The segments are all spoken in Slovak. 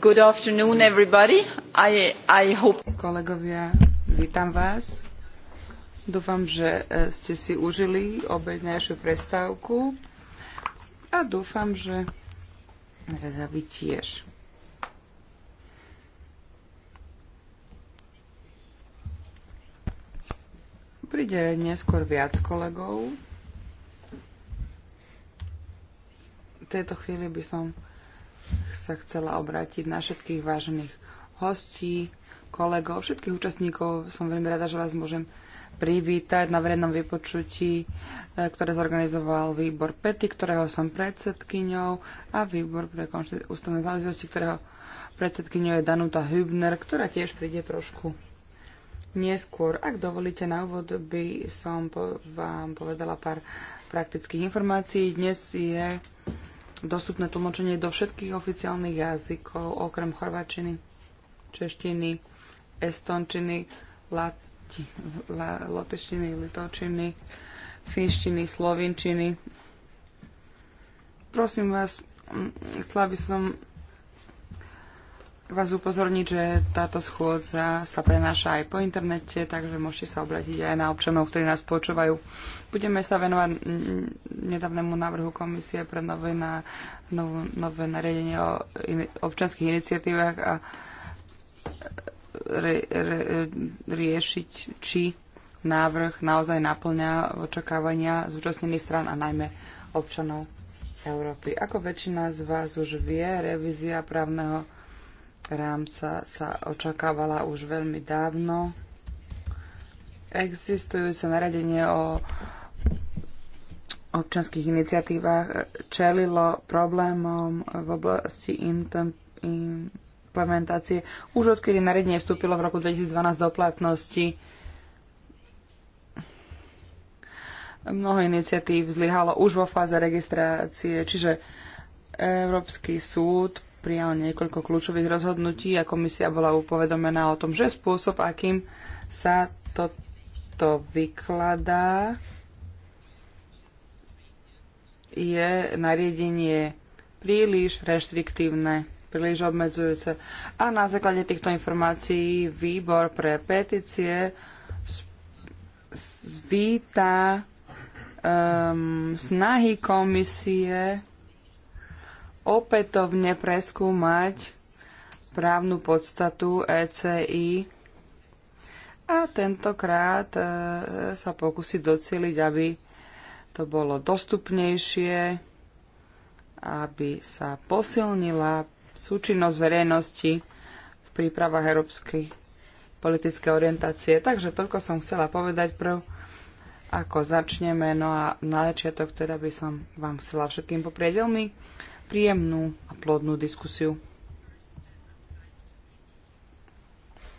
Good afternoon, everybody. I, I hope... Kolegovia, vítam vás. Dúfam, že e, ste si užili obednejšiu prestávku a dúfam, že rada vy tiež. Príde neskôr viac kolegov. V tejto chvíli by som sa chcela obrátiť na všetkých vážených hostí, kolegov, všetkých účastníkov. Som veľmi rada, že vás môžem privítať na verejnom vypočutí, eh, ktoré zorganizoval výbor PETI, ktorého som predsedkyňou a výbor pre ústavné záležitosti, ktorého predsedkyňou je Danuta Hübner, ktorá tiež príde trošku neskôr. Ak dovolíte, na úvod by som po, vám povedala pár praktických informácií. Dnes je dostupné tlmočenie do všetkých oficiálnych jazykov, okrem chorvačiny, češtiny, estončiny, lati, la, loteštiny, litovčiny, finštiny, slovinčiny. Prosím vás, chcela by som vás upozorniť, že táto schôdza sa prenáša aj po internete, takže môžete sa obratiť aj na občanov, ktorí nás počúvajú. Budeme sa venovať nedávnemu návrhu komisie pre nové, na, novú, nové nariadenie o in, občanských iniciatívach a re, re, riešiť, či návrh naozaj naplňa očakávania zúčastnených stran a najmä občanov Európy. Ako väčšina z vás už vie, revízia právneho rámca sa očakávala už veľmi dávno. Existujúce naradenie o občanských iniciatívach čelilo problémom v oblasti implementácie už odkedy naredenie vstúpilo v roku 2012 do platnosti. Mnoho iniciatív zlyhalo už vo fáze registrácie, čiže Európsky súd prijal niekoľko kľúčových rozhodnutí a komisia bola upovedomená o tom, že spôsob, akým sa toto vykladá, je nariadenie príliš reštriktívne, príliš obmedzujúce. A na základe týchto informácií výbor pre petície zvíta um, ehm, snahy komisie opätovne preskúmať právnu podstatu ECI a tentokrát e, sa pokúsi docieliť, aby to bolo dostupnejšie, aby sa posilnila súčinnosť verejnosti v prípravách európskej politické orientácie. Takže toľko som chcela povedať prv, ako začneme. No a na začiatok teda by som vám chcela všetkým poprieť veľmi príjemnú a plodnú diskusiu.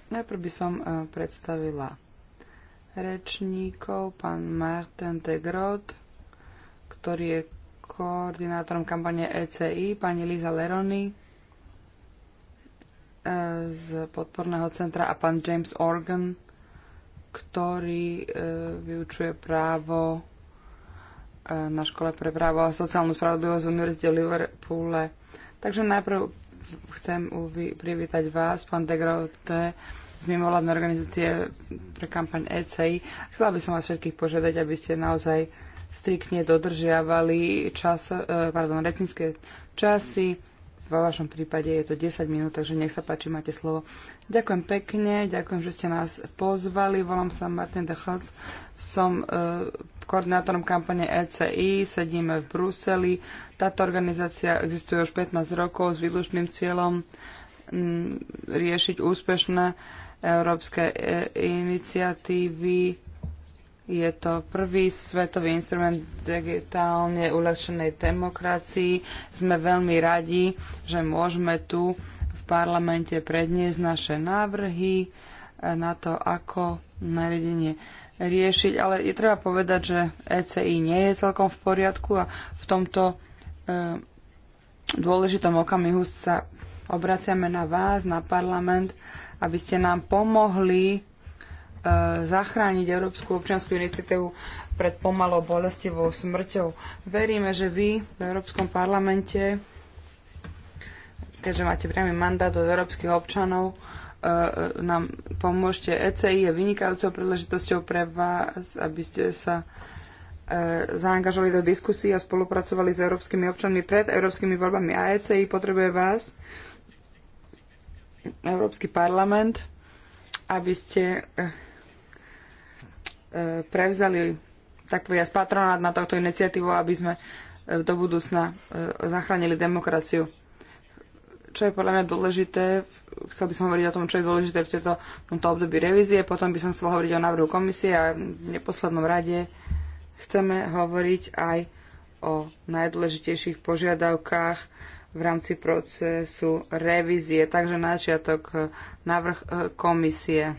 Najprv by som e, predstavila rečníkov, pán Martin de Grot, ktorý je koordinátorom kampane ECI, pani Liza Lerony e, z podporného centra a pán James Organ, ktorý e, vyučuje právo E, na škole pre právo a sociálnu spravodlivosť v Univerzite v Liverpoole. Takže najprv chcem privítať vás, pán Degrote, z mimovládnej organizácie pre kampaň ECI. Chcela by som vás všetkých požiadať, aby ste naozaj striktne dodržiavali čas, e, pardon, recinské časy. Vo vašom prípade je to 10 minút, takže nech sa páči, máte slovo. Ďakujem pekne, ďakujem, že ste nás pozvali. Volám sa Martin Dechac, som e, koordinátorom kampane ECI, sedíme v Bruseli. Táto organizácia existuje už 15 rokov s výlučným cieľom mm, riešiť úspešné európske e, iniciatívy. Je to prvý svetový instrument digitálne uľahčenej demokracii. Sme veľmi radi, že môžeme tu v parlamente predniesť naše návrhy e, na to, ako nariadenie riešiť, ale je treba povedať, že ECI nie je celkom v poriadku a v tomto e, dôležitom okamihu sa obraciame na vás, na parlament, aby ste nám pomohli e, zachrániť Európsku občianskú iniciatívu pred pomalou bolestivou smrťou. Veríme, že vy v Európskom parlamente, keďže máte priamy mandát od európskych občanov, E, nám pomôžte. ECI je vynikajúcou príležitosťou pre vás, aby ste sa e, zaangažovali do diskusí a spolupracovali s európskymi občanmi pred európskymi voľbami. A ECI potrebuje vás, Európsky parlament, aby ste e, prevzali tak ja patronát na tohto iniciatívu, aby sme do budúcna zachránili demokraciu čo je podľa mňa dôležité, chcel by som hovoriť o tom, čo je dôležité v tejto, tomto období revízie, potom by som chcel hovoriť o návrhu komisie a v neposlednom rade chceme hovoriť aj o najdôležitejších požiadavkách v rámci procesu revízie. Takže načiatok eh, návrh eh, komisie.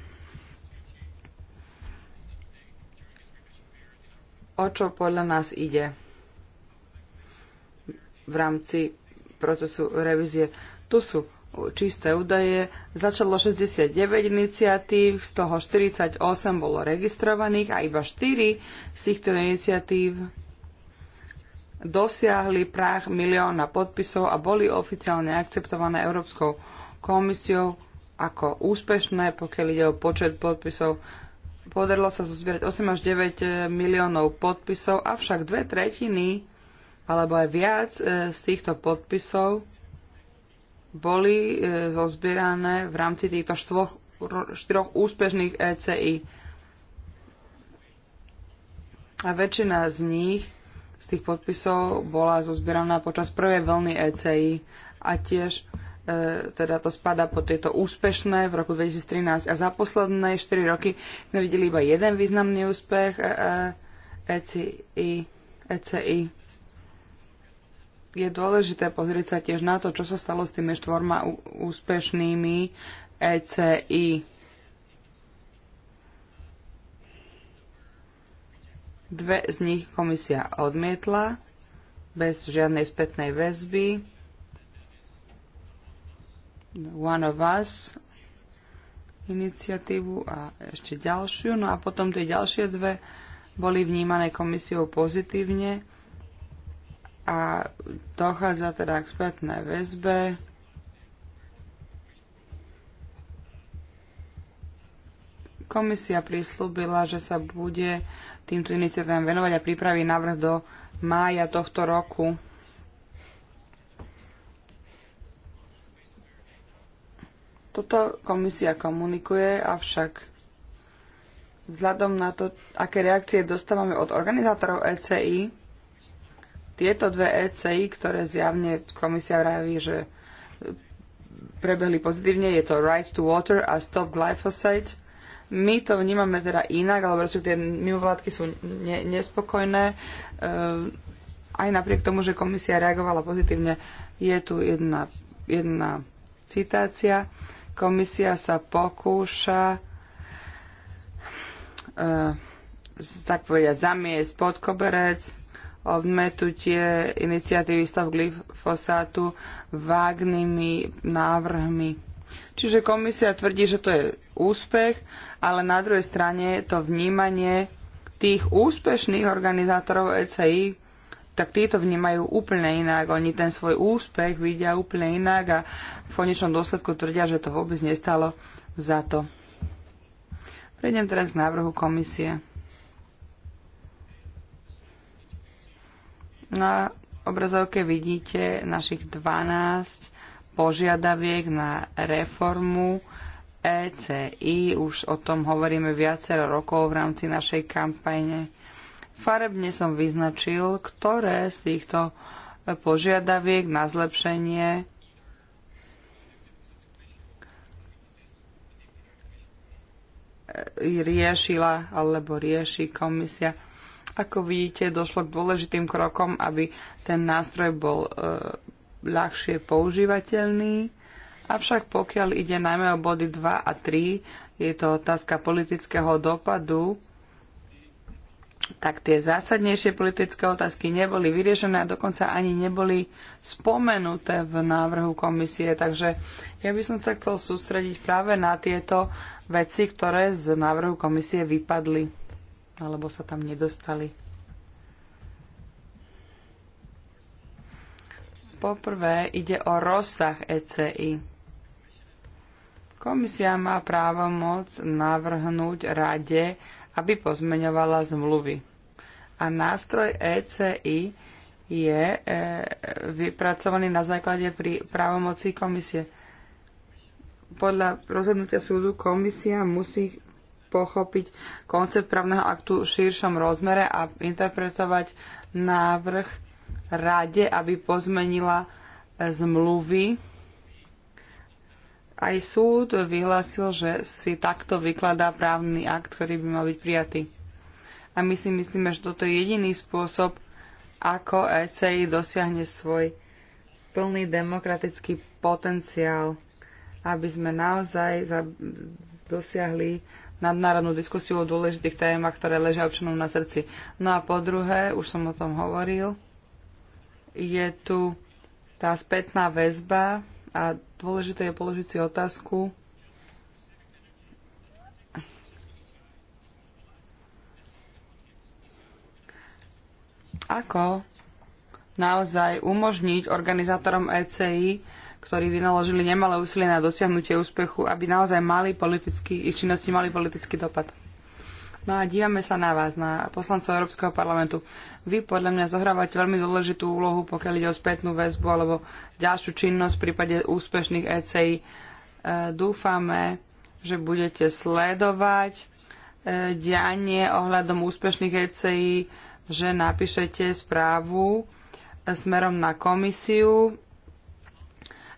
O čo podľa nás ide v rámci procesu revízie? Tu sú čisté údaje. Začalo 69 iniciatív, z toho 48 bolo registrovaných a iba 4 z týchto iniciatív dosiahli práh milióna podpisov a boli oficiálne akceptované Európskou komisiou ako úspešné, pokiaľ ide o počet podpisov. Podarilo sa zozbierať 8 až 9 eh, miliónov podpisov, avšak dve tretiny alebo aj viac eh, z týchto podpisov boli e, zozbierané v rámci týchto štvoch, štyroch úspešných ECI. A väčšina z nich, z tých podpisov, bola zozbieraná počas prvej vlny ECI a tiež e, teda to spada pod tieto úspešné v roku 2013 a za posledné 4 roky sme videli iba jeden významný úspech e, e, ECI, ECI je dôležité pozrieť sa tiež na to, čo sa stalo s tými štvorma úspešnými ECI. Dve z nich komisia odmietla bez žiadnej spätnej väzby. One of Us iniciatívu a ešte ďalšiu. No a potom tie ďalšie dve boli vnímané komisiou pozitívne a dochádza teda k spätnej väzbe. Komisia prislúbila, že sa bude týmto iniciatívam venovať a pripraví návrh do mája tohto roku. Toto komisia komunikuje, avšak vzhľadom na to, aké reakcie dostávame od organizátorov ECI, tieto dve ECI, ktoré zjavne komisia vraví, že prebehli pozitívne, je to Right to Water a Stop Glyphosate. My to vnímame teda inak, alebo sú tie mimovládky sú ne, nespokojné. E, aj napriek tomu, že komisia reagovala pozitívne, je tu jedna, jedna citácia. Komisia sa pokúša e, tak povedať zamiesť pod koberec odmetutie iniciatívy stav glyfosátu vágnymi návrhmi. Čiže komisia tvrdí, že to je úspech, ale na druhej strane to vnímanie tých úspešných organizátorov ECI, tak títo vnímajú úplne inak. Oni ten svoj úspech vidia úplne inak a v konečnom dôsledku tvrdia, že to vôbec nestalo za to. Prejdem teraz k návrhu komisie. Na obrazovke vidíte našich 12 požiadaviek na reformu ECI. Už o tom hovoríme viacero rokov v rámci našej kampane. Farebne som vyznačil, ktoré z týchto požiadaviek na zlepšenie riešila alebo rieši komisia ako vidíte, došlo k dôležitým krokom, aby ten nástroj bol e, ľahšie používateľný. Avšak pokiaľ ide najmä o body 2 a 3, je to otázka politického dopadu, tak tie zásadnejšie politické otázky neboli vyriešené a dokonca ani neboli spomenuté v návrhu komisie. Takže ja by som sa chcel sústrediť práve na tieto veci, ktoré z návrhu komisie vypadli alebo sa tam nedostali. Poprvé ide o rozsah ECI. Komisia má právomoc navrhnúť rade, aby pozmeňovala zmluvy. A nástroj ECI je e, vypracovaný na základe pri právomocí komisie. Podľa rozhodnutia súdu komisia musí pochopiť koncept právneho aktu v širšom rozmere a interpretovať návrh rade, aby pozmenila e, zmluvy. Aj súd vyhlásil, že si takto vykladá právny akt, ktorý by mal byť prijatý. A my si myslíme, že toto je jediný spôsob, ako ECI dosiahne svoj plný demokratický potenciál, aby sme naozaj dosiahli nadnárodnú diskusiu o dôležitých témach, ktoré ležia občanom na srdci. No a po druhé, už som o tom hovoril, je tu tá spätná väzba a dôležité je položiť si otázku, ako naozaj umožniť organizátorom ECI ktorí vynaložili nemalé úsilie na dosiahnutie úspechu, aby naozaj mali politický, ich činnosti mali politický dopad. No a dívame sa na vás, na poslancov Európskeho parlamentu. Vy podľa mňa zohrávate veľmi dôležitú úlohu, pokiaľ ide o spätnú väzbu alebo ďalšiu činnosť v prípade úspešných ECI. E, dúfame, že budete sledovať e, dianie ohľadom úspešných ECI, že napíšete správu e, smerom na komisiu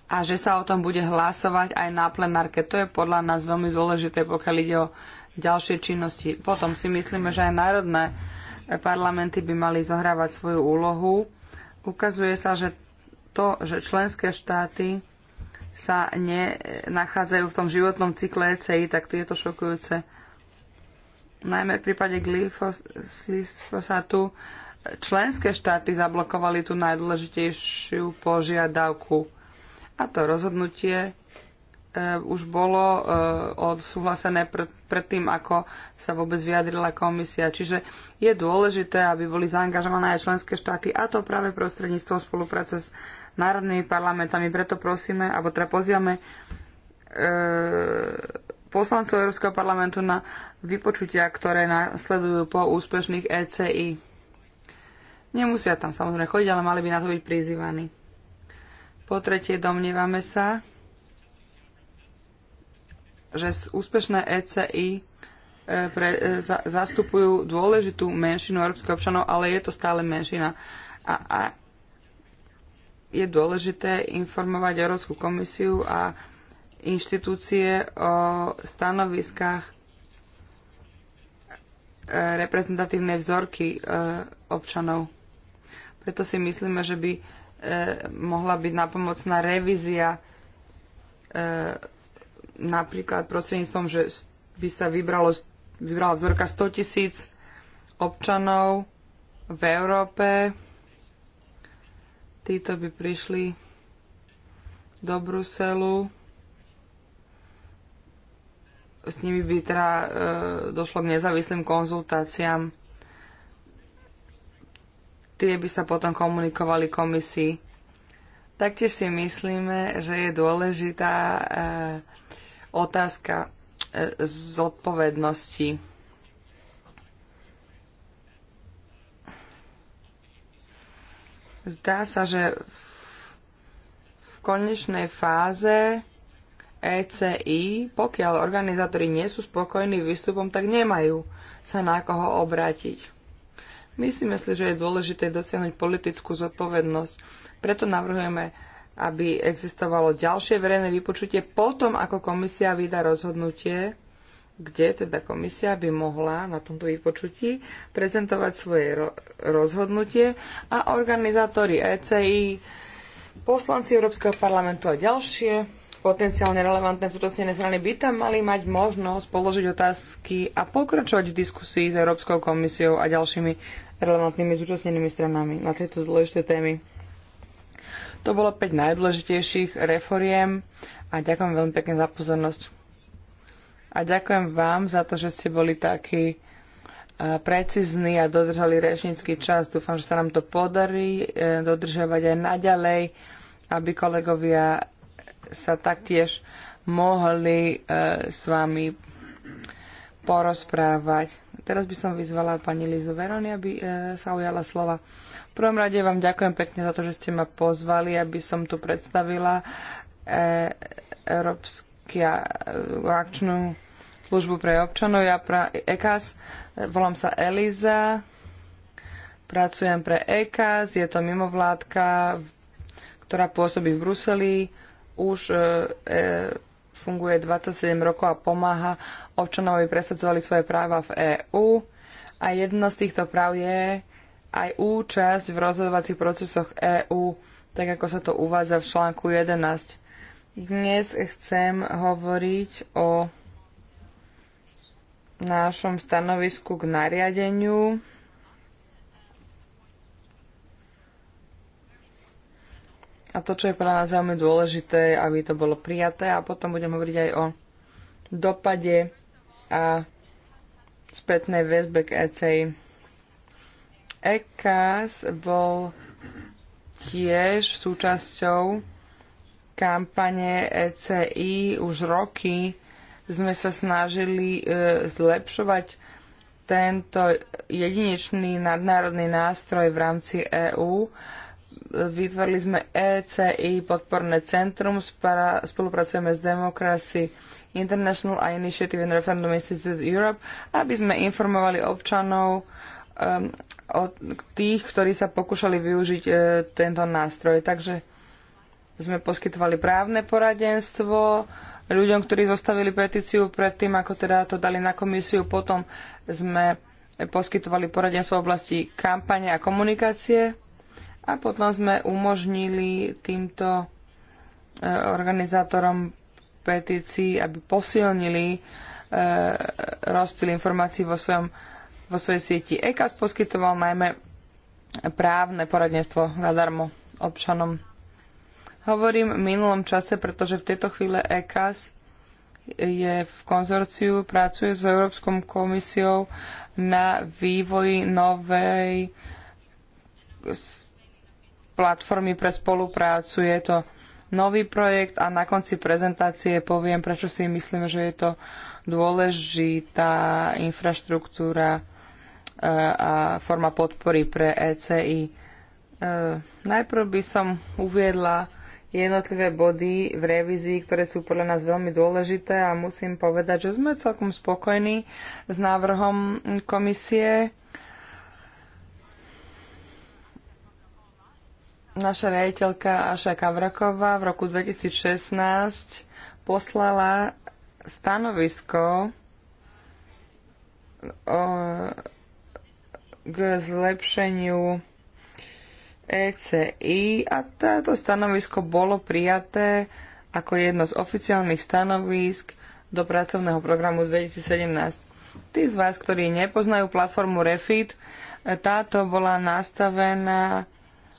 a že sa o tom bude hlasovať aj na plenárke. To je podľa nás veľmi dôležité, pokiaľ ide o ďalšie činnosti. Potom si myslíme, že aj národné parlamenty by mali zohrávať svoju úlohu. Ukazuje sa, že to, že členské štáty sa nenachádzajú v tom životnom cykle ECI, tak to je to šokujúce. Najmä v prípade glyfosátu členské štáty zablokovali tú najdôležitejšiu požiadavku a to rozhodnutie e, už bolo e, odsúhlasené pred, pred tým, ako sa vôbec vyjadrila komisia. Čiže je dôležité, aby boli zaangažované aj členské štáty a to práve prostredníctvom spolupráce s národnými parlamentami. Preto prosíme, alebo teda pozývame e, poslancov Európskeho parlamentu na vypočutia, ktoré nasledujú po úspešných ECI. Nemusia tam samozrejme chodiť, ale mali by na to byť prizývaní. Po tretie, domnievame sa, že úspešné ECI e, pre, e, za, zastupujú dôležitú menšinu európskych občanov, ale je to stále menšina. A, a je dôležité informovať Európsku komisiu a inštitúcie o stanoviskách e, reprezentatívnej vzorky občanov. Preto si myslíme, že by Eh, mohla byť napomocná revízia eh, napríklad prostredníctvom, že by sa vybralo, vybrala vzorka 100 tisíc občanov v Európe. Títo by prišli do Bruselu. S nimi by teda e, došlo k nezávislým konzultáciám tie by sa potom komunikovali komisii. Taktiež si myslíme, že je dôležitá eh, otázka eh, zodpovednosti. Zdá sa, že v konečnej fáze ECI, pokiaľ organizátori nie sú spokojní výstupom, tak nemajú sa na koho obrátiť. Myslíme si, že je dôležité dosiahnuť politickú zodpovednosť. Preto navrhujeme, aby existovalo ďalšie verejné vypočutie potom, ako komisia vydá rozhodnutie, kde teda komisia by mohla na tomto vypočutí prezentovať svoje rozhodnutie a organizátori ECI, poslanci Európskeho parlamentu a ďalšie potenciálne relevantné súčasnené strany by tam mali mať možnosť položiť otázky a pokračovať v diskusii s Európskou komisiou a ďalšími relevantnými zúčastnenými stranami na tieto dôležité témy. To bolo 5 najdôležitejších reforiem a ďakujem veľmi pekne za pozornosť. A ďakujem vám za to, že ste boli takí e, precízni a dodržali rečnícky čas. Dúfam, že sa nám to podarí e, dodržiavať aj naďalej, aby kolegovia sa taktiež mohli e, s vami porozprávať. Teraz by som vyzvala pani Lizu Verony, aby e, sa ujala slova. V prvom rade vám ďakujem pekne za to, že ste ma pozvali, aby som tu predstavila e, Európsky e, akčnú službu pre občanov. Ja pra, EKAS, e, volám sa Eliza, pracujem pre EKAS, je to mimovládka, ktorá pôsobí v Bruseli už e, e, funguje 27 rokov a pomáha občanovi presadzovali svoje práva v EÚ a jedno z týchto práv je aj účasť v rozhodovacích procesoch EÚ, tak ako sa to uvádza v článku 11. Dnes chcem hovoriť o našom stanovisku k nariadeniu A to, čo je pre nás veľmi dôležité, aby to bolo prijaté a potom budem hovoriť aj o dopade a spätnej väzbe k ECI. ECAS bol tiež súčasťou kampane ECI už roky sme sa snažili e, zlepšovať tento jedinečný nadnárodný nástroj v rámci EÚ vytvorili sme ECI podporné centrum, spolupracujeme s Democracy International a Initiative and Referendum Institute Europe, aby sme informovali občanov um, o tých, ktorí sa pokúšali využiť e, tento nástroj. Takže sme poskytovali právne poradenstvo ľuďom, ktorí zostavili petíciu pred tým, ako teda to dali na komisiu. Potom sme poskytovali poradenstvo v oblasti kampane a komunikácie a potom sme umožnili týmto e, organizátorom petícií, aby posilnili e, rozptýl informácií vo, svojom, vo svojej sieti. EKAS poskytoval najmä právne poradenstvo zadarmo občanom. Hovorím v minulom čase, pretože v tejto chvíle ECAS je v konzorciu, pracuje s Európskou komisiou na vývoji novej platformy pre spoluprácu. Je to nový projekt a na konci prezentácie poviem, prečo si myslím, že je to dôležitá infraštruktúra e, a forma podpory pre ECI. E, najprv by som uviedla jednotlivé body v revízii, ktoré sú podľa nás veľmi dôležité a musím povedať, že sme celkom spokojní s návrhom komisie naša riaditeľka Aša Kavraková v roku 2016 poslala stanovisko k zlepšeniu ECI a táto stanovisko bolo prijaté ako jedno z oficiálnych stanovisk do pracovného programu 2017. Tí z vás, ktorí nepoznajú platformu Refit, e, táto bola nastavená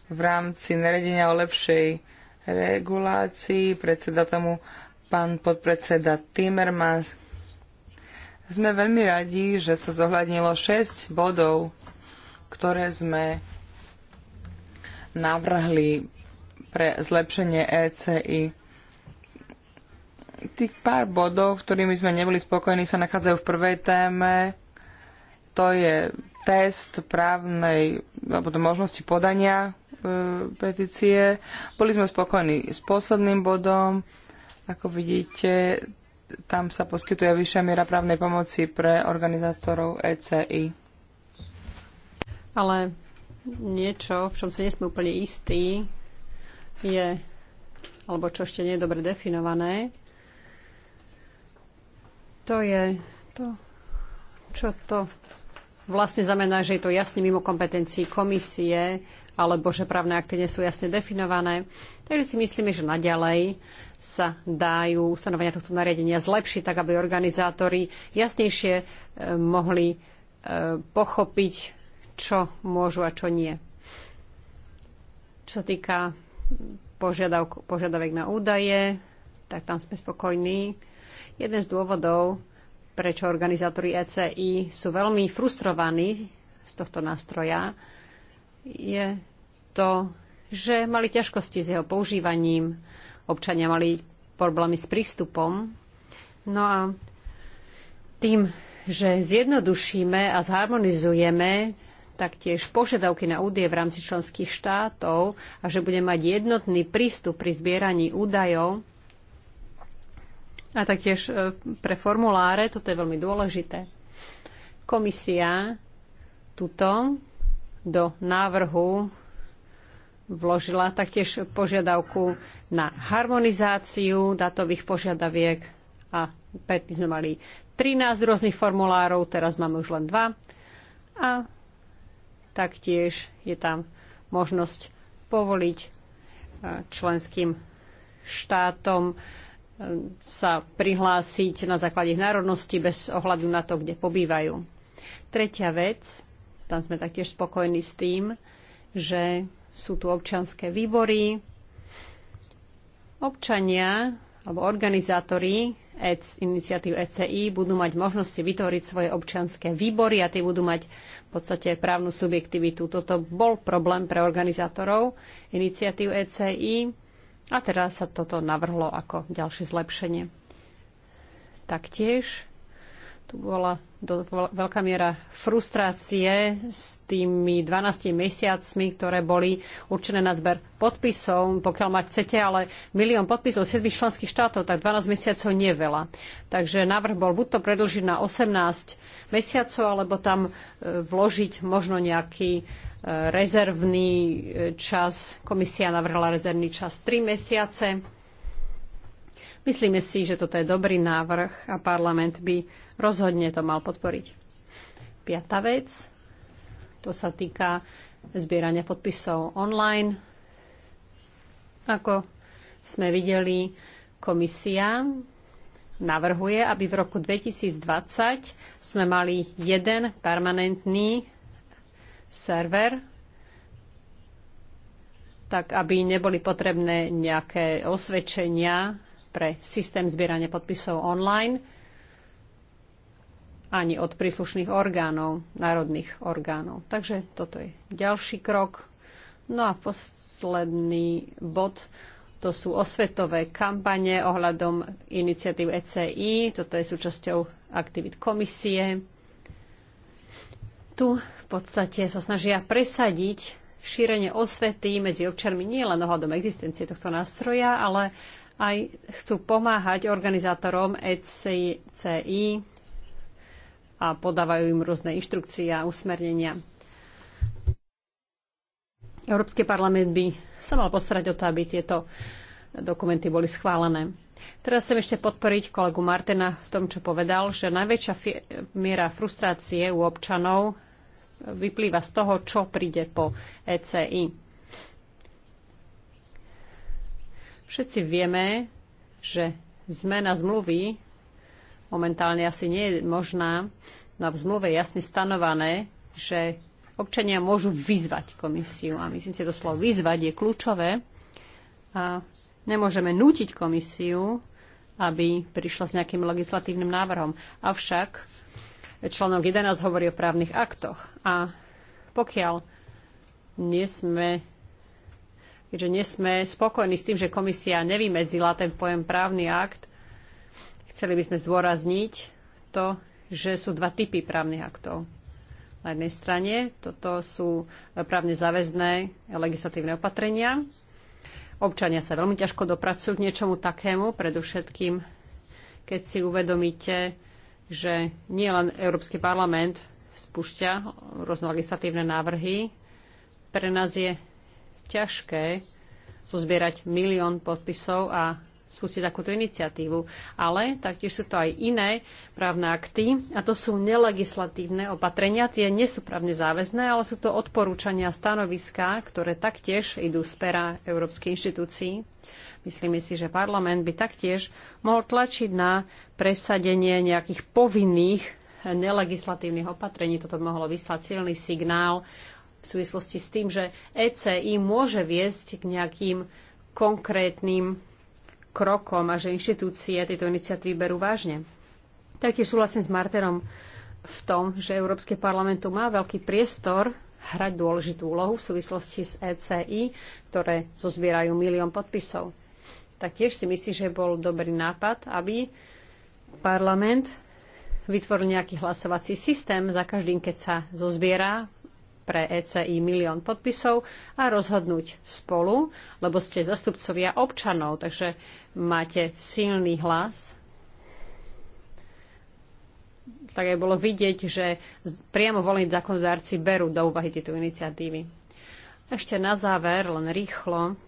v rámci naredenia o lepšej regulácii. Predseda tomu pán podpredseda Timmermans. Sme veľmi radi, že sa zohľadnilo 6 bodov, ktoré sme navrhli pre zlepšenie ECI. Tých pár bodov, ktorými sme neboli spokojní, sa nachádzajú v prvej téme. To je test právnej alebo možnosti podania E, petície. Boli sme spokojní s posledným bodom. Ako vidíte, tam sa poskytuje vyššia miera právnej pomoci pre organizátorov ECI. Ale niečo, v čom sa nesme úplne istí, je, alebo čo ešte nie je dobre definované, to je to, čo to vlastne znamená, že je to jasne mimo kompetencií komisie alebo že právne akty nie sú jasne definované. Takže si myslíme, že naďalej sa dajú ustanovenia tohto nariadenia zlepšiť, tak aby organizátori jasnejšie e, mohli e, pochopiť, čo môžu a čo nie. Čo týka požiadavek na údaje, tak tam sme spokojní. Jeden z dôvodov, prečo organizátori ECI sú veľmi frustrovaní z tohto nástroja, je to, že mali ťažkosti s jeho používaním, občania mali problémy s prístupom. No a tým, že zjednodušíme a zharmonizujeme taktiež požiadavky na údaje v rámci členských štátov a že bude mať jednotný prístup pri zbieraní údajov a taktiež e, pre formuláre, toto je veľmi dôležité. Komisia tuto do návrhu vložila taktiež požiadavku na harmonizáciu datových požiadaviek a predtým sme mali 13 rôznych formulárov, teraz máme už len dva, A taktiež je tam možnosť povoliť e, členským štátom e, sa prihlásiť na základe národnosti bez ohľadu na to, kde pobývajú. Tretia vec, tam sme taktiež spokojní s tým, že sú tu občanské výbory. Občania alebo organizátori e iniciatív ECI budú mať možnosti vytvoriť svoje občianské výbory a tie budú mať v podstate právnu subjektivitu. Toto bol problém pre organizátorov iniciatív ECI a teraz sa toto navrhlo ako ďalšie zlepšenie. Taktiež tu bola do, veľká miera frustrácie s tými 12 mesiacmi, ktoré boli určené na zber podpisov. Pokiaľ ma chcete, ale milión podpisov 7 členských štátov, tak 12 mesiacov nie veľa. Takže návrh bol buď to predlžiť na 18 mesiacov, alebo tam e, vložiť možno nejaký e, rezervný e, čas. Komisia navrhla rezervný čas 3 mesiace. Myslíme si, že toto je dobrý návrh a parlament by rozhodne to mal podporiť. Piatá vec, to sa týka zbierania podpisov online. Ako sme videli, komisia navrhuje, aby v roku 2020 sme mali jeden permanentný server, tak aby neboli potrebné nejaké osvedčenia pre systém zbierania podpisov online ani od príslušných orgánov, národných orgánov. Takže toto je ďalší krok. No a posledný bod, to sú osvetové kampane ohľadom iniciatív ECI. Toto je súčasťou aktivít komisie. Tu v podstate sa snažia presadiť šírenie osvety medzi občanmi nielen ohľadom existencie tohto nástroja, ale aj chcú pomáhať organizátorom ECI a podávajú im rôzne inštrukcie a usmernenia. Európsky parlament by sa mal postarať o to, aby tieto dokumenty boli schválené. Teraz chcem ešte podporiť kolegu Martina v tom, čo povedal, že najväčšia miera frustrácie u občanov vyplýva z toho, čo príde po ECI. Všetci vieme, že zmena zmluvy momentálne asi nie je možná, na no zmluve jasne stanované, že občania môžu vyzvať komisiu. A myslím si, to slovo vyzvať je kľúčové. A nemôžeme nútiť komisiu, aby prišla s nejakým legislatívnym návrhom. Avšak článok 11 hovorí o právnych aktoch. A pokiaľ nie sme keďže nie sme spokojní s tým, že komisia nevymedzila ten pojem právny akt, Chceli by sme zdôrazniť to, že sú dva typy právnych aktov. Na jednej strane toto sú právne záväzné legislatívne opatrenia. Občania sa veľmi ťažko dopracujú k niečomu takému, predovšetkým keď si uvedomíte, že nie len Európsky parlament spúšťa rôzne legislatívne návrhy. Pre nás je ťažké zozbierať milión podpisov a spustiť takúto iniciatívu. Ale taktiež sú to aj iné právne akty a to sú nelegislatívne opatrenia. Tie nie sú právne záväzné, ale sú to odporúčania stanoviská, ktoré taktiež idú z pera európskej inštitúcií. Myslíme si, že parlament by taktiež mohol tlačiť na presadenie nejakých povinných nelegislatívnych opatrení. Toto by mohlo vyslať silný signál v súvislosti s tým, že ECI môže viesť k nejakým konkrétnym krokom a že inštitúcie tieto iniciatívy berú vážne. Taktiež súhlasím s Marterom v tom, že Európske parlamentu má veľký priestor hrať dôležitú úlohu v súvislosti s ECI, ktoré zozbierajú milión podpisov. Taktiež si myslím, že bol dobrý nápad, aby parlament vytvoril nejaký hlasovací systém za každým, keď sa zozbiera pre ECI milión podpisov a rozhodnúť spolu, lebo ste zastupcovia občanov, takže máte silný hlas. Tak aj bolo vidieť, že priamo volení zákonodárci berú do úvahy tieto iniciatívy. Ešte na záver, len rýchlo.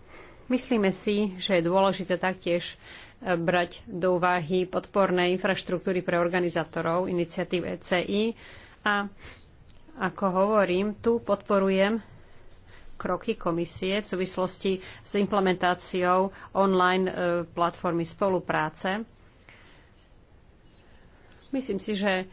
Myslíme si, že je dôležité taktiež e, brať do úvahy podporné infraštruktúry pre organizátorov iniciatív ECI a ako hovorím, tu podporujem kroky komisie v súvislosti s implementáciou online e, platformy spolupráce. Myslím si, že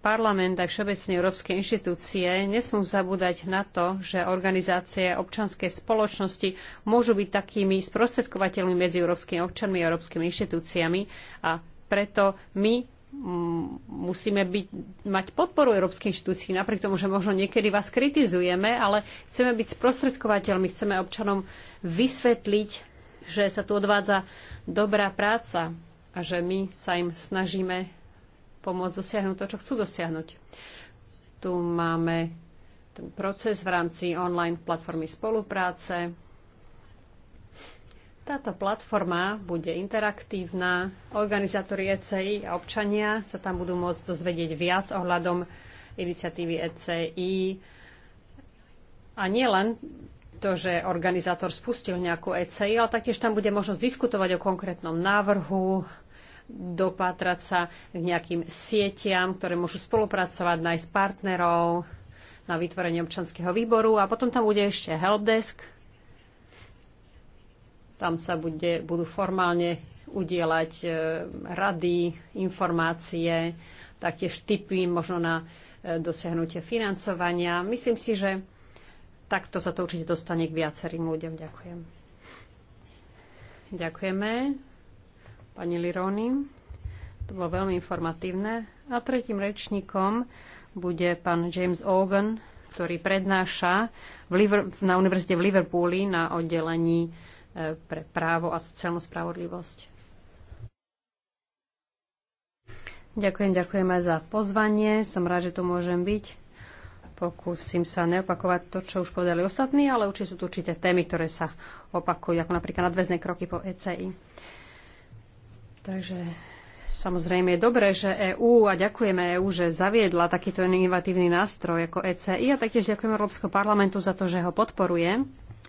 parlament a všeobecne európske inštitúcie nesmú zabúdať na to, že organizácie občanskej spoločnosti môžu byť takými sprostredkovateľmi medzi európskymi občanmi a európskymi inštitúciami a preto my musíme byť, mať podporu európskych inštitúcií, napriek tomu, že možno niekedy vás kritizujeme, ale chceme byť sprostredkovateľmi, chceme občanom vysvetliť, že sa tu odvádza dobrá práca a že my sa im snažíme pomôcť dosiahnuť to, čo chcú dosiahnuť. Tu máme ten proces v rámci online platformy spolupráce, táto platforma bude interaktívna. Organizátori ECI a občania sa tam budú môcť dozvedieť viac ohľadom iniciatívy ECI. A nie len to, že organizátor spustil nejakú ECI, ale taktiež tam bude možnosť diskutovať o konkrétnom návrhu, dopátrať sa k nejakým sieťam, ktoré môžu spolupracovať, nájsť partnerov na vytvorenie občanského výboru. A potom tam bude ešte helpdesk, tam sa bude, budú formálne udielať e, rady, informácie, taktiež typy možno na e, dosiahnutie financovania. Myslím si, že takto sa to určite dostane k viacerým ľuďom. Ďakujem. Ďakujeme pani Lironi. To bolo veľmi informatívne. A tretím rečníkom bude pán James Ogan, ktorý prednáša v Liver- na univerzite v Liverpooli na oddelení pre právo a sociálnu spravodlivosť. Ďakujem, ďakujem aj za pozvanie. Som rád, že tu môžem byť. Pokúsim sa neopakovať to, čo už povedali ostatní, ale určite sú tu určité témy, ktoré sa opakujú, ako napríklad nadväzné kroky po ECI. Takže Samozrejme je dobré, že EÚ a ďakujeme EÚ, že zaviedla takýto inovatívny nástroj ako ECI a taktiež ďakujeme Európskom parlamentu za to, že ho podporuje.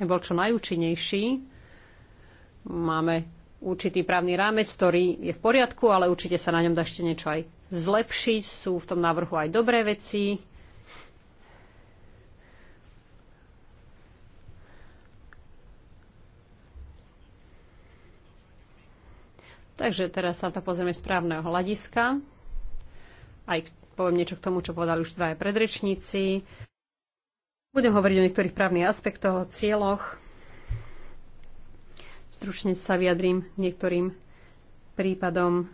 Bol čo najúčinnejší Máme určitý právny rámec, ktorý je v poriadku, ale určite sa na ňom dá ešte niečo aj zlepšiť. Sú v tom návrhu aj dobré veci. Takže teraz sa to pozrieme z právneho hľadiska. Aj poviem niečo k tomu, čo povedali už dvaja predrečníci. Budem hovoriť o niektorých právnych aspektoch, o cieľoch. Stručne sa vyjadrím niektorým prípadom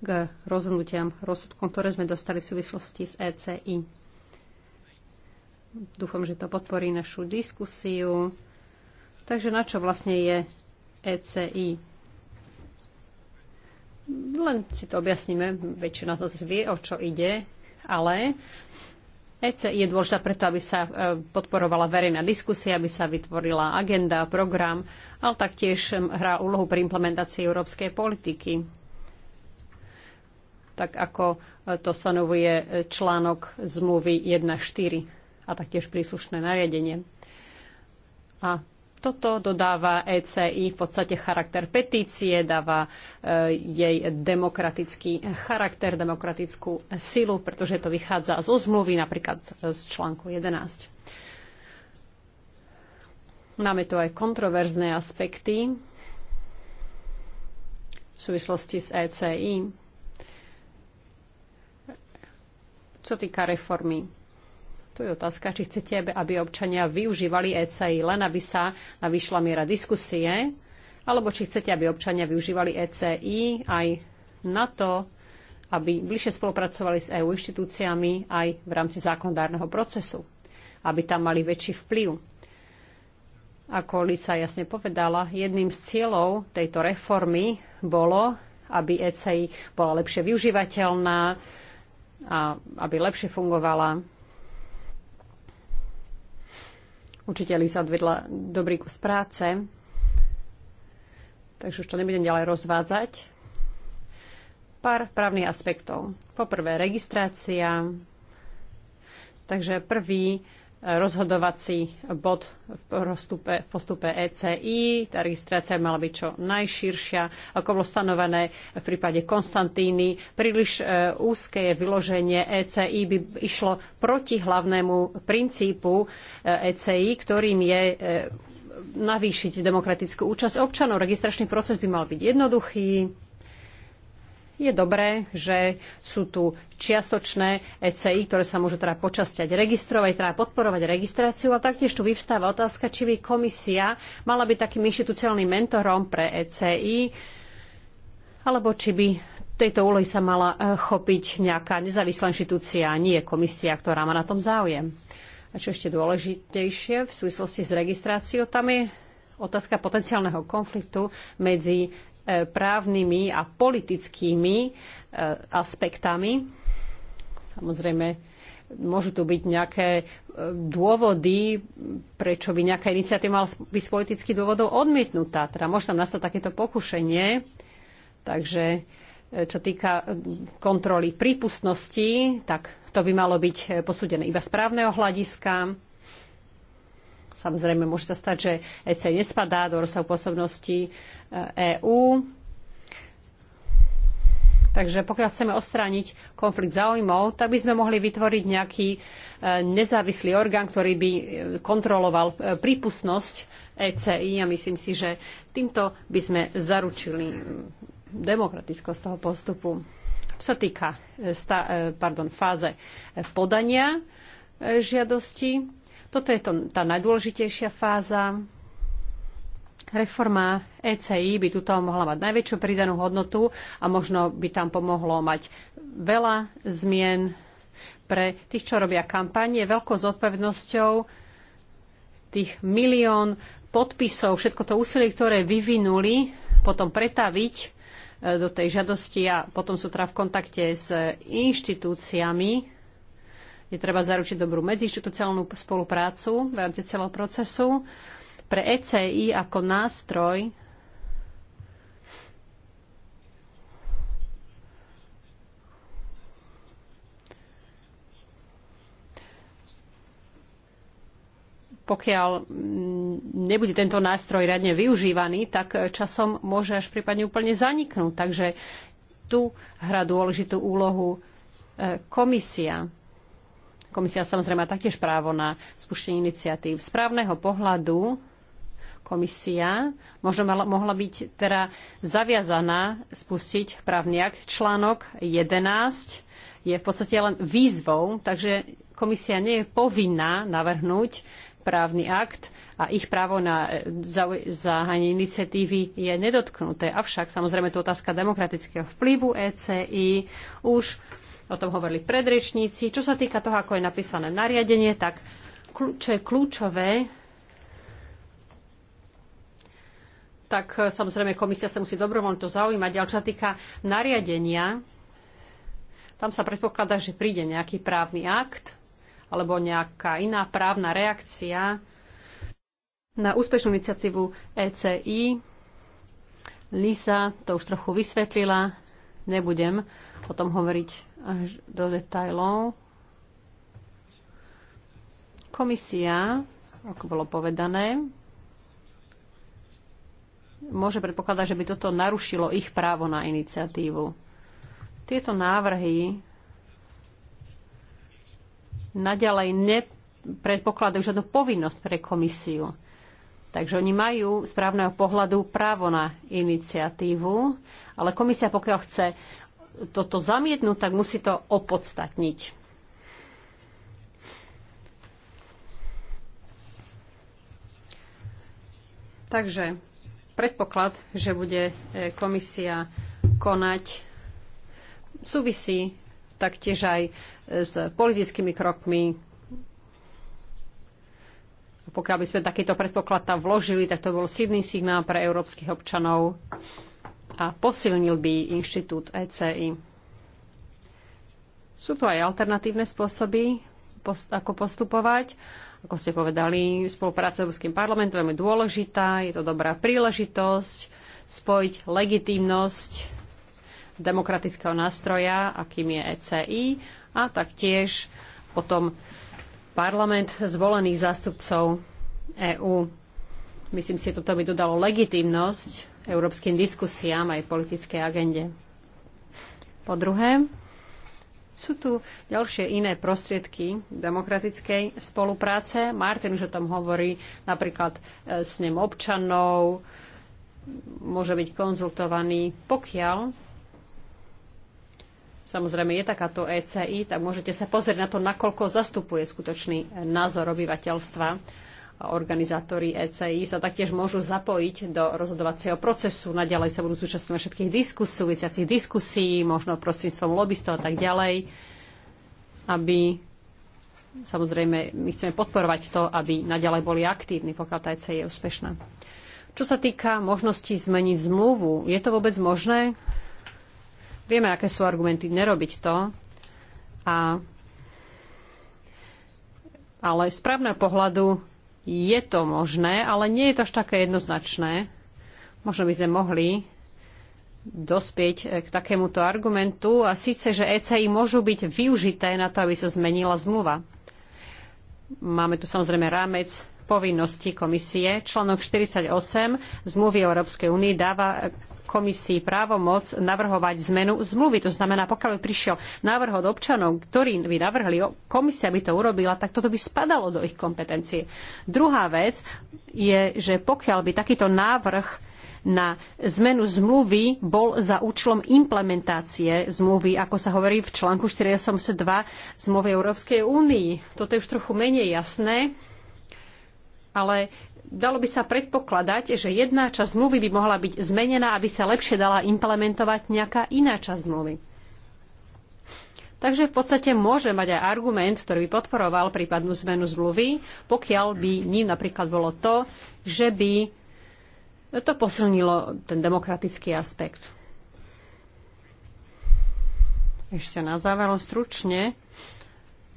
k rozhodnutiam, rozsudkom, ktoré sme dostali v súvislosti s ECI. Dúfam, že to podporí našu diskusiu. Takže na čo vlastne je ECI? Len si to objasníme, väčšina z nás vie, o čo ide, ale EC je dôležitá preto, aby sa e, podporovala verejná diskusia, aby sa vytvorila agenda, program, ale taktiež hrá úlohu pri implementácii európskej politiky. Tak ako e, to stanovuje e, článok zmluvy 1.4 a taktiež príslušné nariadenie. A toto dodáva ECI v podstate charakter petície, dáva e, jej demokratický charakter, demokratickú silu, pretože to vychádza zo zmluvy, napríklad z článku 11. Máme tu aj kontroverzné aspekty v súvislosti s ECI. Čo týka reformy tu je otázka, či chcete, aby občania využívali ECI len, aby sa navýšla miera diskusie, alebo či chcete, aby občania využívali ECI aj na to, aby bližšie spolupracovali s EU inštitúciami aj v rámci zákonodárneho procesu, aby tam mali väčší vplyv. Ako Lica jasne povedala, jedným z cieľov tejto reformy bolo, aby ECI bola lepšie využívateľná a aby lepšie fungovala Určite Lisa odvedla dobrý kus práce, takže už to nebudem ďalej rozvádzať. Pár právnych aspektov. Poprvé, registrácia. Takže prvý rozhodovací bod v postupe, v postupe ECI. Tá registrácia mala byť čo najširšia, ako bolo stanovené v prípade Konstantíny. Príliš e, úzke je vyloženie ECI by išlo proti hlavnému princípu ECI, e ktorým je e, navýšiť demokratickú účasť občanov. Registračný proces by mal byť jednoduchý, je dobré, že sú tu čiastočné ECI, ktoré sa môžu teda počasťať registrovať, teda podporovať registráciu a taktiež tu vyvstáva otázka, či by komisia mala byť takým inštitucionálnym mentorom pre ECI, alebo či by tejto úlohy sa mala e, chopiť nejaká nezávislá inštitúcia, nie komisia, ktorá má na tom záujem. A čo ešte dôležitejšie v súvislosti s registráciou, tam je otázka potenciálneho konfliktu medzi E, právnymi a politickými e, aspektami. Samozrejme, môžu tu byť nejaké e, dôvody, prečo by nejaká iniciatíva mala byť z politických dôvodov odmietnutá. Teda môže tam nastať takéto pokušenie. Takže čo týka kontroly prípustnosti, tak to by malo byť posúdené iba správneho hľadiska. Samozrejme, môže sa stať, že EC nespadá do rozsahu pôsobnosti EÚ. E Takže pokiaľ chceme odstrániť konflikt záujmov, tak by sme mohli vytvoriť nejaký e, nezávislý orgán, ktorý by e, kontroloval prípustnosť ECI a myslím si, že týmto by sme zaručili mm, demokratickosť toho postupu. Čo sa týka pardon, fáze podania žiadosti, toto je to, tá najdôležitejšia fáza. Reforma ECI by tuto mohla mať najväčšiu pridanú hodnotu a možno by tam pomohlo mať veľa zmien pre tých, čo robia kampanie. veľkou zodpovednosťou tých milión podpisov, všetko to úsilie, ktoré vyvinuli, potom pretaviť e, do tej žiadosti a potom sú teda v kontakte s inštitúciami je treba zaručiť dobrú medziinstitucionálnu spoluprácu v rámci celého procesu. Pre ECI ako nástroj pokiaľ mm, nebude tento nástroj radne využívaný, tak časom môže až prípadne úplne zaniknúť. Takže tu hrá dôležitú úlohu e, komisia. Komisia samozrejme má taktiež právo na spúšťanie iniciatív. Z právneho pohľadu komisia možno mala, mohla byť teda zaviazaná spustiť právny akt. Článok 11 je v podstate len výzvou, takže komisia nie je povinná navrhnúť právny akt a ich právo na e, zahanie iniciatívy je nedotknuté. Avšak samozrejme tu otázka demokratického vplyvu ECI už o tom hovorili predrečníci. Čo sa týka toho, ako je napísané nariadenie, tak čo je kľúčové, tak e, samozrejme komisia sa musí dobrovoľne to zaujímať, ale čo sa týka nariadenia, tam sa predpokladá, že príde nejaký právny akt alebo nejaká iná právna reakcia na úspešnú iniciatívu ECI. Lisa to už trochu vysvetlila, nebudem o tom hovoriť až do detajlov. Komisia, ako bolo povedané, môže predpokladať, že by toto narušilo ich právo na iniciatívu. Tieto návrhy naďalej nepredpokladajú žiadnu povinnosť pre komisiu. Takže oni majú z právneho pohľadu právo na iniciatívu, ale komisia, pokiaľ chce toto zamietnú, tak musí to opodstatniť. Takže predpoklad, že bude e, komisia konať, súvisí taktiež aj e, s politickými krokmi. Pokiaľ by sme takýto predpoklad tam vložili, tak to bol silný signál pre európskych občanov a posilnil by inštitút ECI. Sú tu aj alternatívne spôsoby, ako postupovať. Ako ste povedali, spolupráca s Európskym parlamentom je dôležitá, je to dobrá príležitosť spojiť legitímnosť demokratického nástroja, akým je ECI, a taktiež potom parlament zvolených zástupcov EÚ. Myslím si, že toto by dodalo legitímnosť európskym diskusiám aj politickej agende. Po druhé, sú tu ďalšie iné prostriedky demokratickej spolupráce. Martin už o tom hovorí, napríklad e, s ním občanov, môže byť konzultovaný, pokiaľ samozrejme je takáto ECI, tak môžete sa pozrieť na to, nakoľko zastupuje skutočný názor obyvateľstva organizátori ECI sa taktiež môžu zapojiť do rozhodovacieho procesu. Naďalej sa budú zúčastňovať všetkých diskus, súvisiacich diskusí, možno prostredníctvom lobbystov a tak ďalej, aby samozrejme my chceme podporovať to, aby naďalej boli aktívni, pokiaľ tá ECI je úspešná. Čo sa týka možnosti zmeniť zmluvu, je to vôbec možné? Vieme, aké sú argumenty nerobiť to. A, ale z právneho pohľadu je to možné, ale nie je to až také jednoznačné. Možno by sme mohli dospieť eh, k takémuto argumentu a síce, že ECI môžu byť využité na to, aby sa zmenila zmluva. Máme tu samozrejme rámec povinnosti komisie. Článok 48 zmluvy Európskej únie dáva komisii právomoc navrhovať zmenu zmluvy. To znamená, pokiaľ by prišiel návrh od občanov, ktorý by navrhli, komisia by to urobila, tak toto by spadalo do ich kompetencie. Druhá vec je, že pokiaľ by takýto návrh na zmenu zmluvy bol za účelom implementácie zmluvy, ako sa hovorí v článku 482 zmluvy Európskej únii. Toto je už trochu menej jasné, ale dalo by sa predpokladať, že jedna časť zmluvy by mohla byť zmenená, aby sa lepšie dala implementovať nejaká iná časť zmluvy. Takže v podstate môže mať aj argument, ktorý by podporoval prípadnú zmenu zmluvy, pokiaľ by ním napríklad bolo to, že by to posilnilo ten demokratický aspekt. Ešte na záver stručne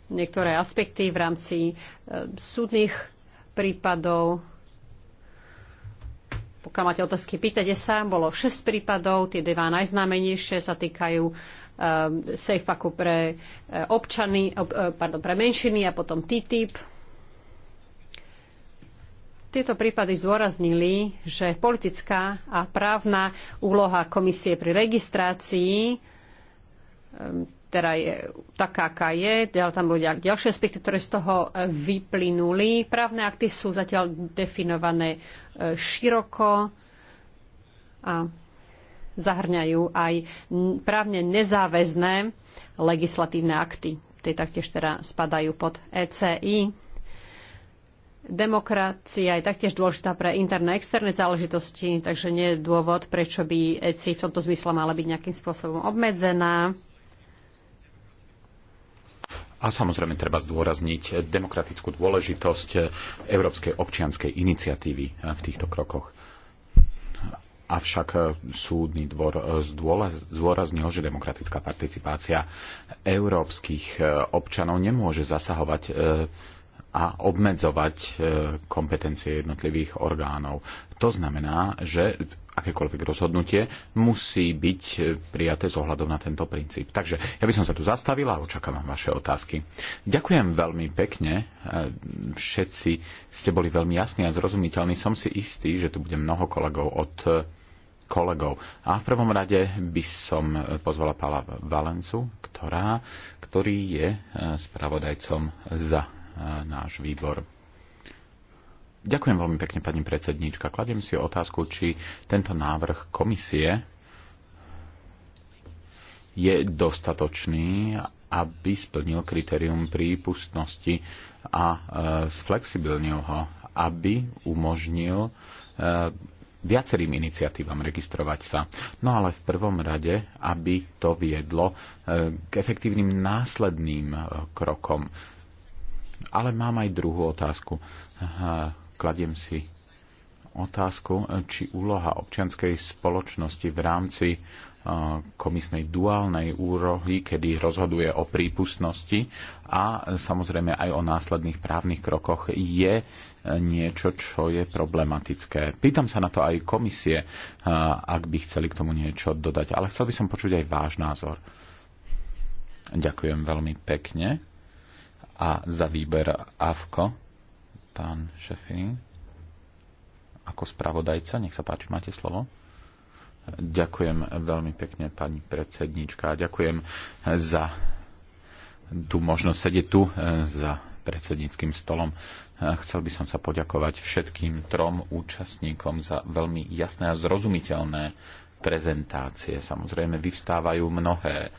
niektoré aspekty v rámci e, súdnych prípadov pokiaľ máte otázky, pýtate sa. Bolo 6 prípadov, tie dva najznámenejšie sa týkajú um, safe packu pre e, občany, ob, e, pardon, pre menšiny a potom TTIP. Tieto prípady zdôraznili, že politická a právna úloha komisie pri registrácii um, teda je taká, aká je, Ďal tam boli ďalšie aspekty, ktoré z toho e, vyplynuli. Právne akty sú zatiaľ definované e, široko a zahrňajú aj právne nezáväzné legislatívne akty. Tie taktiež teda spadajú pod ECI. Demokracia je taktiež dôležitá pre interné a externé záležitosti, takže nie je dôvod, prečo by ECI v tomto zmysle mala byť nejakým spôsobom obmedzená. A samozrejme treba zdôrazniť demokratickú dôležitosť Európskej občianskej iniciatívy v týchto krokoch. Avšak súdny dvor zdôraznil, že demokratická participácia európskych občanov nemôže zasahovať e, a obmedzovať e, kompetencie jednotlivých orgánov. To znamená, že akékoľvek rozhodnutie musí byť prijaté zohľadom ohľadom na tento princíp. Takže ja by som sa tu zastavila a očakávam vaše otázky. Ďakujem veľmi pekne. E, všetci ste boli veľmi jasní a zrozumiteľní. Som si istý, že tu bude mnoho kolegov od e, kolegov. A v prvom rade by som e, pozvala Pála Valencu, ktorá, ktorý je spravodajcom za náš výbor. Ďakujem veľmi pekne, pani predsedníčka. Kladiem si otázku, či tento návrh komisie je dostatočný, aby splnil kritérium prípustnosti a e, sflexibilnil ho, aby umožnil e, viacerým iniciatívam registrovať sa. No ale v prvom rade, aby to viedlo e, k efektívnym následným e, krokom. Ale mám aj druhú otázku. E, Kladiem si otázku, či úloha občianskej spoločnosti v rámci e, komisnej duálnej úrohy, kedy rozhoduje o prípustnosti a samozrejme aj o následných právnych krokoch, je e, niečo, čo je problematické. Pýtam sa na to aj komisie, e, ak by chceli k tomu niečo dodať, ale chcel by som počuť aj váš názor. Ďakujem veľmi pekne a za výber AVKO pán Šefin. Ako spravodajca, nech sa páči, máte slovo. Ďakujem veľmi pekne, pani predsednička. Ďakujem za tú možnosť sedieť tu e, za predsedníckým stolom. E, chcel by som sa poďakovať všetkým trom účastníkom za veľmi jasné a zrozumiteľné prezentácie. Samozrejme, vyvstávajú mnohé e,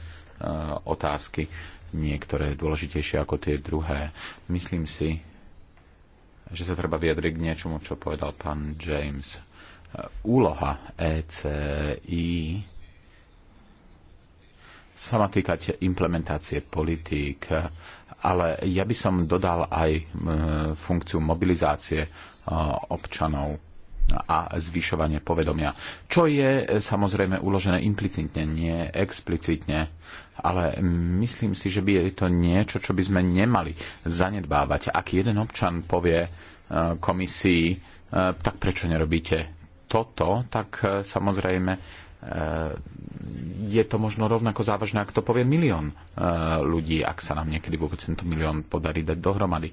otázky, niektoré dôležitejšie ako tie druhé. Myslím si, že sa treba vyjadriť k niečomu, čo povedal pán James. Úloha ECI sa má týkať implementácie politík, ale ja by som dodal aj funkciu mobilizácie občanov a zvyšovanie povedomia. Čo je e, samozrejme uložené implicitne, nie explicitne, ale myslím si, že by je to niečo, čo by sme nemali zanedbávať. Ak jeden občan povie e, komisii, e, tak prečo nerobíte toto, tak samozrejme je to možno rovnako závažné, ak to povie milión ľudí, ak sa nám niekedy vôbec tento milión podarí dať dohromady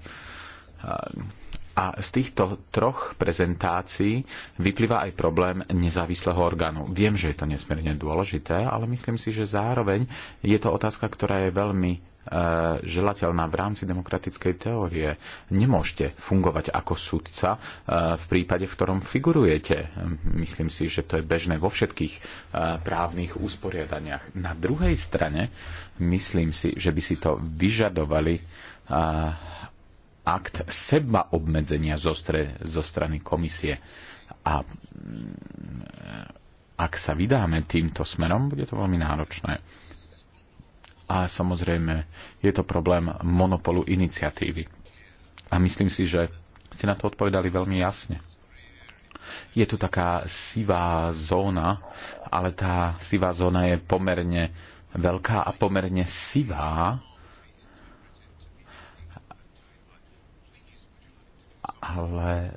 a z týchto troch prezentácií vyplýva aj problém nezávislého orgánu. Viem, že je to nesmierne dôležité, ale myslím si, že zároveň je to otázka, ktorá je veľmi e, želateľná v rámci demokratickej teórie. Nemôžete fungovať ako sudca e, v prípade, v ktorom figurujete. Myslím si, že to je bežné vo všetkých e, právnych usporiadaniach. Na druhej strane, myslím si, že by si to vyžadovali akt seba obmedzenia zo, stre, zo strany komisie. A mm, ak sa vydáme týmto smerom, bude to veľmi náročné. A samozrejme, je to problém monopolu iniciatívy. A myslím si, že ste na to odpovedali veľmi jasne. Je tu taká sivá zóna, ale tá sivá zóna je pomerne veľká a pomerne sivá ale e,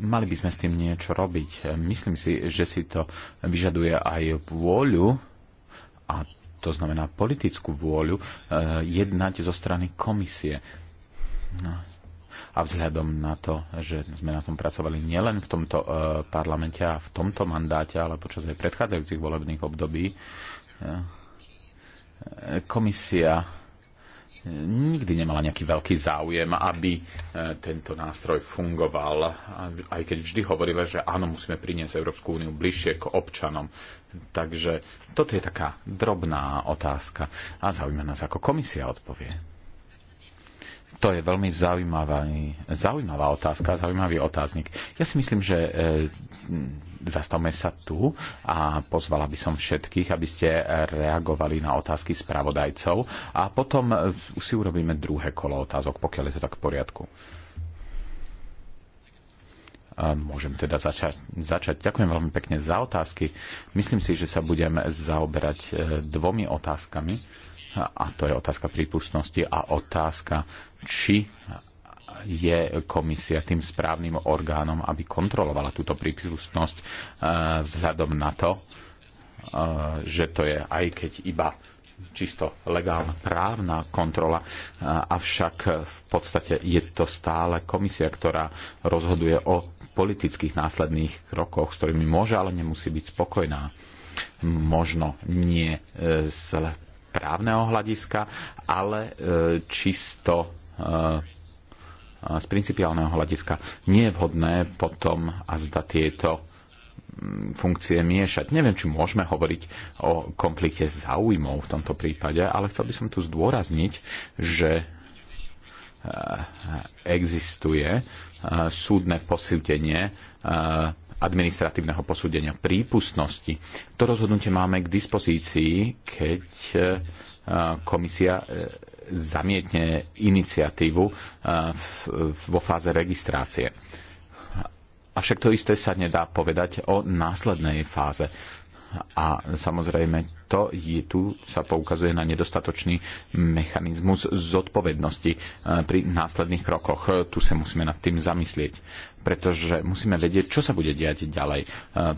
mali by sme s tým niečo robiť. Myslím si, že si to vyžaduje aj vôľu, a to znamená politickú vôľu, e, jednať zo strany komisie. No. A vzhľadom na to, že sme na tom pracovali nielen v tomto e, parlamente a v tomto mandáte, ale počas aj predchádzajúcich volebných období, komisia nikdy nemala nejaký veľký záujem, aby e, tento nástroj fungoval, aj keď vždy hovorila, že áno, musíme priniesť Európsku úniu bližšie k občanom. Takže toto je taká drobná otázka a zaujíma nás, ako komisia odpovie. To je veľmi zaujímavá, otázka, zaujímavý otáznik. Ja si myslím, že e, zastavme sa tu a pozvala by som všetkých, aby ste reagovali na otázky spravodajcov a potom e, si urobíme druhé kolo otázok, pokiaľ je to tak v poriadku. Môžem teda začať, začať. Ďakujem veľmi pekne za otázky. Myslím si, že sa budem zaoberať e, dvomi otázkami a to je otázka prípustnosti a otázka, či je komisia tým správnym orgánom, aby kontrolovala túto prípustnosť e, vzhľadom na to, e, že to je aj keď iba čisto legálna právna kontrola, e, avšak v podstate je to stále komisia, ktorá rozhoduje o politických následných krokoch, s ktorými môže, ale nemusí byť spokojná. Možno nie z právneho hľadiska, ale e, čisto e, z principiálneho hľadiska nie je vhodné potom a zda tieto funkcie miešať. Neviem, či môžeme hovoriť o konflikte záujmov v tomto prípade, ale chcel by som tu zdôrazniť, že e, existuje súdne posúdenie administratívneho posúdenia prípustnosti. To rozhodnutie máme k dispozícii, keď e, komisia e, zamietne iniciatívu e, vo fáze registrácie. Avšak to isté sa nedá povedať o následnej fáze. A samozrejme, to je tu, sa poukazuje na nedostatočný mechanizmus zodpovednosti eh, pri následných krokoch. Eh, tu sa musíme nad tým zamyslieť, pretože musíme vedieť, čo sa bude diať ďalej, eh,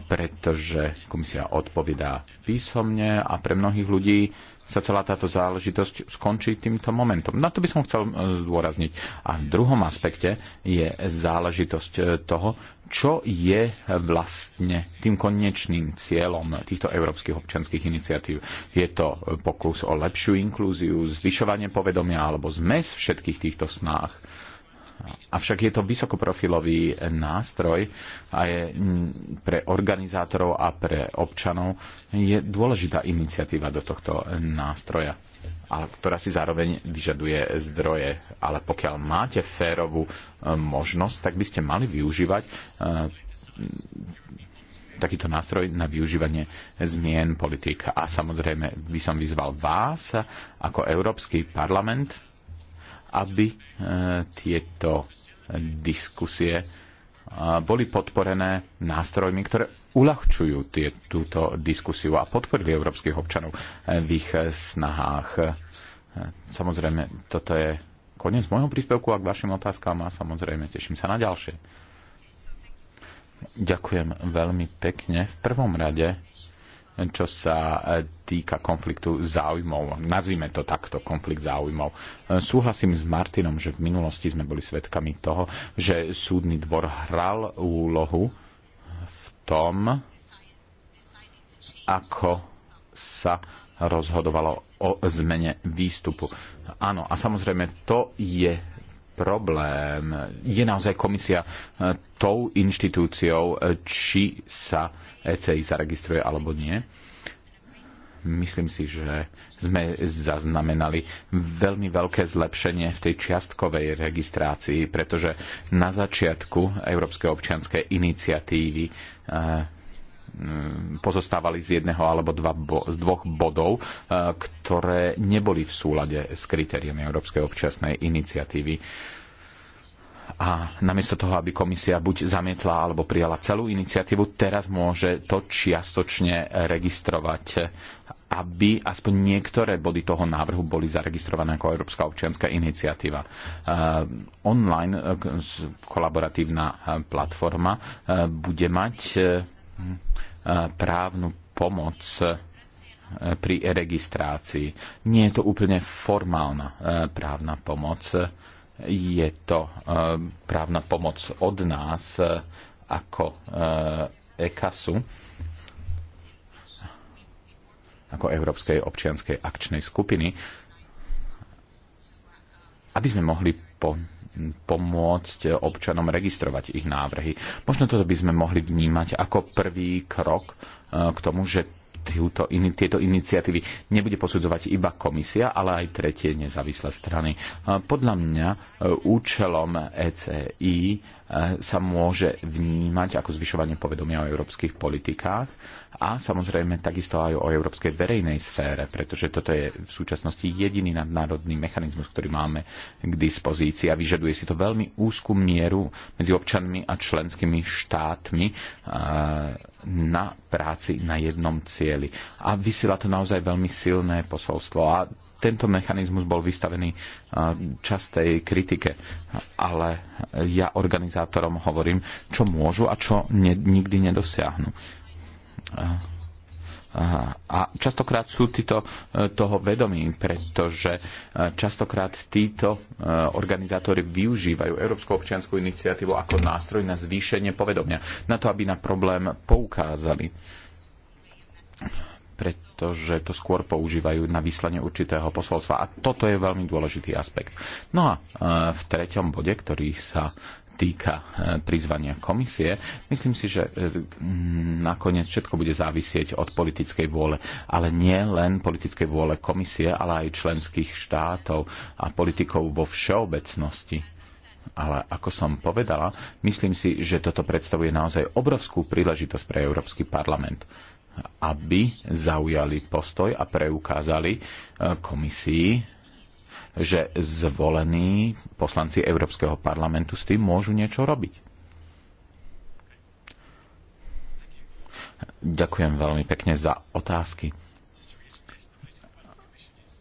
pretože komisia odpovedá písomne a pre mnohých ľudí sa celá táto záležitosť skončí týmto momentom. Na to by som chcel e, zdôrazniť. A v druhom aspekte je záležitosť e, toho, čo je vlastne tým konečným cieľom týchto európskych občanských iniciatív. Je to pokus o lepšiu inklúziu, zvyšovanie povedomia alebo zmes všetkých týchto snách Avšak je to vysokoprofilový nástroj a je pre organizátorov a pre občanov je dôležitá iniciatíva do tohto nástroja a ktorá si zároveň vyžaduje zdroje. Ale pokiaľ máte férovú e, možnosť, tak by ste mali využívať e, takýto nástroj na využívanie zmien politik. A samozrejme by som vyzval vás ako Európsky parlament, aby e, tieto diskusie e, boli podporené nástrojmi, ktoré uľahčujú tie, túto diskusiu a podporili európskych občanov e, v ich snahách. Samozrejme, toto je koniec môjho príspevku a k vašim otázkám a samozrejme teším sa na ďalšie. Ďakujem veľmi pekne. V prvom rade čo sa e, týka konfliktu záujmov. Nazvime to takto, konflikt záujmov. E, súhlasím s Martinom, že v minulosti sme boli svedkami toho, že súdny dvor hral úlohu v tom, ako sa rozhodovalo o zmene výstupu. Áno, a samozrejme to je problém. Je naozaj komisia e, tou inštitúciou, e, či sa ECI zaregistruje alebo nie? Myslím si, že sme zaznamenali veľmi veľké zlepšenie v tej čiastkovej registrácii, pretože na začiatku Európskej občianskej iniciatívy e, Mm, pozostávali z jedného alebo dva bo, z dvoch bodov, eh, ktoré neboli v súlade s kritériami Európskej občasnej iniciatívy. A namiesto toho, aby komisia buď zamietla alebo prijala celú iniciatívu, teraz môže to čiastočne registrovať, aby aspoň niektoré body toho návrhu boli zaregistrované ako Európska občianská iniciatíva. Eh, online eh, kolaboratívna platforma bude mať právnu pomoc e, pri registrácii. Nie je to úplne formálna e, právna pomoc, je to e, právna pomoc od nás ako ECASu, ako Európskej občianskej akčnej skupiny, aby sme mohli po pomôcť občanom registrovať ich návrhy. Možno toto by sme mohli vnímať ako prvý krok e, k tomu, že tieto, in, tieto iniciatívy nebude posudzovať iba komisia, ale aj tretie nezávislé strany. E, podľa mňa e, účelom ECI sa môže vnímať ako zvyšovanie povedomia o európskych politikách a samozrejme takisto aj o európskej verejnej sfére, pretože toto je v súčasnosti jediný nadnárodný mechanizmus, ktorý máme k dispozícii a vyžaduje si to veľmi úzkú mieru medzi občanmi a členskými štátmi eh, na práci na jednom cieli. A vysiela to naozaj veľmi silné posolstvo a tento mechanizmus bol vystavený eh, častej kritike, ale ja organizátorom hovorím, čo môžu a čo ne, nikdy nedosiahnu a častokrát sú títo e, toho vedomí, pretože e, častokrát títo e, organizátori využívajú Európsku občianskú iniciatívu ako nástroj na zvýšenie povedomia, na to, aby na problém poukázali pretože to skôr používajú na vyslanie určitého posolstva. A toto je veľmi dôležitý aspekt. No a v treťom bode, ktorý sa týka e, prizvania komisie, myslím si, že e, nakoniec všetko bude závisieť od politickej vôle. Ale nie len politickej vôle komisie, ale aj členských štátov a politikov vo všeobecnosti. Ale ako som povedala, myslím si, že toto predstavuje naozaj obrovskú príležitosť pre Európsky parlament aby zaujali postoj a preukázali e, komisii, že zvolení poslanci Európskeho parlamentu s tým môžu niečo robiť. Ďakujem veľmi pekne za otázky.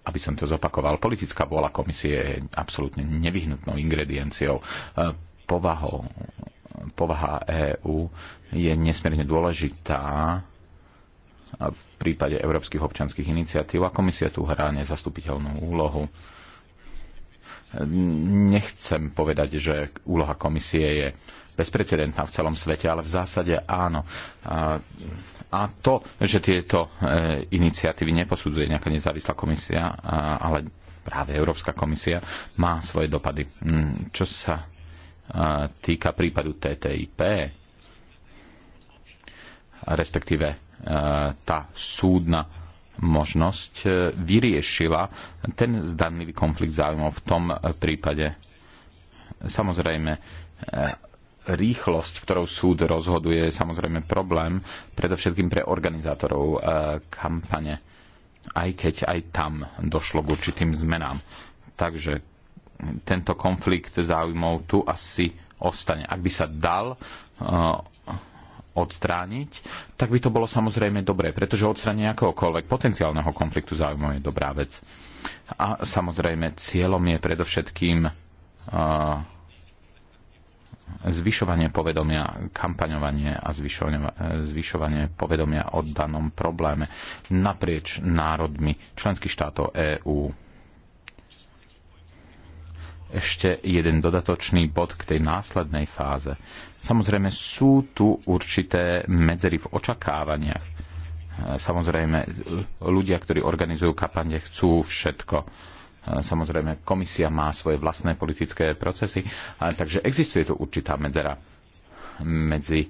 Aby som to zopakoval, politická vôľa komisie je absolútne nevyhnutnou ingredienciou. Povaho, povaha EÚ je nesmierne dôležitá v prípade európskych občanských iniciatív a komisia tu hrá nezastupiteľnú úlohu Nechcem povedať, že úloha komisie je bezprecedentná v celom svete, ale v zásade áno. A, a to, že tieto e, iniciatívy neposudzuje nejaká nezávislá komisia, ale práve Európska komisia má svoje dopady. Mm, čo sa e, týka prípadu TTIP, respektíve e, tá súdna možnosť e, vyriešila ten zdanlivý konflikt záujmov v tom e, prípade. Samozrejme, e, rýchlosť, ktorou súd rozhoduje, je samozrejme problém, predovšetkým pre organizátorov kampane, aj keď aj tam došlo k určitým zmenám. Takže tento konflikt záujmov tu asi ostane. Ak by sa dal odstrániť, tak by to bolo samozrejme dobré, pretože odstránenie akéhokoľvek potenciálneho konfliktu záujmov je dobrá vec. A samozrejme cieľom je predovšetkým uh, zvyšovanie povedomia, kampaňovanie a zvyšovanie, eh, zvyšovanie povedomia o danom probléme naprieč národmi členských štátov EÚ. Ešte jeden dodatočný bod k tej následnej fáze. Samozrejme sú tu určité medzery v očakávaniach. Samozrejme ľudia, ktorí organizujú kampane, chcú všetko. Samozrejme komisia má svoje vlastné politické procesy, takže existuje tu určitá medzera medzi e,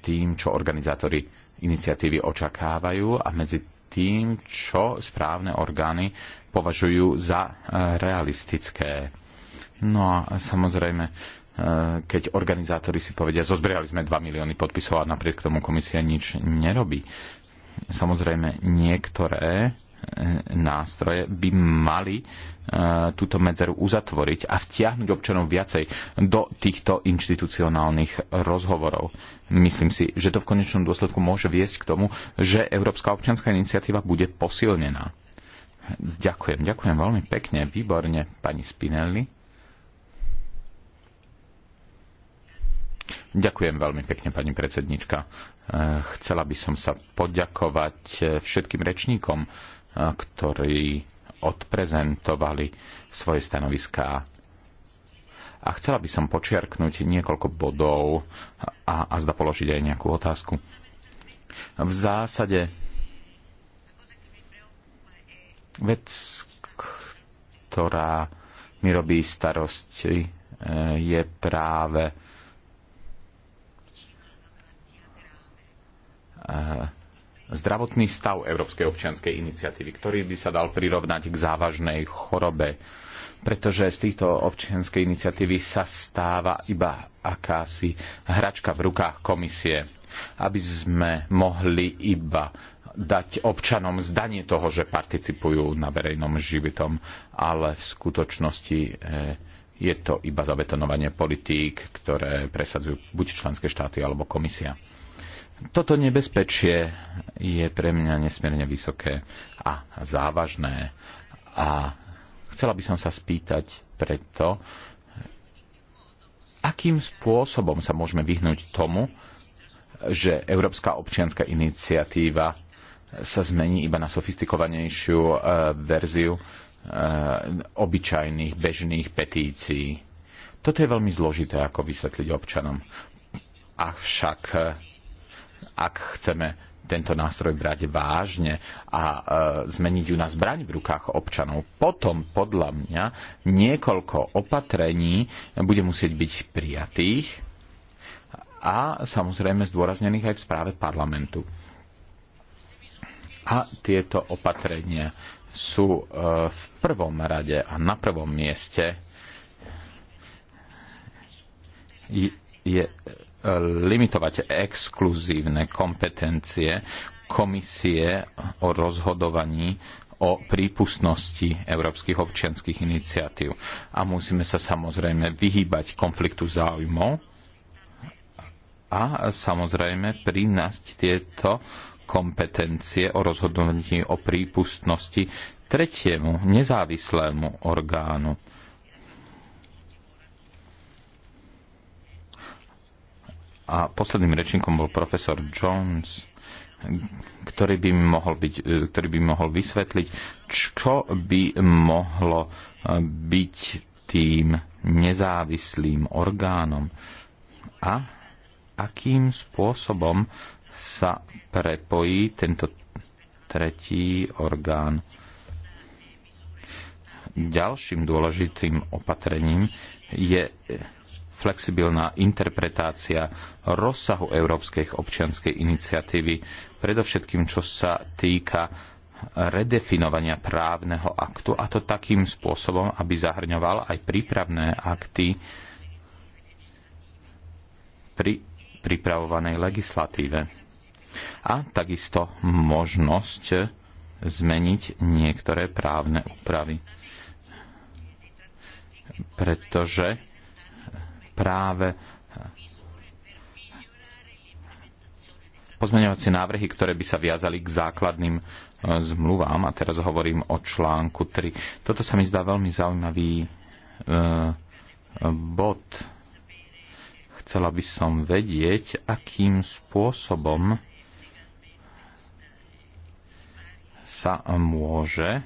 tým, čo organizátori iniciatívy očakávajú a medzi tým, čo správne orgány považujú za e, realistické. No a samozrejme, Eh, keď organizátori si povedia, zozbierali sme 2 milióny podpisov a napriek tomu komisia nič nerobí. Samozrejme, niektoré eh, nástroje by mali eh, túto medzeru uzatvoriť a vtiahnuť občanov viacej do týchto inštitucionálnych rozhovorov. Myslím si, že to v konečnom dôsledku môže viesť k tomu, že Európska občianská iniciatíva bude posilnená. Ďakujem, ďakujem veľmi pekne, výborne, pani Spinelli. Ďakujem veľmi pekne, pani predsednička. E, chcela by som sa poďakovať e, všetkým rečníkom, e, ktorí odprezentovali svoje stanoviská. A chcela by som počiarknúť niekoľko bodov a, a zda položiť aj nejakú otázku. V zásade vec, ktorá mi robí starosti, je práve Eh, zdravotný stav Európskej občianskej iniciatívy, ktorý by sa dal prirovnať k závažnej chorobe, pretože z týchto občianskej iniciatívy sa stáva iba akási hračka v rukách komisie, aby sme mohli iba dať občanom zdanie toho, že participujú na verejnom životom, ale v skutočnosti eh, je to iba zabetonovanie politík, ktoré presadzujú buď členské štáty alebo komisia. Toto nebezpečie je pre mňa nesmierne vysoké a závažné. A chcela by som sa spýtať preto, akým spôsobom sa môžeme vyhnúť tomu, že Európska občianská iniciatíva sa zmení iba na sofistikovanejšiu e, verziu e, obyčajných, bežných petícií. Toto je veľmi zložité, ako vysvetliť občanom. Avšak e, ak chceme tento nástroj brať vážne a e, zmeniť ju na zbraň v rukách občanov. Potom, podľa mňa, niekoľko opatrení bude musieť byť prijatých a samozrejme zdôraznených aj v správe parlamentu. A tieto opatrenia sú e, v prvom rade a na prvom mieste je, je limitovať exkluzívne kompetencie komisie o rozhodovaní o prípustnosti európskych občianských iniciatív. A musíme sa samozrejme vyhýbať konfliktu záujmov a samozrejme prinásť tieto kompetencie o rozhodovaní o prípustnosti tretiemu nezávislému orgánu A posledným rečníkom bol profesor Jones, ktorý by, mohol byť, e, ktorý by mohol vysvetliť, čo by mohlo e, byť tým nezávislým orgánom a akým spôsobom sa prepojí tento tretí orgán. Ďalším dôležitým opatrením je flexibilná interpretácia rozsahu Európskej občianskej iniciatívy, predovšetkým čo sa týka redefinovania právneho aktu, a to takým spôsobom, aby zahrňoval aj prípravné akty pri pripravovanej legislatíve. A takisto možnosť zmeniť niektoré právne úpravy. Pretože práve e, pozmeňovacie návrhy, ktoré by sa viazali k základným e, zmluvám, a teraz hovorím o článku 3. Toto sa mi zdá veľmi zaujímavý e, bod. Chcela by som vedieť, akým spôsobom sa môže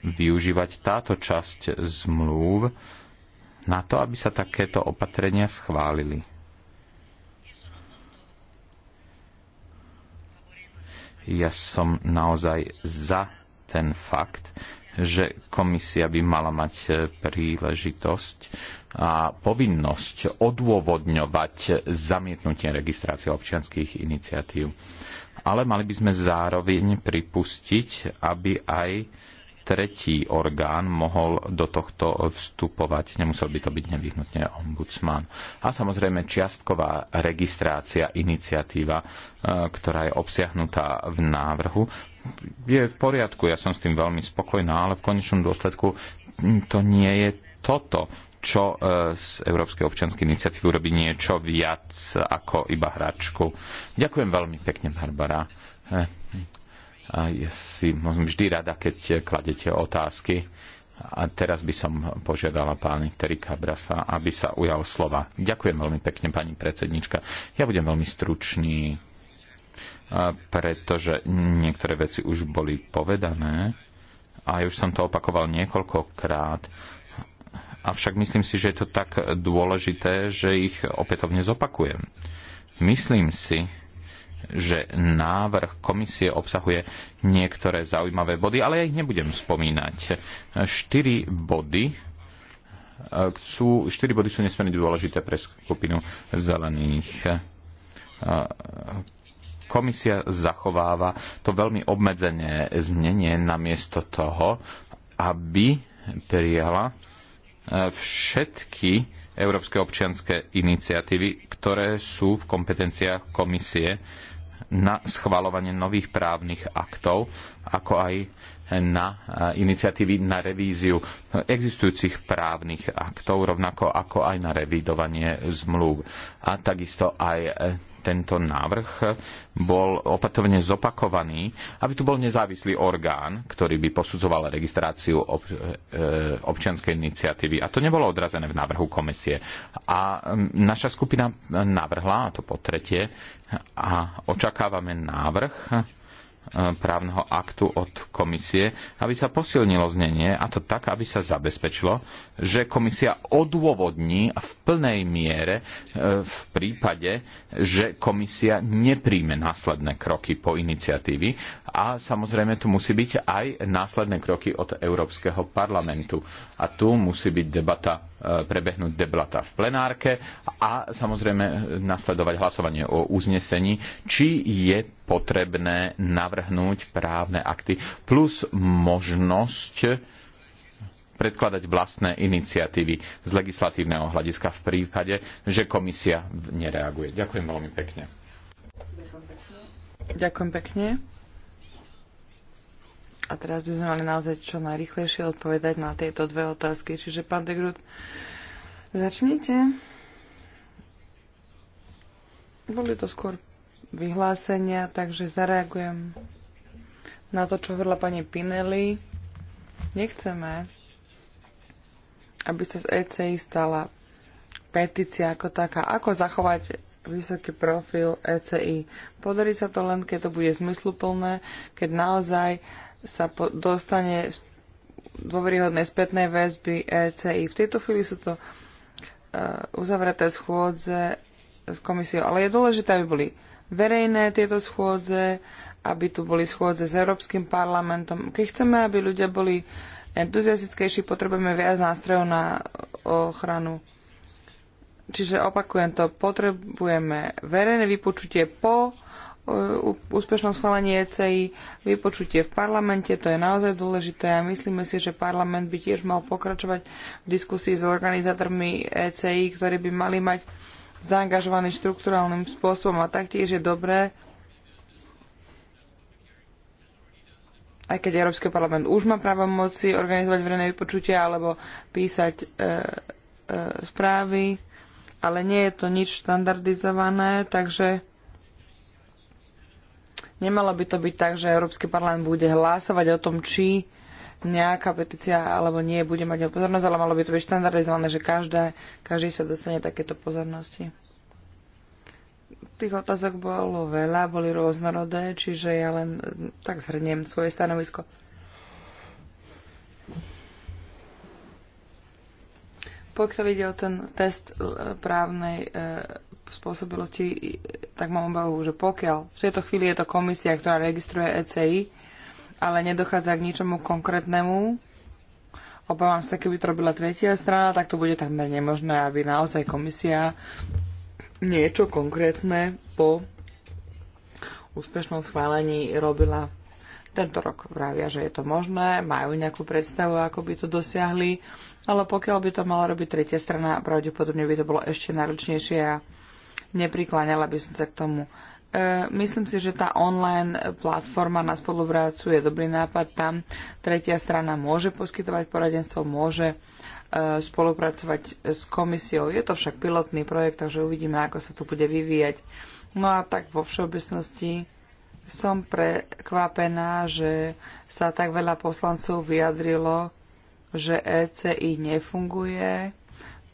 využívať táto časť zmluv na to, aby sa takéto opatrenia schválili. Ja som naozaj za ten fakt, že komisia by mala mať e, príležitosť a povinnosť odôvodňovať zamietnutie registrácie občianských iniciatív. Ale mali by sme zároveň pripustiť, aby aj tretí orgán mohol do tohto vstupovať. Nemusel by to byť nevyhnutne ombudsman. A samozrejme čiastková registrácia, iniciatíva, e, ktorá je obsiahnutá v návrhu, je v poriadku. Ja som s tým veľmi spokojná, ale v konečnom dôsledku to nie je toto, čo e, z Európskej občianskej iniciatívy urobí niečo viac ako iba hračku. Ďakujem veľmi pekne, Barbara. E, a ja si môžem vždy rada, keď kladete otázky. A teraz by som požiadala páni Terika Brasa, aby sa ujal slova. Ďakujem veľmi pekne, pani predsednička. Ja budem veľmi stručný, pretože niektoré veci už boli povedané a už som to opakoval niekoľkokrát. Avšak myslím si, že je to tak dôležité, že ich opätovne zopakujem. Myslím si, že návrh komisie obsahuje niektoré zaujímavé body, ale ja ich nebudem spomínať. Štyri body e, sú, štyri body sú nesmierne dôležité pre skupinu zelených. E, komisia zachováva to veľmi obmedzené znenie namiesto toho, aby prijala e, všetky Európske občianske iniciatívy, ktoré sú v kompetenciách komisie na schvalovanie nových právnych aktov, ako aj na eh, iniciatívy na revíziu existujúcich právnych aktov, rovnako ako aj na revidovanie zmluv. A takisto aj eh, tento návrh bol opatovne zopakovaný, aby tu bol nezávislý orgán, ktorý by posudzoval registráciu ob, e, občianskej iniciatívy. A to nebolo odrazené v návrhu komisie. A naša skupina navrhla, a to po tretie, a očakávame návrh E, právneho aktu od komisie, aby sa posilnilo znenie, a to tak, aby sa zabezpečilo, že komisia odôvodní v plnej miere e, v prípade, že komisia nepríjme následné kroky po iniciatívy a samozrejme tu musí byť aj následné kroky od Európskeho parlamentu. A tu musí byť debata, e, prebehnúť debata v plenárke a samozrejme nasledovať hlasovanie o uznesení, či je potrebné navrhnúť právne akty plus možnosť predkladať vlastné iniciatívy z legislatívneho hľadiska v prípade, že komisia nereaguje. Ďakujem veľmi pekne. Ďakujem pekne. A teraz by sme mali naozaj čo najrychlejšie odpovedať na tieto dve otázky. Čiže, pán Degrud, začnite. Boli to skôr vyhlásenia, takže zareagujem na to, čo hovorila pani Pinelli. Nechceme, aby sa z ECI stala petícia ako taká, ako zachovať vysoký profil ECI. Podarí sa to len, keď to bude zmysluplné, keď naozaj sa po- dostane z dôveryhodnej spätnej väzby ECI. V tejto chvíli sú to uh, uzavreté schôdze s komisiou, ale je dôležité, aby boli verejné tieto schôdze, aby tu boli schôdze s Európskym parlamentom. Keď chceme, aby ľudia boli entuziastickejší, potrebujeme viac nástrojov na ochranu. Čiže opakujem to, potrebujeme verejné vypočutie po e, úspešnom schválení ECI, vypočutie v parlamente, to je naozaj dôležité a myslíme si, že parlament by tiež mal pokračovať v diskusii s organizátormi ECI, ktorí by mali mať zaangažovaný štrukturálnym spôsobom a taktiež je dobré, aj keď Európsky parlament už má právomoci organizovať verejné vypočutia alebo písať e, e, správy, ale nie je to nič štandardizované, takže nemalo by to byť tak, že Európsky parlament bude hlásovať o tom, či nejaká petícia alebo nie bude mať pozornosť, ale malo by to byť štandardizované, že každá, každý sa dostane takéto pozornosti. Tých otázok bolo veľa, boli rôznorodé, čiže ja len eh, tak zhrniem svoje stanovisko. Pokiaľ ide o ten test eh, právnej e, spôsobilosti, tak mám obavu, že pokiaľ v tejto chvíli je to komisia, ktorá registruje ECI, ale nedochádza k ničomu konkrétnemu. Obávam sa, keby to robila tretia strana, tak to bude takmer nemožné, aby naozaj komisia niečo konkrétne po úspešnom schválení robila. Tento rok vravia, že je to možné, majú nejakú predstavu, ako by to dosiahli, ale pokiaľ by to mala robiť tretia strana, pravdepodobne by to bolo ešte náročnejšie a neprikláňala by som sa k tomu. E, myslím si, že tá online platforma na spoluprácu je dobrý nápad. Tam tretia strana môže poskytovať poradenstvo, môže e, spolupracovať s komisiou. Je to však pilotný projekt, takže uvidíme, ako sa to bude vyvíjať. No a tak vo všeobecnosti som prekvapená, že sa tak veľa poslancov vyjadrilo, že ECI nefunguje,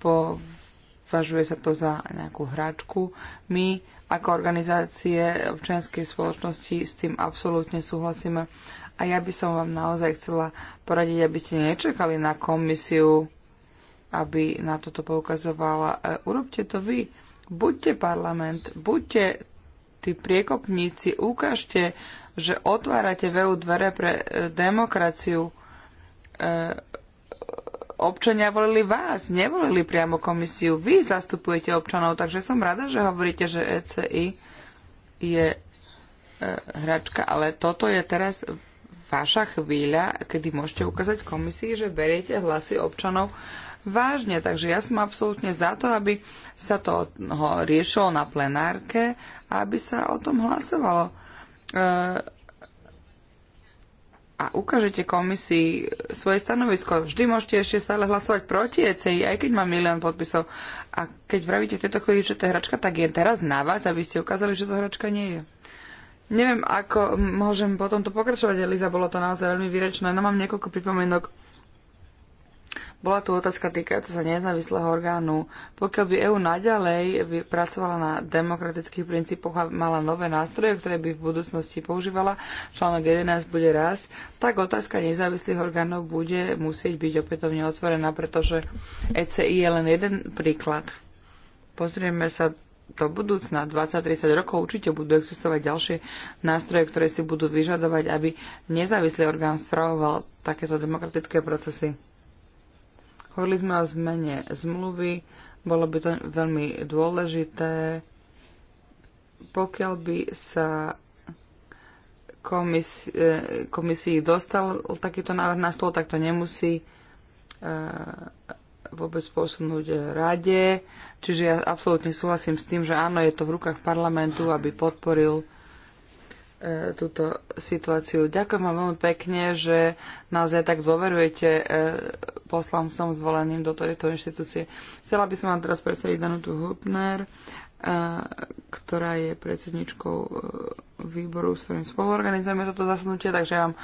považuje sa to za nejakú hračku. My ako organizácie občianskej spoločnosti s tým absolútne súhlasíme. A ja by som vám naozaj chcela poradiť, aby ste nečakali na komisiu, aby na toto poukazovala. E, urobte to vy. Buďte parlament, buďte tí priekopníci, ukážte, že otvárate VU dvere pre e, demokraciu. E, občania volili vás, nevolili priamo komisiu. Vy zastupujete občanov, takže som rada, že hovoríte, že ECI je e, hračka, ale toto je teraz vaša chvíľa, kedy môžete ukázať komisii, že beriete hlasy občanov vážne. Takže ja som absolútne za to, aby sa to riešilo na plenárke a aby sa o tom hlasovalo. E, a ukážete komisii svoje stanovisko. Vždy môžete ešte stále hlasovať proti ECI, aj keď má milión podpisov. A keď vravíte v tejto chvíli, že to je hračka, tak je teraz na vás, aby ste ukázali, že to hračka nie je. Neviem, ako môžem potom to pokračovať, Eliza, bolo to naozaj veľmi výrečné. No mám niekoľko pripomienok. Bola tu otázka týkajúca sa nezávislého orgánu. Pokiaľ by EÚ naďalej pracovala na demokratických princípoch a mala nové nástroje, ktoré by v budúcnosti používala, článok 11 bude rásť, tak otázka nezávislých orgánov bude musieť byť opätovne otvorená, pretože ECI je len jeden príklad. Pozrieme sa do budúcna 20-30 rokov určite budú existovať ďalšie nástroje, ktoré si budú vyžadovať, aby nezávislý orgán spravoval takéto demokratické procesy. Hovorili sme o zmene zmluvy, bolo by to veľmi dôležité, pokiaľ by sa komisi- e, komisii dostal takýto návrh na stôl, tak to nemusí e, vôbec posunúť rade. Čiže ja absolútne súhlasím s tým, že áno, je to v rukách parlamentu, aby podporil E, túto situáciu. Ďakujem vám veľmi pekne, že naozaj tak dôverujete e, poslancom zvoleným do tejto inštitúcie. Chcela by som vám teraz predstaviť Danutu Hupner, e, ktorá je predsedničkou výboru, s ktorým spoluorganizujeme toto zasnutie, takže ja vám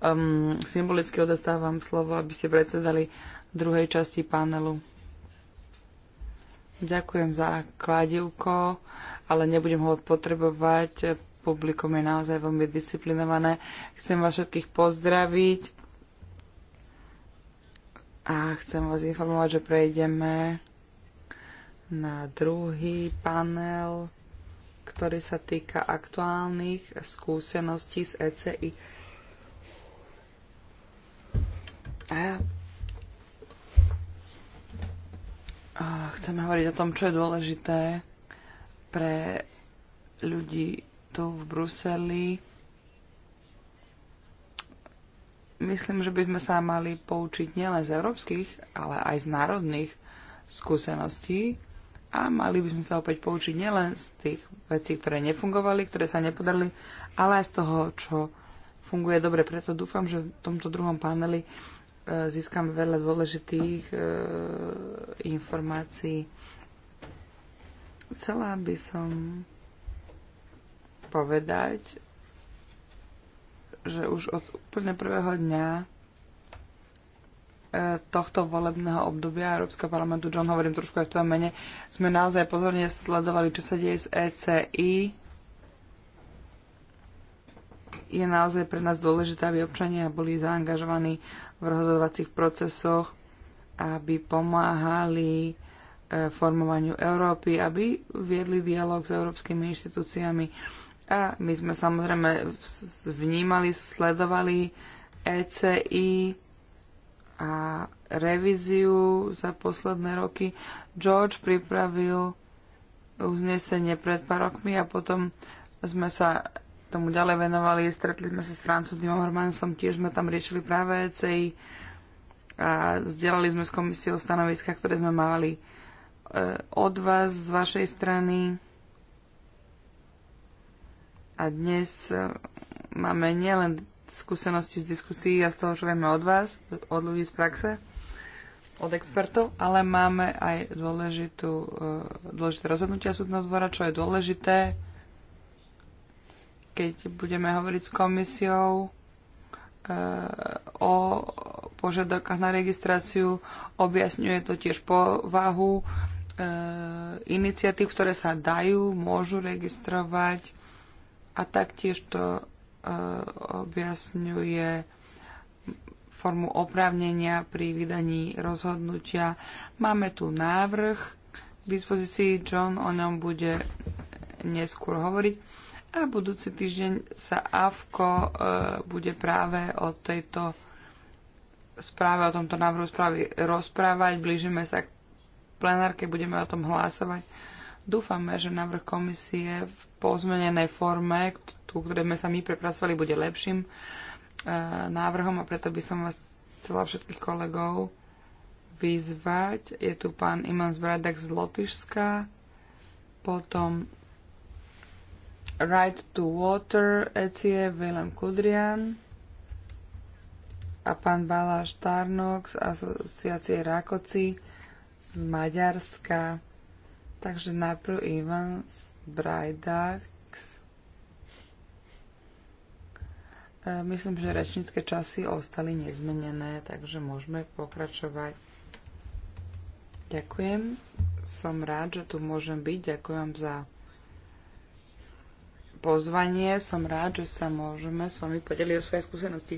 um, symbolicky odostávam slovo, aby ste predsedali druhej časti panelu. Ďakujem za kladivko, ale nebudem ho potrebovať publikum je naozaj veľmi disciplinované. Chcem vás všetkých pozdraviť a chcem vás informovať, že prejdeme na druhý panel, ktorý sa týka aktuálnych skúseností z ECI. A chceme hovoriť o tom, čo je dôležité pre ľudí tu v Bruseli. Myslím, že by sme sa mali poučiť nielen z európskych, ale aj z národných skúseností a mali by sme sa opäť poučiť nielen z tých vecí, ktoré nefungovali, ktoré sa nepodarili, ale aj z toho, čo funguje dobre. Preto dúfam, že v tomto druhom paneli e, získame veľa dôležitých e, informácií. Chcela by som povedať, že už od úplne prvého dňa e, tohto volebného obdobia Európskeho parlamentu, John, hovorím trošku aj v tvojom mene, sme naozaj pozorne sledovali, čo sa deje z ECI. Je naozaj pre nás dôležité, aby občania boli zaangažovaní v rozhodovacích procesoch, aby pomáhali e, formovaniu Európy, aby viedli dialog s európskymi inštitúciami a my sme samozrejme vnímali, sledovali ECI a revíziu za posledné roky. George pripravil uznesenie pred pár rokmi a potom sme sa tomu ďalej venovali, stretli sme sa s Francom Dimom tiež sme tam riešili práve ECI a zdieľali sme s komisiou stanoviska, ktoré sme mali e, od vás, z vašej strany. A dnes e, máme nielen skúsenosti z diskusí a z toho, čo vieme od vás, od ľudí z praxe, od expertov, ale máme aj dôležitú, e, dôležité rozhodnutia súdneho dvora, čo je dôležité, keď budeme hovoriť s komisiou e, o požiadavkách na registráciu, objasňuje to tiež povahu iniciatív, ktoré sa dajú, môžu registrovať a taktiež to e, objasňuje formu oprávnenia pri vydaní rozhodnutia. Máme tu návrh k dispozícii, John o ňom bude neskôr hovoriť a budúci týždeň sa AVKO e, bude práve o tejto správe, o tomto návrhu správy rozprávať. Blížime sa k plenárke, budeme o tom hlasovať. Dúfame, že návrh komisie v pozmenenej forme, tú, ktoré sme sa my prepracovali, bude lepším e, návrhom a preto by som vás chcela všetkých kolegov vyzvať. Je tu pán Iman Zbradek z Lotyšska, potom Right to Water, ECE, Willem Kudrian a pán Baláš Tarnok z asociácie Rakoci z Maďarska. Takže najprv Evans, Brajdax. E, myslím, že rečnické časy ostali nezmenené, takže môžeme pokračovať. Ďakujem. Som rád, že tu môžem byť. Ďakujem za pozvanie. Som rád, že sa môžeme s vami podeliť o svoje skúsenosti.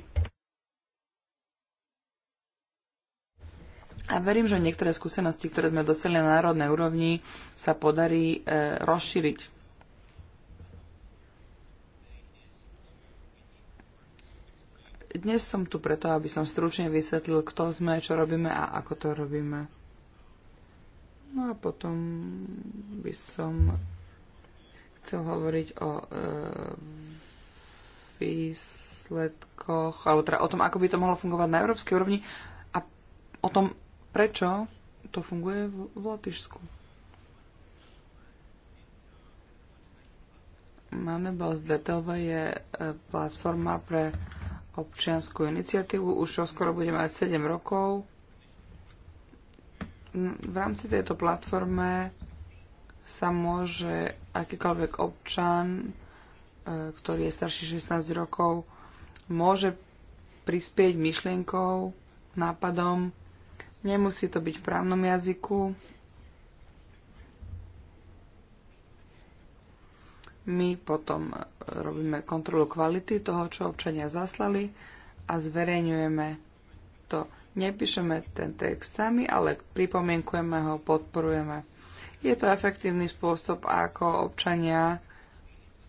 A verím, že niektoré skúsenosti, ktoré sme dosiahli na národnej úrovni, sa podarí e, rozšíriť. Dnes som tu preto, aby som stručne vysvetlil, kto sme, čo robíme a ako to robíme. No a potom by som chcel hovoriť o e, výsledkoch, alebo teda o tom, ako by to mohlo fungovať na európskej úrovni, a o tom, Prečo to funguje v, v Latišsku. Manebos Detelva je e, platforma pre občianskú iniciatívu. Už skoro bude mať 7 rokov. V rámci tejto platforme sa môže akýkoľvek občan, e, ktorý je starší 16 rokov, môže prispieť myšlienkou, nápadom Nemusí to byť v právnom jazyku. My potom e, robíme kontrolu kvality toho, čo občania zaslali a zverejňujeme to. Nepíšeme ten text sami, ale pripomienkujeme ho, podporujeme. Je to efektívny spôsob, ako občania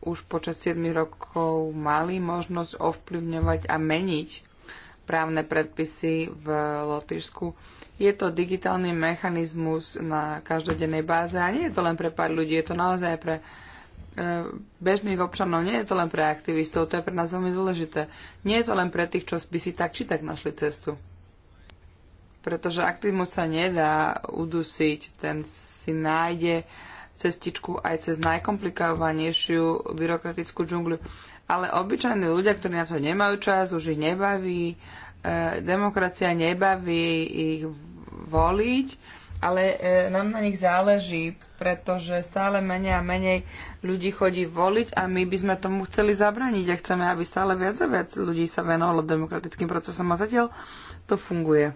už počas 7 rokov mali možnosť ovplyvňovať a meniť právne predpisy v Lotyšsku je to digitálny mechanizmus na každodennej báze a nie je to len pre pár ľudí, je to naozaj pre e, bežných občanov, nie je to len pre aktivistov, to je pre nás veľmi dôležité. Nie je to len pre tých, čo by si tak či tak našli cestu. Pretože aktivizmus sa nedá udusiť, ten si nájde cestičku aj cez najkomplikovanejšiu byrokratickú džungľu. Ale obyčajní ľudia, ktorí na to nemajú čas, už ich nebaví, E, demokracia nebaví ich voliť, ale e, nám na nich záleží, pretože stále menej a menej ľudí chodí voliť a my by sme tomu chceli zabraniť a chceme, aby stále viac a viac ľudí sa venovalo demokratickým procesom a zatiaľ to funguje.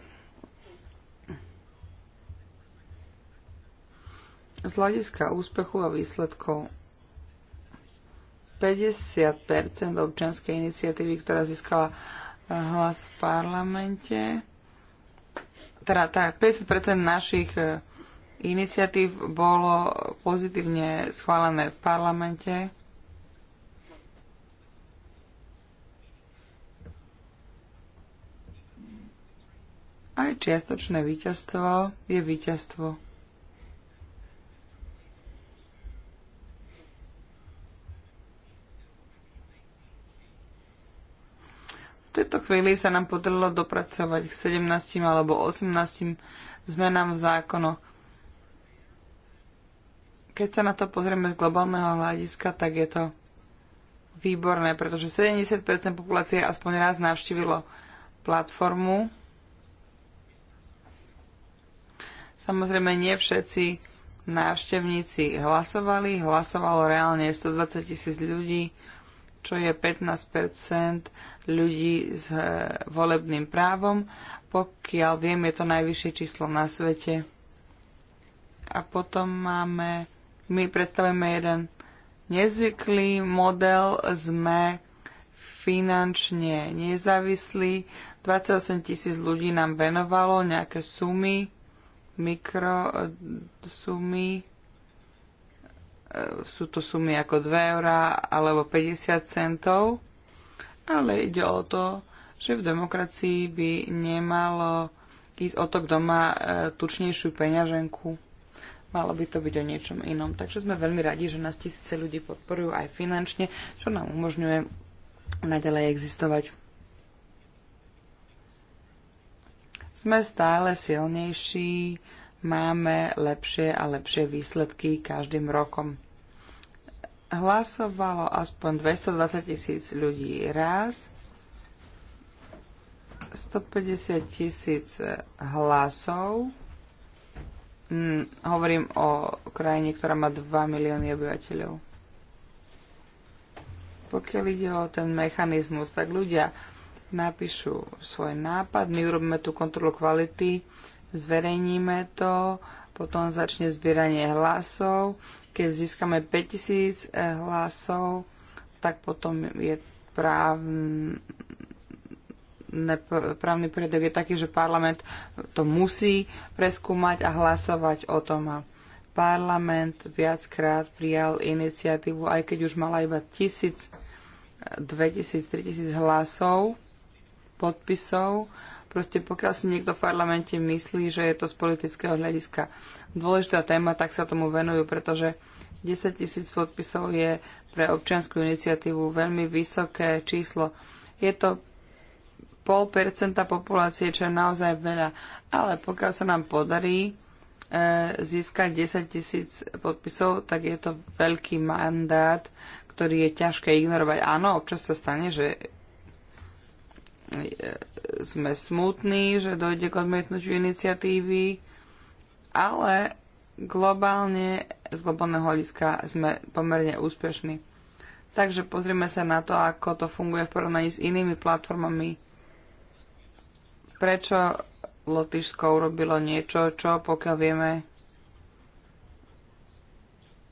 Z hľadiska úspechu a výsledkov 50% občianskej iniciatívy, ktorá získala hlas v parlamente. Teda tak, 50% našich e, iniciatív bolo pozitívne schválené v parlamente. Aj čiastočné víťazstvo je víťazstvo. tejto chvíli sa nám podarilo dopracovať k 17 alebo 18 zmenám v zákonoch. Keď sa na to pozrieme z globálneho hľadiska, tak je to výborné, pretože 70% populácie aspoň raz navštívilo platformu. Samozrejme, nie všetci návštevníci hlasovali. Hlasovalo reálne 120 tisíc ľudí čo je 15 ľudí s eh, volebným právom. Pokiaľ viem, je to najvyššie číslo na svete. A potom máme, my predstavujeme jeden nezvyklý model, sme finančne nezávislí, 28 tisíc ľudí nám venovalo nejaké sumy, mikrosumy eh, E, sú to sumy ako 2 eurá alebo 50 centov, ale ide o to, že v demokracii by nemalo ísť o to, kto má e, tučnejšiu peňaženku. Malo by to byť o niečom inom. Takže sme veľmi radi, že nás tisíce ľudí podporujú aj finančne, čo nám umožňuje naďalej existovať. Sme stále silnejší, máme lepšie a lepšie výsledky každým rokom. Hlasovalo aspoň 220 tisíc ľudí raz, 150 tisíc hlasov. Hm, hovorím o krajine, ktorá má 2 milióny obyvateľov. Pokiaľ ide o ten mechanizmus, tak ľudia napíšu svoj nápad, my urobíme tú kontrolu kvality, zverejníme to, potom začne zbieranie hlasov. Keď získame 5000 eh, hlasov, tak potom je právne, právny predok je taký, že parlament to musí preskúmať a hlasovať o tom. A parlament viackrát prijal iniciatívu, aj keď už mala iba 1000, 2000, 3000 hlasov, podpisov, Proste pokiaľ si niekto v parlamente myslí, že je to z politického hľadiska dôležitá téma, tak sa tomu venujú, pretože 10 tisíc podpisov je pre občianskú iniciatívu veľmi vysoké číslo. Je to pol percenta populácie, čo je naozaj veľa. Ale pokiaľ sa nám podarí e, získať 10 tisíc podpisov, tak je to veľký mandát, ktorý je ťažké ignorovať. Áno, občas sa stane, že sme smutní, že dojde k odmietnutiu iniciatívy, ale globálne, z globálneho hľadiska sme pomerne úspešní. Takže pozrieme sa na to, ako to funguje v porovnaní s inými platformami. Prečo Lotyšsko urobilo niečo, čo pokiaľ vieme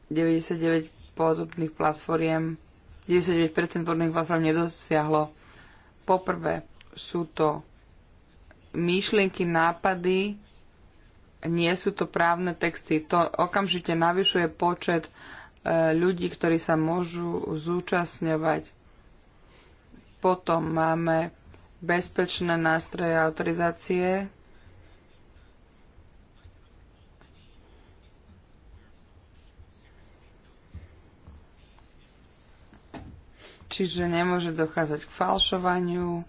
99 podobných platform 99% podobných platform nedosiahlo Poprvé sú to myšlienky, nápady, nie sú to právne texty. To okamžite navyšuje počet e, ľudí, ktorí sa môžu zúčastňovať. Potom máme bezpečné nástroje autorizácie, čiže nemôže dochádzať k falšovaniu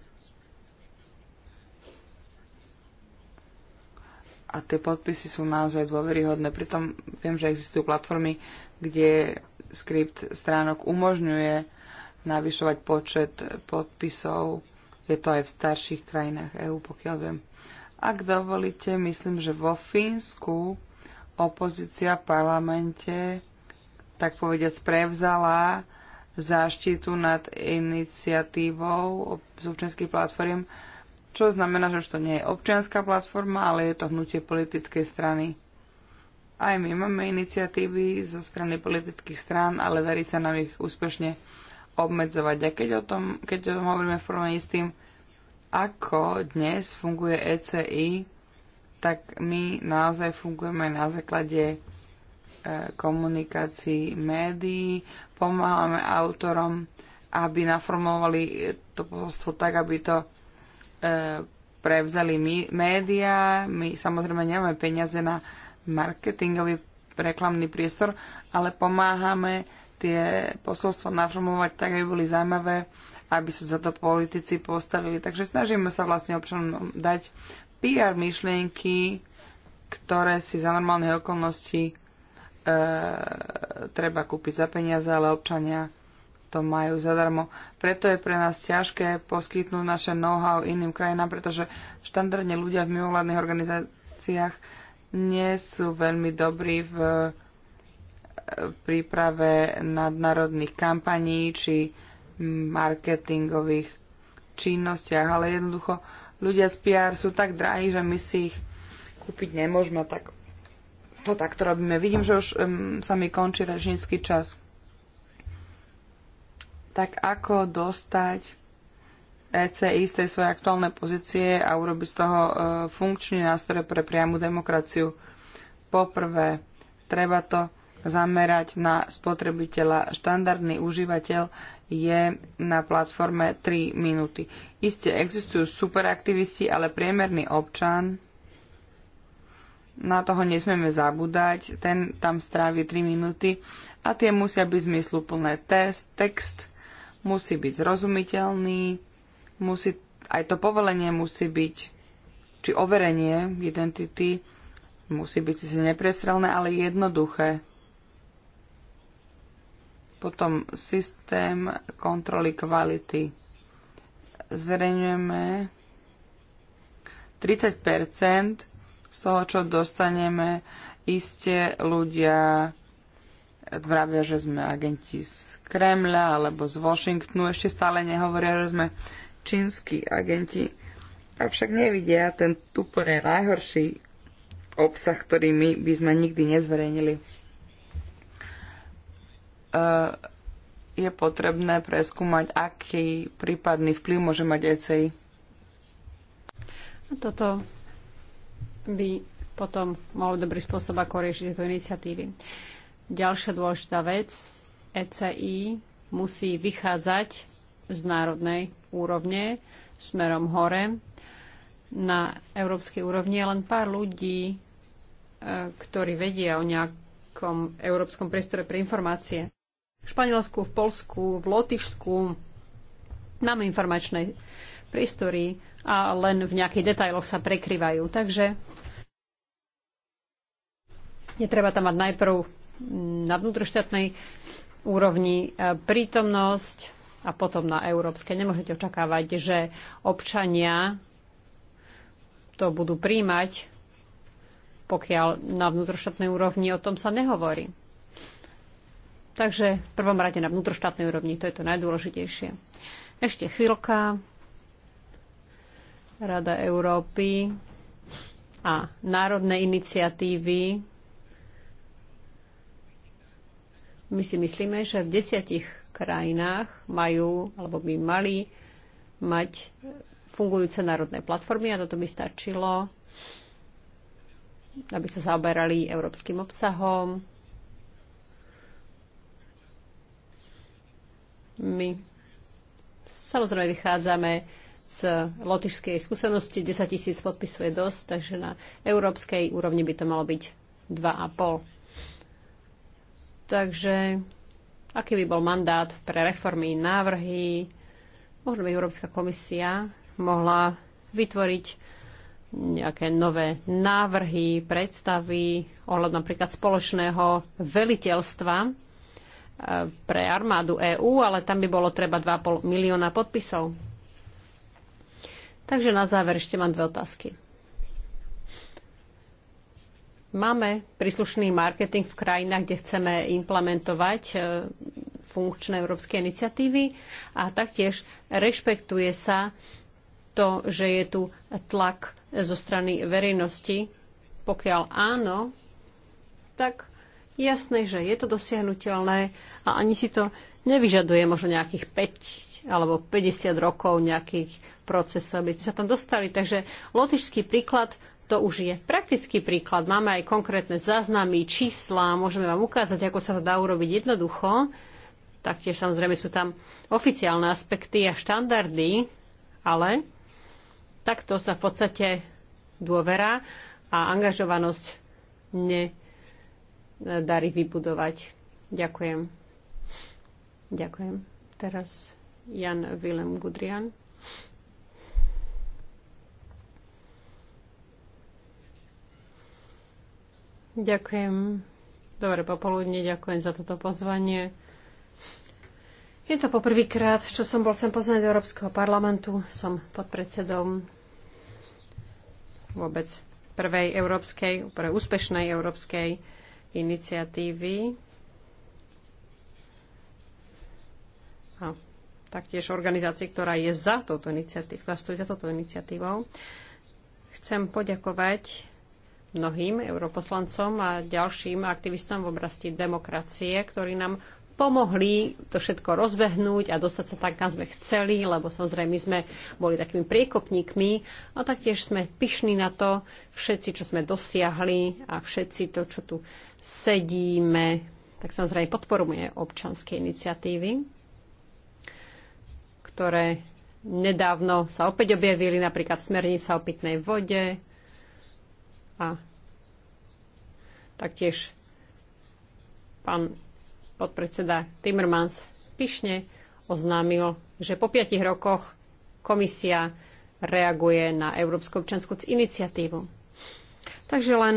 a tie podpisy sú naozaj dôveryhodné. Pritom viem, že existujú platformy, kde skript stránok umožňuje navyšovať počet podpisov. Je to aj v starších krajinách EÚ, pokiaľ viem. Ak dovolíte, myslím, že vo Fínsku opozícia v parlamente tak povediac sprevzala záštitu nad iniciatívou z občianských platform, čo znamená, že už to nie je občianská platforma, ale je to hnutie politickej strany. Aj my máme iniciatívy zo strany politických strán, ale darí sa nám ich úspešne obmedzovať. A keď o tom, keď o tom hovoríme v porovnaní s tým, ako dnes funguje ECI, tak my naozaj fungujeme na základe E, komunikácii médií, pomáhame autorom, aby naformulovali to posolstvo tak, aby to e, prevzali my, médiá. My samozrejme nemáme peniaze na marketingový reklamný priestor, ale pomáhame tie posolstva naformovať tak, aby boli zaujímavé, aby sa za to politici postavili. Takže snažíme sa vlastne občanom dať PR er myšlienky, ktoré si za normálne okolnosti. E, treba kúpiť za peniaze, ale občania to majú zadarmo. Preto je pre nás ťažké poskytnúť naše know-how iným krajinám, pretože štandardne ľudia v mimovládnych organizáciách nie sú veľmi dobrí v e, príprave nadnárodných kampaní či marketingových činnostiach, ale jednoducho ľudia z PR sú tak drahí, že my si ich kúpiť nemôžeme, tak to takto robíme. Vidím, že už um, sa mi končí režnícky čas. Tak ako dostať ECI z tej svojej aktuálnej pozície a urobiť z toho uh, funkčný nástroj pre priamu demokraciu? Poprvé, treba to zamerať na spotrebiteľa. Štandardný užívateľ je na platforme 3 minúty. Isté existujú superaktivisti, ale priemerný občan na toho nesmieme zabúdať, ten tam strávi 3 minúty a tie musia byť zmysluplné. Test, text musí byť zrozumiteľný, musí, aj to povolenie musí byť, či overenie identity musí byť si neprestrelné, ale jednoduché. Potom systém kontroly kvality. Zverejňujeme 30 z toho, čo dostaneme, iste ľudia vravia, že sme agenti z Kremľa alebo z Washingtonu, ešte stále nehovoria, že sme čínsky agenti. Avšak nevidia ten úplne najhorší obsah, ktorý my by sme nikdy nezverejnili. E, je potrebné preskúmať, aký prípadný vplyv môže mať ECI. Toto by potom mal dobrý spôsob, ako riešiť tieto iniciatívy. Ďalšia dôležitá vec, ECI musí vychádzať z národnej úrovne smerom hore. Na európskej úrovni je len pár ľudí, e, ktorí vedia o nejakom európskom priestore pre informácie. V Španielsku, v Polsku, v Lotyšsku máme informačné priestory, a len v nejakých detailoch sa prekryvajú. Takže netreba tam mať najprv na vnútroštátnej úrovni e, prítomnosť a potom na európskej. Nemôžete očakávať, že občania to budú príjmať, pokiaľ na vnútroštátnej úrovni o tom sa nehovorí. Takže v prvom rade na vnútroštátnej úrovni, to je to najdôležitejšie. Ešte chvíľka. Rada Európy a národné iniciatívy. My si myslíme, že v desiatich krajinách majú, alebo by mali mať fungujúce národné platformy a toto by stačilo, aby sa zaoberali európskym obsahom. My samozrejme vychádzame z lotišskej skúsenosti 10 tisíc podpisov je dosť, takže na európskej úrovni by to malo byť 2,5. Takže aký by bol mandát pre reformy, návrhy? Možno by Európska komisia mohla vytvoriť nejaké nové návrhy, predstavy ohľad napríklad spoločného veliteľstva eh, pre armádu EÚ, ale tam by bolo treba 2,5 milióna podpisov. Takže na záver ešte mám dve otázky. Máme príslušný marketing v krajinách, kde chceme implementovať e, funkčné európske iniciatívy a taktiež rešpektuje sa to, že je tu tlak zo strany verejnosti. Pokiaľ áno, tak jasné, že je to dosiahnutelné a ani si to nevyžaduje možno nejakých 5 alebo 50 rokov nejakých procesov, aby sme sa tam dostali. Takže lotišský príklad to už je praktický príklad. Máme aj konkrétne záznamy, čísla, môžeme vám ukázať, ako sa to dá urobiť jednoducho. Taktiež samozrejme sú tam oficiálne aspekty a štandardy, ale takto sa v podstate dôvera a angažovanosť nedarí vybudovať. Ďakujem. Ďakujem. Teraz Jan Willem Gudrian. Ďakujem. Dobre popoludne, ďakujem za toto pozvanie. Je to poprvýkrát, čo som bol sem pozvaný do Európskeho parlamentu. Som podpredsedom vôbec prvej európskej, pre úspešnej európskej iniciatívy. A taktiež organizácie, ktorá je za touto iniciatívou, ktorá stojí za touto iniciatívou. Chcem poďakovať mnohým europoslancom a ďalším aktivistom v oblasti demokracie, ktorí nám pomohli to všetko rozbehnúť a dostať sa tak, kam sme chceli, lebo samozrejme sme boli takými priekopníkmi a taktiež sme pyšní na to všetci, čo sme dosiahli a všetci to, čo tu sedíme, tak samozrejme podporujeme občanské iniciatívy ktoré nedávno sa opäť objavili, napríklad smernica o pitnej vode a taktiež pán podpredseda Timmermans pyšne oznámil, že po piatich rokoch komisia reaguje na Európsku občanskú iniciatívu. Takže len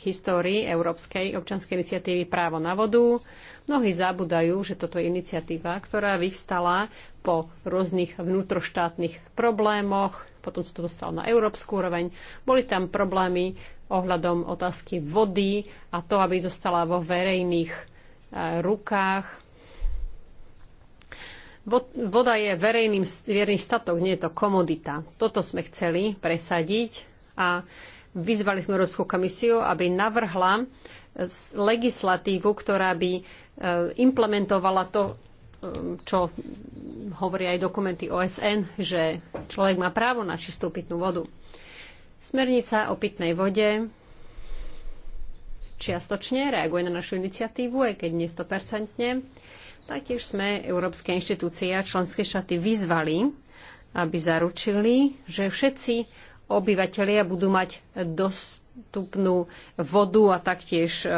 histórii Európskej občanskej iniciatívy Právo na vodu. Mnohí zabudajú, že toto je iniciatíva, ktorá vyvstala po rôznych vnútroštátnych problémoch, potom sa to dostalo na európsku úroveň. Boli tam problémy ohľadom otázky vody a to, aby zostala vo verejných e, rukách. Voda je verejným, verejný statok, nie je to komodita. Toto sme chceli presadiť a Vyzvali sme Európsku komisiu, aby navrhla legislatívu, ktorá by e, implementovala to, e, čo hovoria aj dokumenty OSN, že človek má právo na čistú pitnú vodu. Smernica o pitnej vode čiastočne reaguje na našu iniciatívu, aj keď nie 100%. Taktiež sme európske inštitúcie a členské štáty vyzvali, aby zaručili, že všetci obyvateľia budú mať dostupnú vodu a taktiež e, e,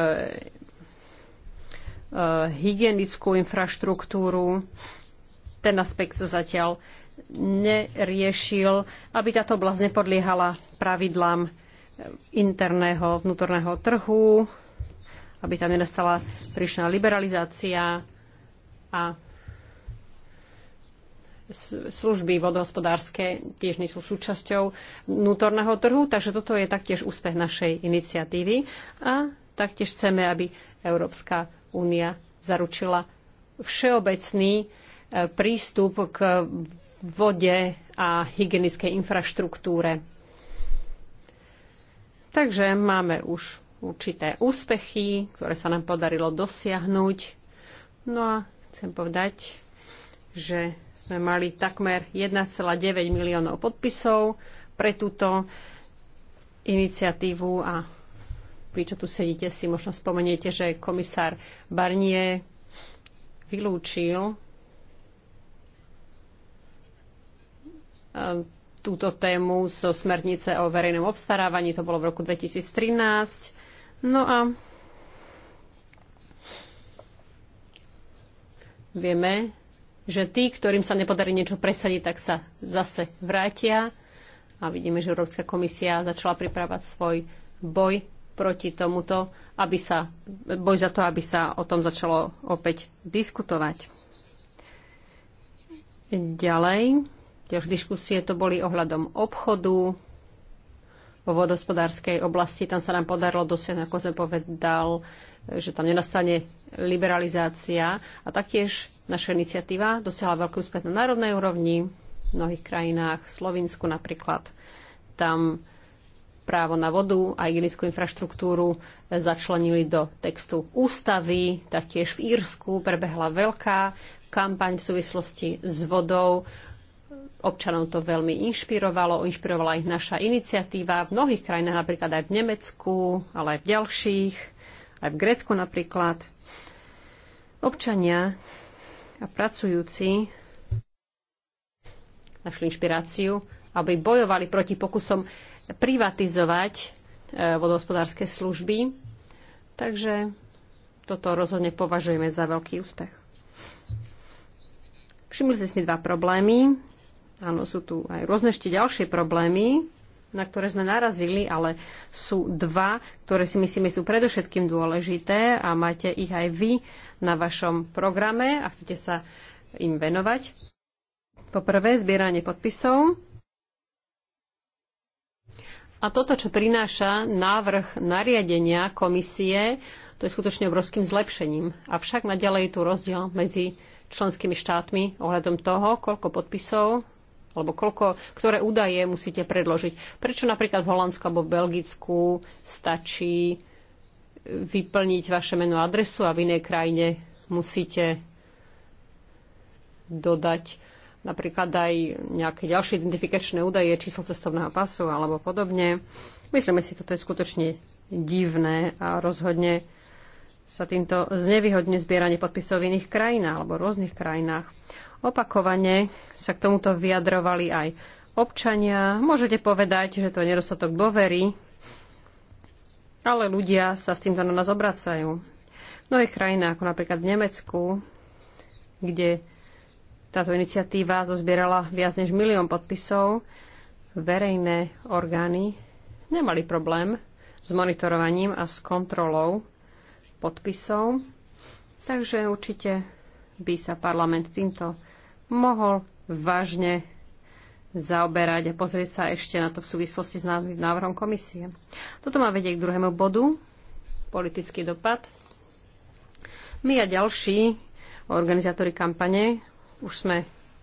hygienickú infraštruktúru. Ten aspekt sa zatiaľ neriešil, aby táto oblasť nepodliehala pravidlám interného vnútorného trhu, aby tam nenastala príšná liberalizácia a služby vodohospodárske tiež nie sú súčasťou vnútorného trhu, takže toto je taktiež úspech našej iniciatívy a taktiež chceme, aby Európska únia zaručila všeobecný e, prístup k vode a hygienickej infraštruktúre. Takže máme už určité úspechy, ktoré sa nám podarilo dosiahnuť. No a chcem povedať, že sme mali takmer 1,9 miliónov podpisov pre túto iniciatívu a vy, čo tu sedíte, si možno spomeniete, že komisár Barnier vylúčil ehm, túto tému zo smernice o verejnom obstarávaní. To bolo v roku 2013. No a vieme, že tí, ktorým sa nepodarí niečo presadiť, tak sa zase vrátia. A vidíme, že Európska komisia začala pripravať svoj boj proti tomuto, aby sa, boj za to, aby sa o tom začalo opäť diskutovať. Ďalej, tiež diskusie to boli ohľadom obchodu vo vodospodárskej oblasti. Tam sa nám podarilo dosiahnuť, ako som povedal, že tam nenastane liberalizácia. A taktiež Naša iniciatíva dosiahla veľký úspech na národnej úrovni, v mnohých krajinách, v Slovensku napríklad. Tam právo na vodu a hygienickú infraštruktúru začlenili do textu ústavy. Taktiež v Írsku prebehla veľká kampaň v súvislosti s vodou. Občanov to veľmi inšpirovalo, inšpirovala ich naša iniciatíva v mnohých krajinách, napríklad aj v Nemecku, ale aj v ďalších, aj v Grécku napríklad. Občania a pracujúci našli inšpiráciu, aby bojovali proti pokusom privatizovať e, vodohospodárske služby. Takže toto rozhodne považujeme za veľký úspech. Všimli ste si dva problémy. Áno, sú tu aj rôzne ešte ďalšie problémy, na ktoré sme narazili, ale sú dva, ktoré si myslíme sú predovšetkým dôležité a máte ich aj vy na vašom programe a chcete sa im venovať. Poprvé, zbieranie podpisov. A toto, čo prináša návrh nariadenia komisie, to je skutočne obrovským zlepšením. Avšak naďalej je tu rozdiel medzi členskými štátmi ohľadom toho, koľko podpisov alebo koľko, ktoré údaje musíte predložiť. Prečo napríklad v Holandsku alebo v Belgicku stačí vyplniť vaše meno adresu a v inej krajine musíte dodať napríklad aj nejaké ďalšie identifikačné údaje, číslo cestovného pasu alebo podobne. Myslíme si, toto je skutočne divné a rozhodne sa týmto znevýhodne zbieranie podpisov v iných krajinách alebo v rôznych krajinách. Opakovane sa k tomuto vyjadrovali aj občania. Môžete povedať, že to je nedostatok dôvery, ale ľudia sa s týmto na nás obracajú. V mnohých krajinách, ako napríklad v Nemecku, kde táto iniciatíva zozbierala viac než milión podpisov, verejné orgány nemali problém s monitorovaním a s kontrolou podpisov. Takže určite by sa parlament týmto mohol vážne zaoberať a pozrieť sa ešte na to v súvislosti s návrhom komisie. Toto má vedieť k druhému bodu, politický dopad. My a ďalší organizátori kampane už sme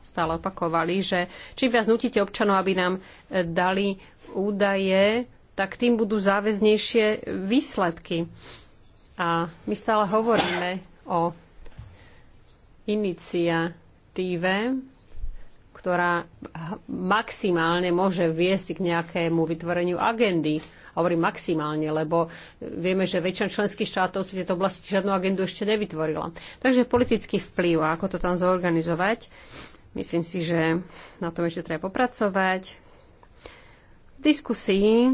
stále opakovali, že čím viac nutíte občanov, aby nám e, dali údaje, tak tým budú záväznejšie výsledky. A my stále hovoríme o iniciatíve, ktorá maximálne môže viesť k nejakému vytvoreniu agendy. Hovorím maximálne, lebo vieme, že väčšina členských štátov si tieto oblasti žiadnu agendu ešte nevytvorila. Takže politický vplyv, ako to tam zorganizovať, myslím si, že na tom ešte treba popracovať. V diskusii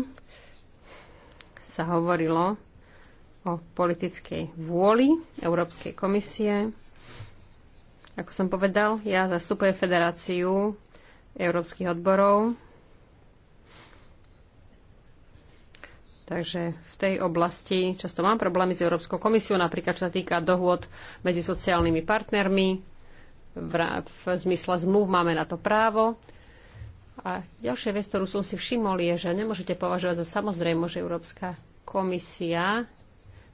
sa hovorilo o politickej vôli Európskej komisie. Ako som povedal, ja zastupujem Federáciu európskych odborov. Takže v tej oblasti často mám problémy s Európskou komisiou, napríklad čo sa týka dohôd medzi sociálnymi partnermi. V, v zmysle zmluv máme na to právo. A ďalšia vec, ktorú som si všimol, je, že nemôžete považovať za samozrejmo, že Európska komisia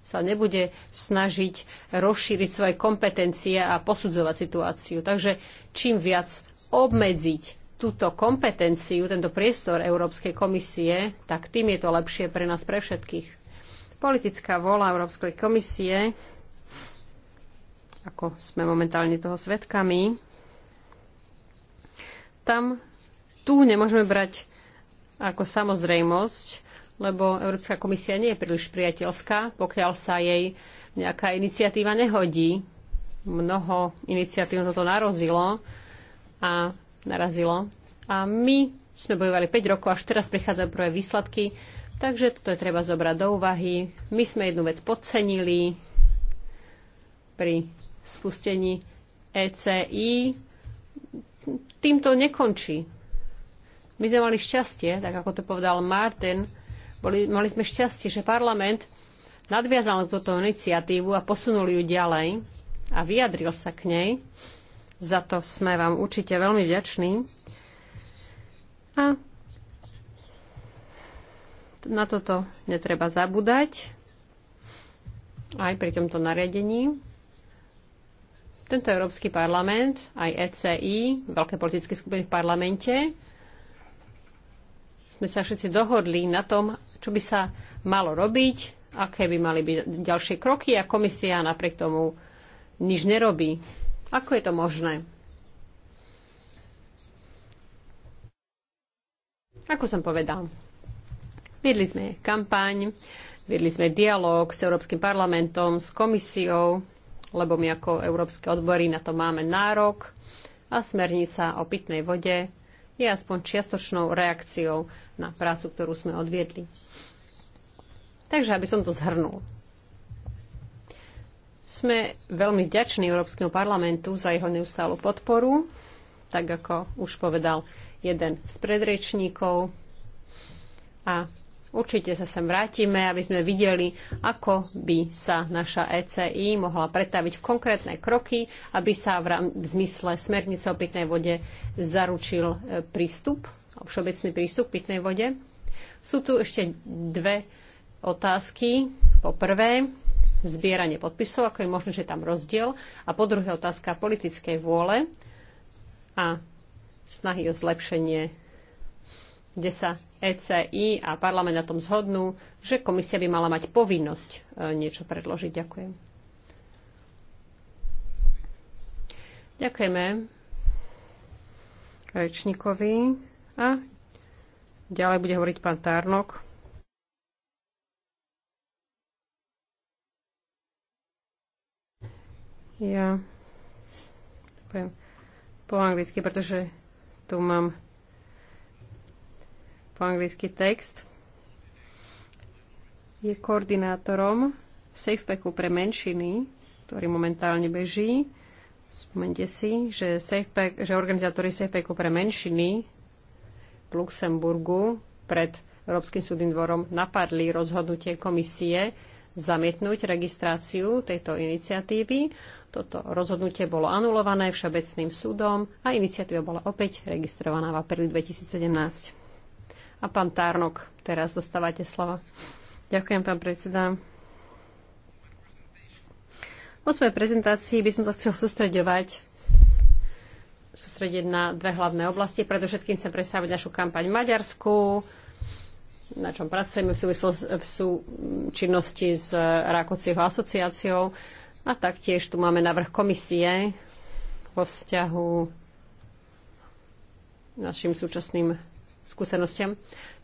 sa nebude snažiť rozšíriť svoje kompetencie a posudzovať situáciu. Takže čím viac obmedziť túto kompetenciu, tento priestor Európskej komisie, tak tým je to lepšie pre nás, pre všetkých. Politická vola Európskej komisie, ako sme momentálne toho svedkami. tam tu nemôžeme brať ako samozrejmosť, lebo Európska komisia nie je príliš priateľská, pokiaľ sa jej nejaká iniciatíva nehodí. Mnoho iniciatív toto narozilo a narazilo. A my sme bojovali 5 rokov, až teraz prichádzajú prvé výsledky, takže toto je treba zobrať do úvahy. My sme jednu vec podcenili pri spustení ECI. Týmto nekončí. My sme mali šťastie, tak ako to povedal Martin, boli, mali sme šťastie, že parlament nadviazal túto iniciatívu a posunul ju ďalej a vyjadril sa k nej. Za to sme vám určite veľmi vďační. A na toto netreba zabúdať aj pri tomto nariadení. Tento Európsky parlament, aj ECI, veľké politické skupiny v parlamente, sme sa všetci dohodli na tom, čo by sa malo robiť, aké by mali byť ďalšie kroky a komisia napriek tomu nič nerobí. Ako je to možné? Ako som povedal, viedli sme kampaň, viedli sme dialog s Európskym parlamentom, s komisiou, lebo my ako európske odbory na to máme nárok a smernica o pitnej vode je aspoň čiastočnou reakciou na prácu, ktorú sme odviedli. Takže, aby som to zhrnul. Sme veľmi vďační Európskemu parlamentu za jeho neustálu podporu, tak ako už povedal jeden z predrečníkov. A Určite sa sem vrátime, aby sme videli, ako by sa naša ECI mohla pretaviť v konkrétne kroky, aby sa v, v zmysle smernice o pitnej vode zaručil e, prístup, všeobecný prístup k pitnej vode. Sú tu ešte dve otázky. Po prvé, zbieranie podpisov, ako je možné, že tam rozdiel. A po druhé, otázka politickej vôle a snahy o zlepšenie kde sa ECI a parlament na tom zhodnú, že komisia by mala mať povinnosť e, niečo predložiť. Ďakujem. Ďakujeme rečníkovi. A ďalej bude hovoriť pán Tárnok. Ja poviem po anglicky, pretože tu mám anglicky text, je koordinátorom SafePacku pre menšiny, ktorý momentálne beží. Spomente si, že, SafePack, že organizátori SafePacku pre menšiny v Luxemburgu pred Európskym súdnym dvorom napadli rozhodnutie komisie zamietnúť registráciu tejto iniciatívy. Toto rozhodnutie bolo anulované všeobecným súdom a iniciatíva bola opäť registrovaná v apríli 2017. A pán Tárnok, teraz dostávate slova. Ďakujem, pán predseda. Vo svojej prezentácii by som sa chcel sústreďovať sústrediť na dve hlavné oblasti. Predovšetkým chcem predstaviť našu kampaň v Maďarsku, na čom pracujeme v, súvislosti v činnosti s Rákociho asociáciou. A taktiež tu máme návrh komisie vo vzťahu našim súčasným skúsenostiam.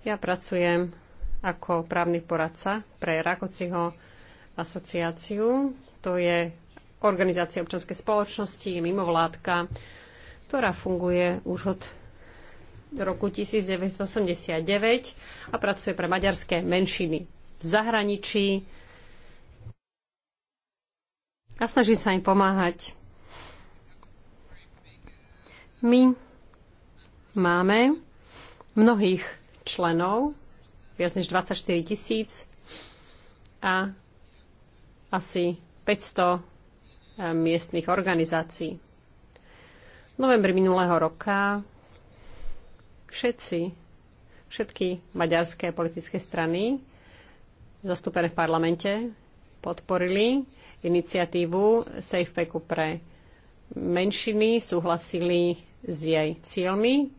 Ja pracujem ako právny poradca pre Rakociho asociáciu. To je organizácia občanskej spoločnosti, mimovládka, ktorá funguje už od roku 1989 a pracuje pre maďarské menšiny v zahraničí a snaží sa im pomáhať. My máme mnohých členov, viac než 24 tisíc a asi 500 eh, miestnych organizácií. V novembri minulého roka všetci, všetky maďarské politické strany zastúpené v parlamente podporili iniciatívu safe packu pre menšiny súhlasili s jej cieľmi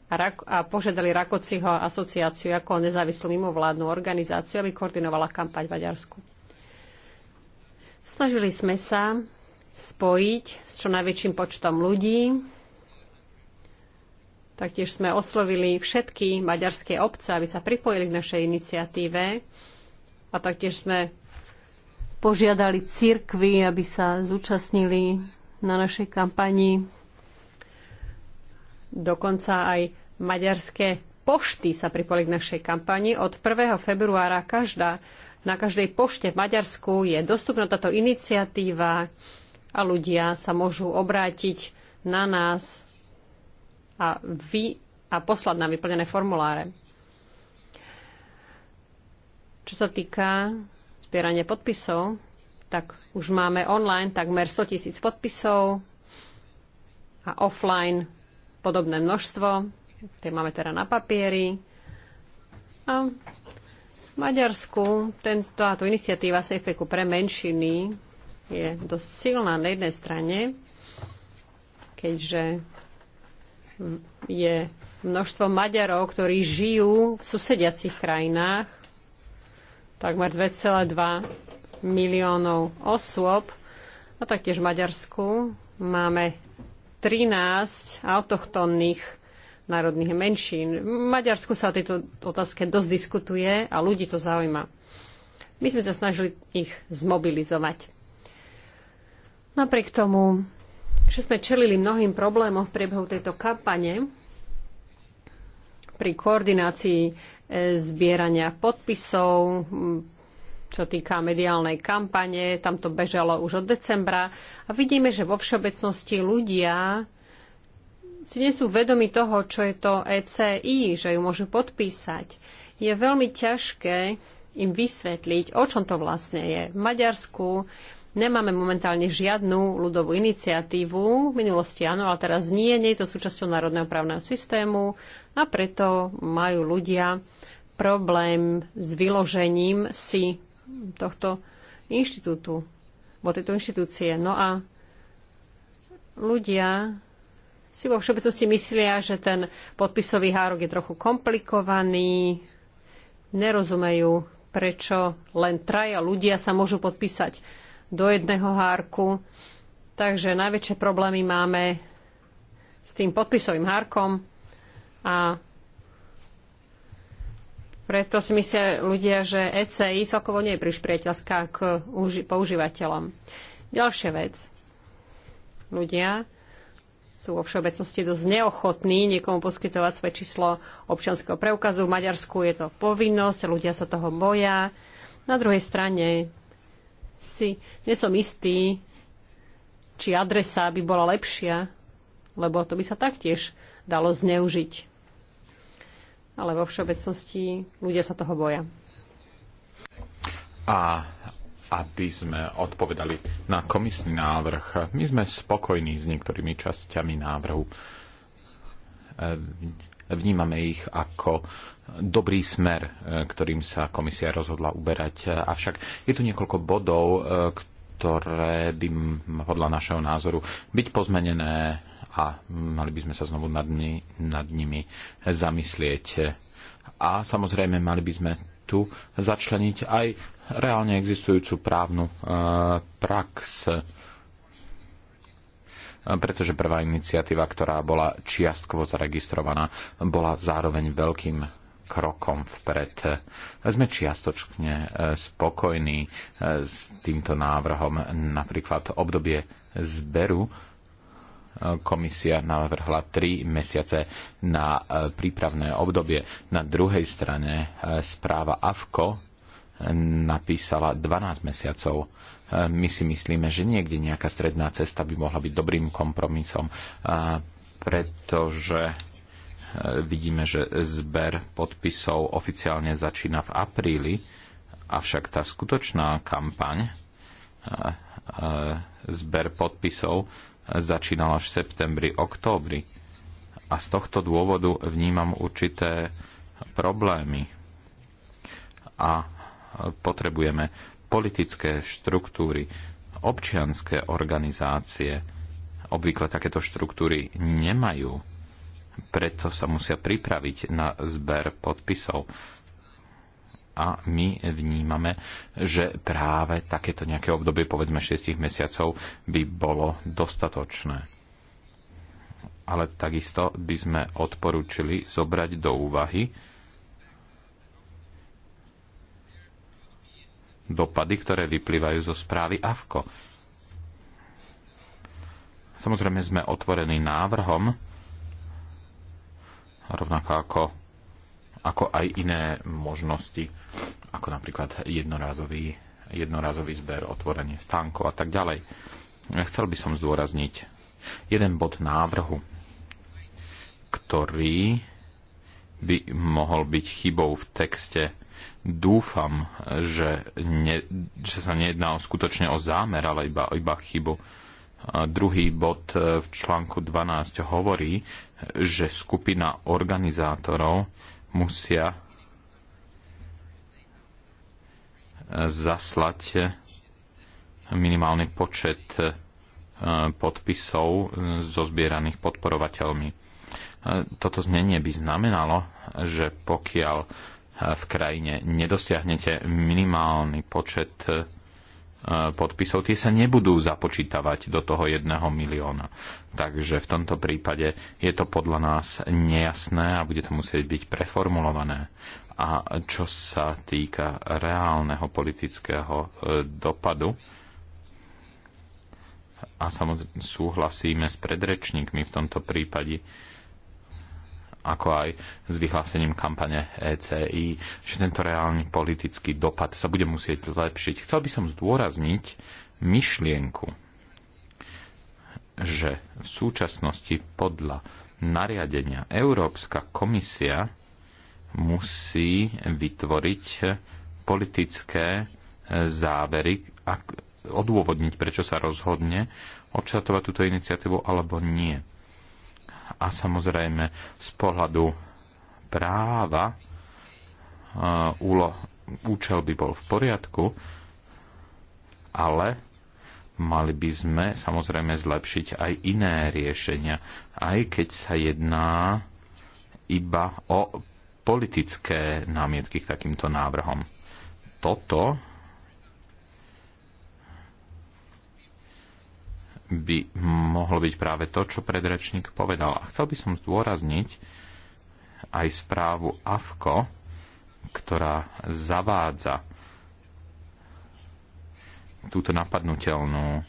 a požiadali Rakociho asociáciu ako nezávislú mimovládnu organizáciu, aby koordinovala kampaň v Maďarsku. Snažili sme sa spojiť s čo najväčším počtom ľudí. Taktiež sme oslovili všetky maďarské obce, aby sa pripojili k našej iniciatíve. A taktiež sme požiadali cirkvy, aby sa zúčastnili na našej kampani. Dokonca aj maďarské pošty sa pripojili k našej kampani. Od 1. februára každá, na každej pošte v Maďarsku je dostupná táto iniciatíva a ľudia sa môžu obrátiť na nás a, vy, a poslať nám vyplnené formuláre. Čo sa týka zbierania podpisov, tak už máme online takmer 100 tisíc podpisov a offline podobné množstvo. Tie máme teda na papieri. A v Maďarsku tento, táto iniciatíva Safeku pre menšiny je dosť silná na jednej strane, keďže je množstvo Maďarov, ktorí žijú v susediacich krajinách, takmer 2,2 miliónov osôb a taktiež v Maďarsku máme 13 autochtónnych národných menšín. V Maďarsku sa o tejto otázke dosť diskutuje a ľudí to zaujíma. My sme sa snažili ich zmobilizovať. Napriek tomu, že sme čelili mnohým problémom v priebehu tejto kampane, pri koordinácii e, zbierania podpisov, čo týka mediálnej kampane, tam to bežalo už od decembra a vidíme, že vo všeobecnosti ľudia si nie sú vedomi toho, čo je to ECI, že ju môžu podpísať. Je veľmi ťažké im vysvetliť, o čom to vlastne je. V Maďarsku nemáme momentálne žiadnu ľudovú iniciatívu. V minulosti áno, ale teraz nie, nie je to súčasťou národného právneho systému a preto majú ľudia problém s vyložením si tohto inštitútu, vo tejto inštitúcie. No a ľudia si vo všeobecnosti myslia, že ten podpisový hárok je trochu komplikovaný, nerozumejú, prečo len traja ľudia sa môžu podpísať do jedného hárku. Takže najväčšie problémy máme s tým podpisovým hárkom a preto si myslia ľudia, že ECI celkovo nie je príliš priateľská k používateľom. Ďalšia vec. Ľudia sú vo všeobecnosti dosť neochotní niekomu poskytovať svoje číslo občanského preukazu. V Maďarsku je to povinnosť, ľudia sa toho boja. Na druhej strane si nie som istý, či adresa by bola lepšia, lebo to by sa taktiež dalo zneužiť ale vo všeobecnosti ľudia sa toho boja. A aby sme odpovedali na komisný návrh, my sme spokojní s niektorými časťami návrhu. E, vnímame ich ako dobrý smer, e, ktorým sa komisia rozhodla uberať. E, avšak je tu niekoľko bodov, ktoré by podľa našeho názoru byť pozmenené a mali by sme sa znovu nad, ni, nad nimi zamyslieť. A samozrejme mali by sme tu začleniť aj reálne existujúcu právnu e, prax pretože prvá iniciatíva, ktorá bola čiastkovo zaregistrovaná, bola zároveň veľkým krokom vpred. Sme čiastočne e, spokojní e, s týmto návrhom. Napríklad obdobie zberu komisia navrhla 3 mesiace na e, prípravné obdobie. Na druhej strane e, správa AFKO e, napísala 12 mesiacov. My si myslíme, že niekde nejaká stredná cesta by mohla byť dobrým kompromisom, pretože vidíme, že zber podpisov oficiálne začína v apríli, avšak tá skutočná kampaň zber podpisov začínal až v septembri, októbri. A z tohto dôvodu vnímam určité problémy. A potrebujeme politické štruktúry, občianské organizácie. Obvykle takéto štruktúry nemajú. Preto sa musia pripraviť na zber podpisov a my vnímame, že práve takéto nejaké obdobie, povedzme 6 mesiacov, by bolo dostatočné. Ale takisto by sme odporúčili zobrať do úvahy dopady, ktoré vyplývajú zo správy AVKO. Samozrejme sme otvorení návrhom, rovnako ako ako aj iné možnosti, ako napríklad jednorázový, jednorázový zber, otvorenie stánkov a tak ďalej. Chcel by som zdôrazniť jeden bod návrhu, ktorý by mohol byť chybou v texte. Dúfam, že, ne, že sa nejedná o, skutočne o zámer, ale iba, iba chybu. A druhý bod e, v článku 12 hovorí, že skupina organizátorov musia zaslať minimálny počet e, podpisov e, zo zbieraných podporovateľmi. E, toto znenie by znamenalo, že pokiaľ v krajine nedosiahnete minimálny počet podpisov, tie sa nebudú započítavať do toho jedného milióna. Takže v tomto prípade je to podľa nás nejasné a bude to musieť byť preformulované. A čo sa týka reálneho politického e, dopadu, a samozrejme súhlasíme s predrečníkmi v tomto prípade, ako aj s vyhlásením kampane ECI, že tento reálny politický dopad sa bude musieť zlepšiť. Chcel by som zdôrazniť myšlienku, že v súčasnosti podľa nariadenia Európska komisia musí vytvoriť politické závery a odôvodniť, prečo sa rozhodne odštartovať túto iniciatívu alebo nie a samozrejme z pohľadu práva eh, úlo, účel by bol v poriadku, ale mali by sme samozrejme zlepšiť aj iné riešenia, aj keď sa jedná iba o politické námietky k takýmto návrhom. Toto by mohlo byť práve to, čo predrečník povedal. A chcel by som zdôrazniť aj správu AFKO, ktorá zavádza túto napadnutelnú,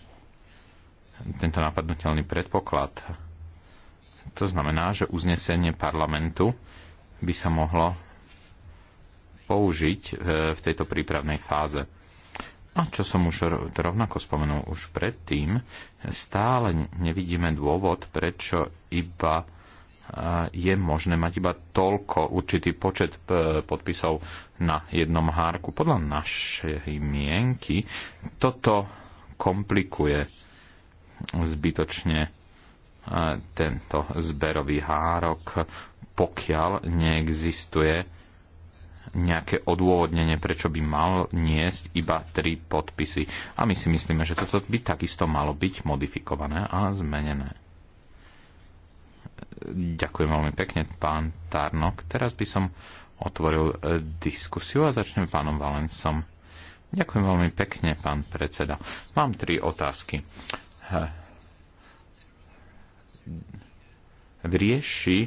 tento napadnutelný predpoklad. To znamená, že uznesenie parlamentu by sa mohlo použiť e, v tejto prípravnej fáze. A čo som už rovnako spomenul už predtým, stále nevidíme dôvod, prečo iba je možné mať iba toľko určitý počet e, podpisov na jednom hárku. Podľa našej mienky toto komplikuje zbytočne e, tento zberový hárok, pokiaľ neexistuje nejaké odôvodnenie, prečo by mal niesť iba tri podpisy. A my si myslíme, že toto by takisto malo byť modifikované a zmenené. Ďakujem veľmi pekne, pán Tarnok. Teraz by som otvoril e, diskusiu a začneme pánom Valencom. Ďakujem veľmi pekne, pán predseda. Mám tri otázky. Rieši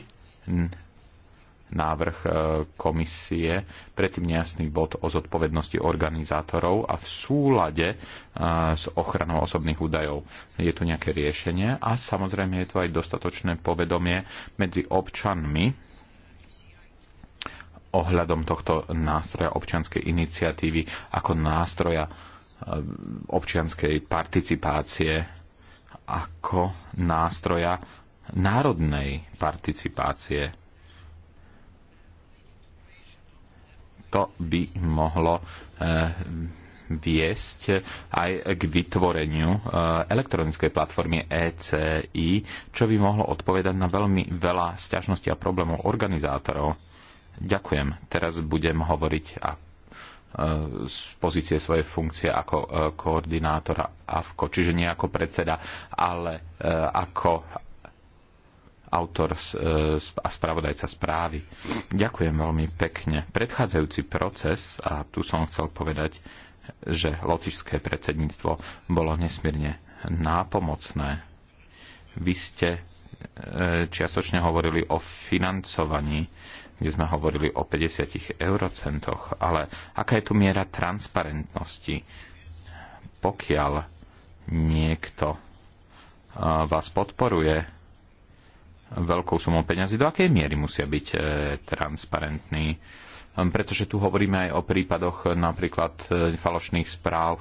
návrh e, komisie, predtým nejasný bod o zodpovednosti organizátorov a v súlade e, s ochranou osobných údajov. Je tu nejaké riešenie a samozrejme je tu aj dostatočné povedomie medzi občanmi ohľadom tohto nástroja občianskej iniciatívy ako nástroja e, občianskej participácie ako nástroja národnej participácie to by mohlo eh, viesť aj k vytvoreniu eh, elektronickej platformy ECI, čo by mohlo odpovedať na veľmi veľa sťažností a problémov organizátorov. Ďakujem. Teraz budem hovoriť a eh, z pozície svojej funkcie ako koordinátora AFKO, čiže nie ako predseda, ale ako autor e, a spravodajca správy. Ďakujem veľmi pekne. Predchádzajúci proces, a tu som chcel povedať, že lotišské predsedníctvo bolo nesmierne nápomocné. Vy ste e, čiastočne hovorili o financovaní, kde sme hovorili o 50 eurocentoch, ale aká je tu miera transparentnosti, pokiaľ niekto e, vás podporuje veľkou sumou peňazí, do akej miery musia byť e, transparentní. Hm, pretože tu hovoríme aj o prípadoch e, napríklad e, falošných správ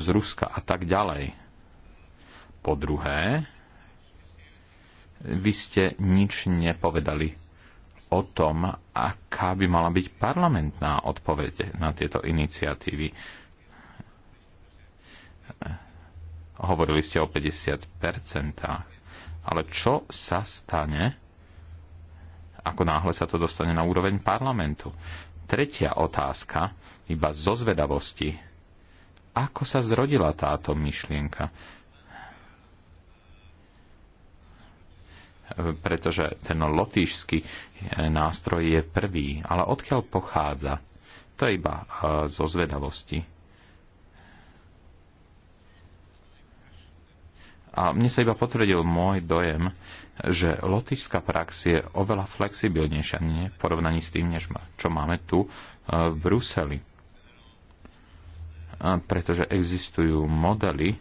z Ruska a tak ďalej. Po druhé, vy ste nič nepovedali o tom, aká by mala byť parlamentná odpoveď na tieto iniciatívy. Hovorili ste o 50 percentách ale čo sa stane, ako náhle sa to dostane na úroveň parlamentu? Tretia otázka, iba zo zvedavosti. Ako sa zrodila táto myšlienka? Pretože ten lotíšsky eh, nástroj je prvý, ale odkiaľ pochádza? To je iba eh, zo zvedavosti. A mne sa iba potvrdil môj dojem, že lotišská prax je oveľa flexibilnejšia nie, v porovnaní s tým, než čo máme tu e, v Bruseli. E, pretože existujú modely,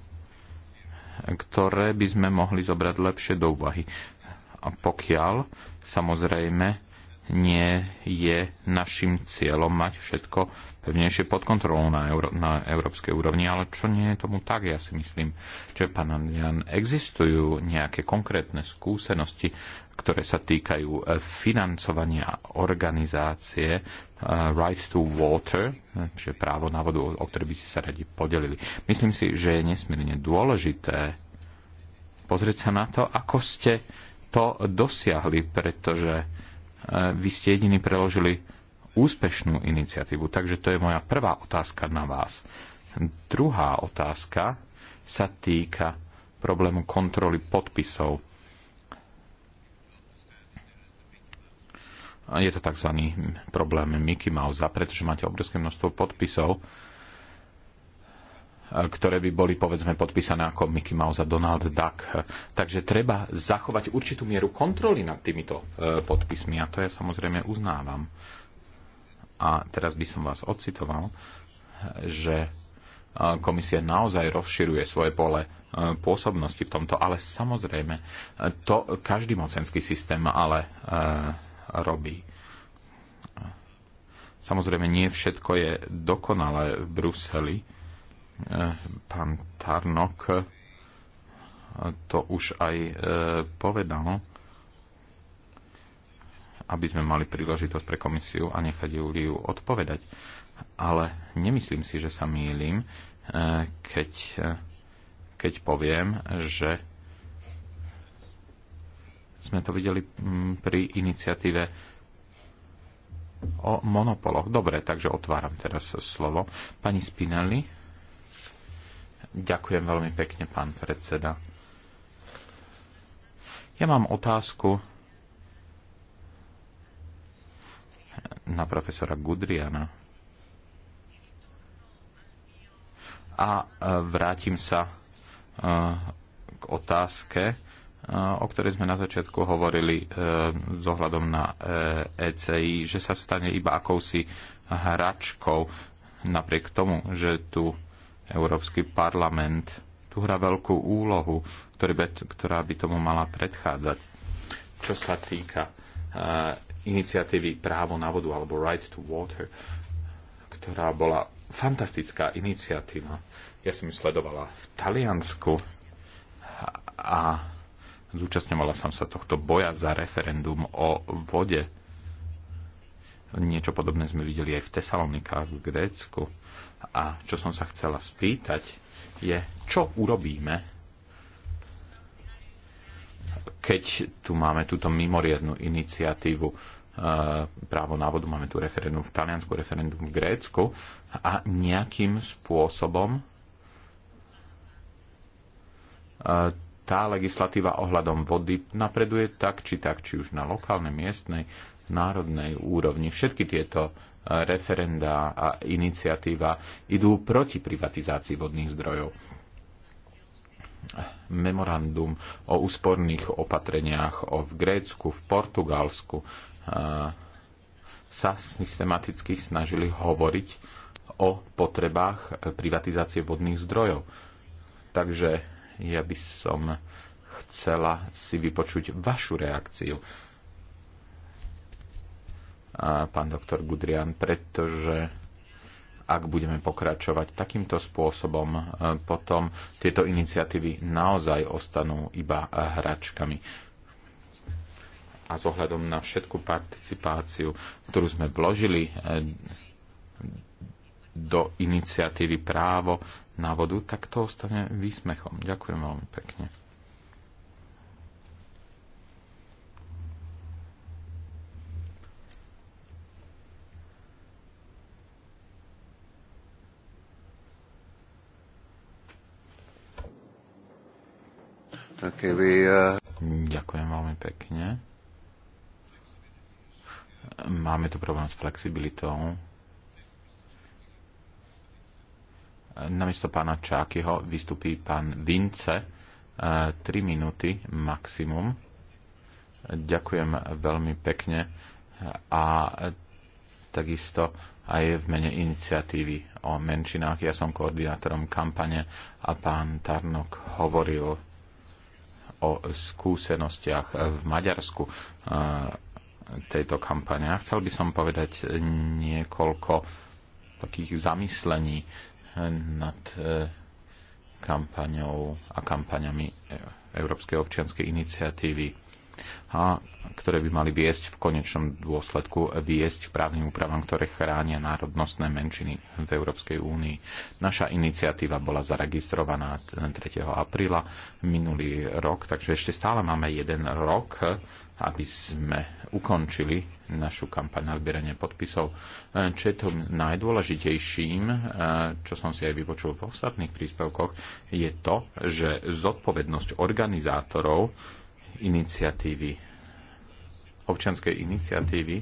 ktoré by sme mohli zobrať lepšie do úvahy. A pokiaľ samozrejme nie je našim cieľom mať všetko pevnejšie pod kontrolou na, euro, na európskej úrovni, ale čo nie je tomu tak, ja si myslím, že pán Andrian, existujú nejaké konkrétne skúsenosti, ktoré sa týkajú e, financovania organizácie e, Right to Water, čiže právo na vodu, o ktoré by ste sa radi podelili. Myslím si, že je nesmierne dôležité pozrieť sa na to, ako ste to dosiahli, pretože Eh, vy ste jediní preložili úspešnú iniciatívu. Takže to je moja prvá otázka na vás. Druhá otázka sa týka problému kontroly podpisov. Je to tzv. problém Mickey Mouse, pretože máte obrovské množstvo podpisov, E, ktoré by boli povedzme podpísané ako Mickey Mouse a Donald Duck. E, takže treba zachovať určitú mieru kontroly nad týmito e, podpismi a to ja samozrejme uznávam. A teraz by som vás ocitoval, že komisia naozaj rozširuje svoje pole pôsobnosti v tomto, ale samozrejme to každý mocenský systém ale robí. Samozrejme, nie všetko je dokonalé v Bruseli Eh, pán Tarnok eh, to už aj eh, povedal, aby sme mali príležitosť pre komisiu a nechať ju odpovedať. Ale nemyslím si, že sa mýlim, keď, keď poviem, že sme to videli mm, pri iniciatíve o monopoloch. Dobre, takže otváram teraz slovo. Pani Spinelli. Ďakujem veľmi pekne, pán predseda. Ja mám otázku na profesora Gudriana. A e, vrátim sa e, k otázke, e, o ktorej sme na začiatku hovorili s ohľadom na ECI, že sa stane iba akousi hračkou, napriek tomu, že tu Európsky parlament tu hrá veľkú úlohu, ktorá by tomu mala predchádzať. Čo sa týka eh, iniciatívy Právo na vodu alebo Right to Water, ktorá bola fantastická iniciatíva. Ja som ju sledovala v Taliansku a zúčastňovala som sa tohto boja za referendum o vode Niečo podobné sme videli aj v Tesalonikách v Grécku. A čo som sa chcela spýtať, je, čo urobíme, keď tu máme túto mimoriadnú iniciatívu e, právo na vodu, máme tu referendum v Taliansku, referendum v Grécku a nejakým spôsobom e, tá legislatíva ohľadom vody napreduje tak, či tak, či už na lokálnej, miestnej národnej úrovni. Všetky tieto e, referenda a iniciatíva idú proti privatizácii vodných zdrojov. Memorandum o úsporných opatreniach o v Grécku, v Portugalsku e, sa systematicky snažili hovoriť o potrebách e, privatizácie vodných zdrojov. Takže ja by som chcela si vypočuť vašu reakciu pán doktor Gudrian, pretože ak budeme pokračovať takýmto spôsobom, e, potom tieto iniciatívy naozaj ostanú iba hračkami. A s ohľadom na všetku participáciu, ktorú sme vložili e, do iniciatívy právo na vodu, tak to ostane výsmechom. Ďakujem veľmi pekne. uh... Ďakujem veľmi pekne. Máme tu problém s flexibilitou. Namiesto pána Čákyho vystupí pán Vince. 3 eh, minúty maximum. Ďakujem veľmi pekne a takisto aj v mene iniciatívy o menšinách. Ja som koordinátorom kampane a pán Tarnok hovoril o skúsenostiach v Maďarsku e, tejto kampane. A chcel by som povedať niekoľko takých zamyslení e, nad e, kampaňou a kampaňami Európskej občianskej iniciatívy a ktoré by mali viesť v konečnom dôsledku viesť k právnym úpravám, ktoré chránia národnostné menšiny v Európskej únii. Naša iniciatíva bola zaregistrovaná 3. apríla minulý rok, takže ešte stále máme jeden rok, aby sme ukončili našu kampaň na zbieranie podpisov. Čo je to najdôležitejším, čo som si aj vypočul v ostatných príspevkoch, je to, že zodpovednosť organizátorov iniciatívy, občianskej iniciatívy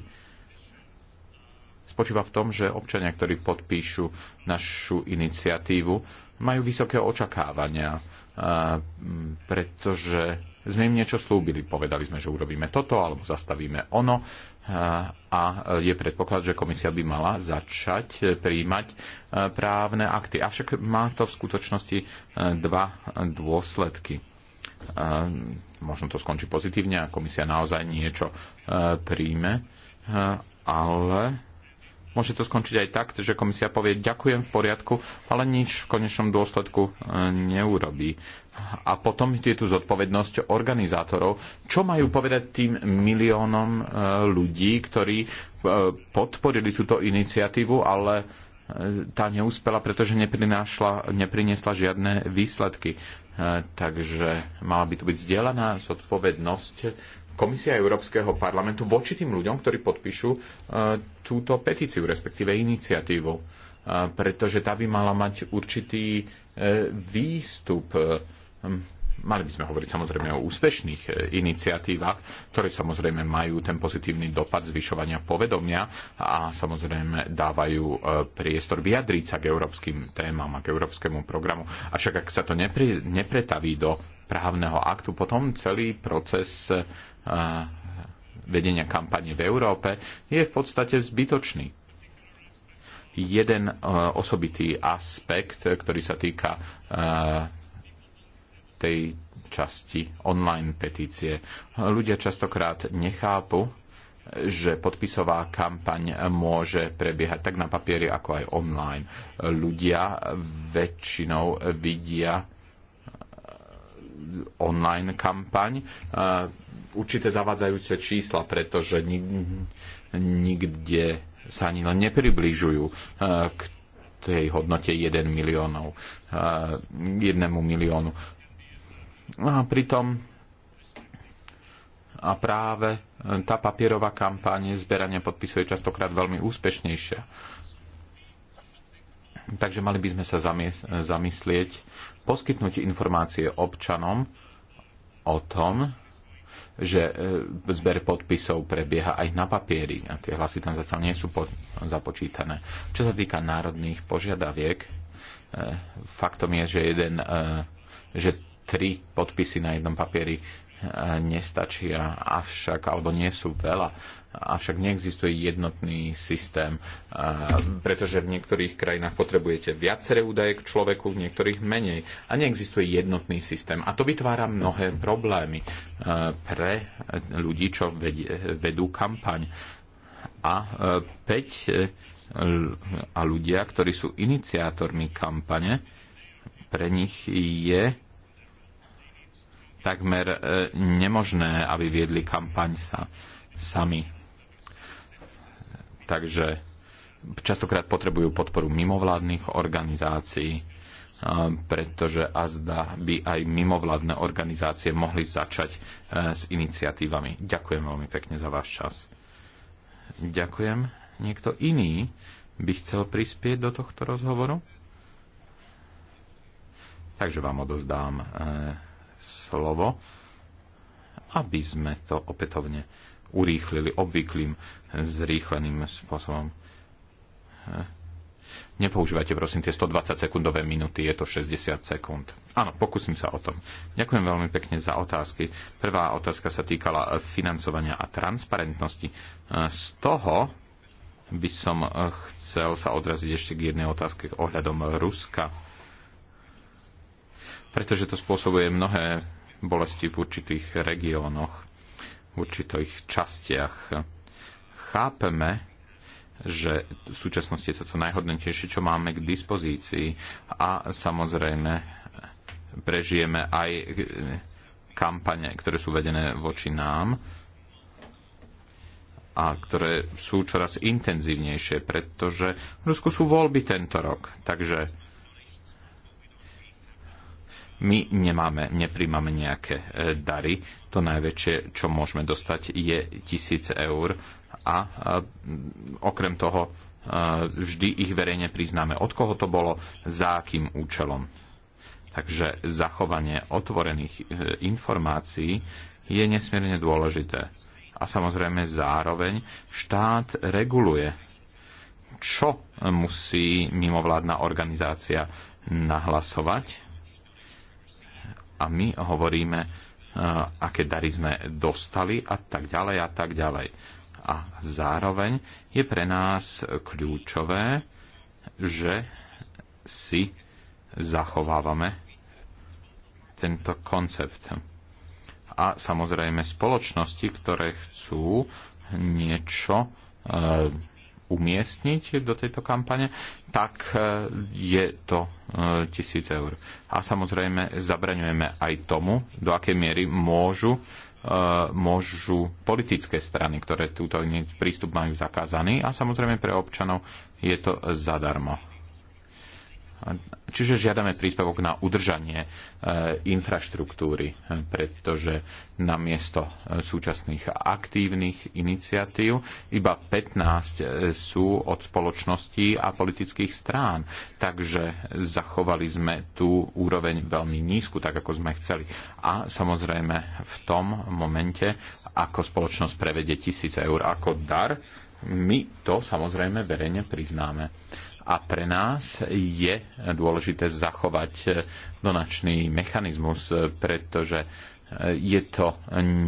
spočíva v tom, že občania, ktorí podpíšu našu iniciatívu, majú vysoké očakávania, pretože sme im niečo slúbili. Povedali sme, že urobíme toto alebo zastavíme ono a je predpoklad, že komisia by mala začať príjmať právne akty. Avšak má to v skutočnosti e, dva dôsledky e, Možno to skončí pozitívne a komisia naozaj niečo e, príjme, e, ale môže to skončiť aj tak, že komisia povie ďakujem v poriadku, ale nič v konečnom dôsledku e, neurobí. A potom je tu zodpovednosť organizátorov, čo majú povedať tým miliónom ľudí, ktorí podporili túto iniciatívu, ale tá neúspela, pretože neprinášla, nepriniesla žiadne výsledky takže mala by tu byť zdieľaná zodpovednosť Komisia Európskeho parlamentu voči tým ľuďom, ktorí podpíšu e, túto petíciu, respektíve iniciatívu. E, pretože tá by mala mať určitý e, výstup Mali by sme hovoriť samozrejme o úspešných e, iniciatívach, ktoré samozrejme majú ten pozitívny dopad zvyšovania povedomia a samozrejme dávajú e, priestor vyjadriť sa k európskym témam a k európskemu programu. Avšak ak sa to nepre, nepretaví do právneho aktu, potom celý proces e, vedenia kampane v Európe je v podstate zbytočný. Jeden osobitý aspekt, ktorý sa týka tej časti online petície. Ľudia častokrát nechápu, že podpisová kampaň môže prebiehať tak na papieri, ako aj online. Ľudia väčšinou vidia eh, online kampaň eh, určité zavádzajúce čísla, pretože nikde sa ani len nepribližujú eh, k tej hodnote 1 miliónov, 1 miliónu. A pritom a práve e, tá papierová kampaň zberania podpisov je častokrát veľmi úspešnejšia. Takže mali by sme sa zamyslieť, poskytnúť informácie občanom o tom, že e, zber podpisov prebieha aj na papieri a tie hlasy tam zatiaľ nie sú po- započítané. Čo sa týka národných požiadaviek, e, faktom je, že jeden že tri podpisy na jednom papieri e, nestačia, avšak, alebo nie sú veľa, avšak neexistuje jednotný systém, e, pretože v niektorých krajinách potrebujete viaceré údaje k človeku, v niektorých menej. A neexistuje jednotný systém. A to vytvára mnohé problémy e, pre ľudí, čo vedú kampaň. A 5 a ľudia, ktorí sú iniciátormi kampane, pre nich je takmer e, nemožné, aby viedli kampaň sa sami. Takže častokrát potrebujú podporu mimovládnych organizácií, e, pretože azda by aj mimovládne organizácie mohli začať e, s iniciatívami. Ďakujem veľmi pekne za váš čas. Ďakujem. Niekto iný by chcel prispieť do tohto rozhovoru? Takže vám odovzdám slovo, aby sme to opätovne urýchlili obvyklým zrýchleným spôsobom. Nepoužívajte prosím tie 120 sekundové minúty, je to 60 sekúnd. Áno, pokúsim sa o tom. Ďakujem veľmi pekne za otázky. Prvá otázka sa týkala financovania a transparentnosti. Z toho by som chcel sa odraziť ešte k jednej otázke ohľadom Ruska pretože to spôsobuje mnohé bolesti v určitých regiónoch, v určitých častiach. Chápeme, že v súčasnosti je toto najhodnotnejšie, čo máme k dispozícii a samozrejme prežijeme aj kampane, ktoré sú vedené voči nám a ktoré sú čoraz intenzívnejšie, pretože v Rusku sú voľby tento rok. Takže my nemáme, nepríjmame nejaké e, dary. To najväčšie, čo môžeme dostať, je tisíc eur a okrem toho e, vždy ich verejne priznáme, od koho to bolo, za akým účelom. Takže zachovanie otvorených e, informácií je nesmierne dôležité. A samozrejme zároveň štát reguluje, čo musí mimovládna organizácia nahlasovať a my hovoríme, eh, aké dary sme dostali a tak ďalej a tak ďalej. A zároveň je pre nás kľúčové, že si zachovávame tento koncept. A samozrejme spoločnosti, ktoré chcú niečo e, umiestniť do tejto kampane, tak e, je to e, tisíc eur. A samozrejme zabraňujeme aj tomu, do akej miery môžu e, môžu politické strany, ktoré túto prístup majú zakázaný a samozrejme pre občanov je to zadarmo. Čiže žiadame príspevok na udržanie e, infraštruktúry, pretože namiesto e, súčasných aktívnych iniciatív iba 15 e, sú od spoločností a politických strán. Takže zachovali sme tú úroveň veľmi nízku, tak ako sme chceli. A samozrejme v tom momente, ako spoločnosť prevedie 1000 eur ako dar, my to samozrejme verejne priznáme a pre nás je dôležité zachovať donačný mechanizmus, pretože je to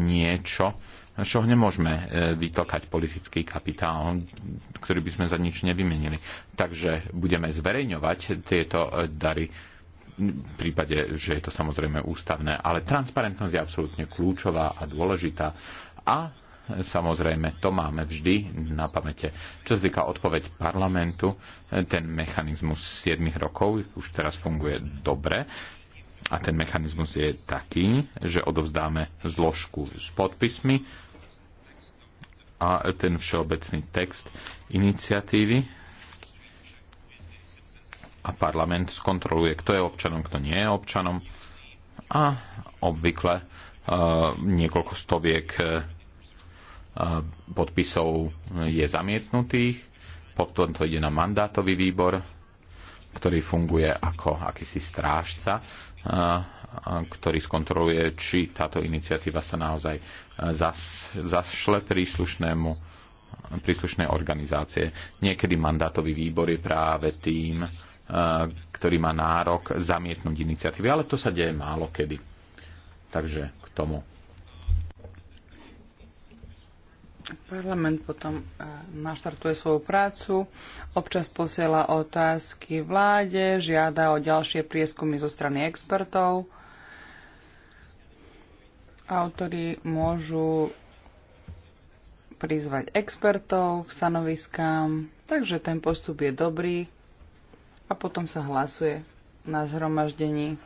niečo, čo nemôžeme e, vytlkať politický kapitál, ktorý by sme za nič nevymenili. Takže budeme zverejňovať tieto dary v prípade, že je to samozrejme ústavné, ale transparentnosť je absolútne kľúčová a dôležitá a Samozrejme, to máme vždy na pamäte. Čo sa týka odpoveď parlamentu, ten mechanizmus 7 rokov už teraz funguje dobre. A ten mechanizmus je taký, že odovzdáme zložku s podpismi a ten všeobecný text iniciatívy a parlament skontroluje, kto je občanom, kto nie je občanom a obvykle uh, niekoľko stoviek uh, podpisov je zamietnutých. Potom to ide na mandátový výbor, ktorý funguje ako akýsi strážca, ktorý skontroluje, či táto iniciatíva sa naozaj e, zašle príslušnému príslušnej organizácie. Niekedy mandátový výbor je práve tým, e, ktorý má nárok zamietnúť iniciatívy, ale to sa deje málo kedy. Takže k tomu Parlament potom e, naštartuje svoju prácu, občas posiela otázky vláde, žiada o ďalšie prieskumy zo strany expertov. Autori môžu prizvať expertov k stanoviskám, takže ten postup je dobrý a potom sa hlasuje na zhromaždení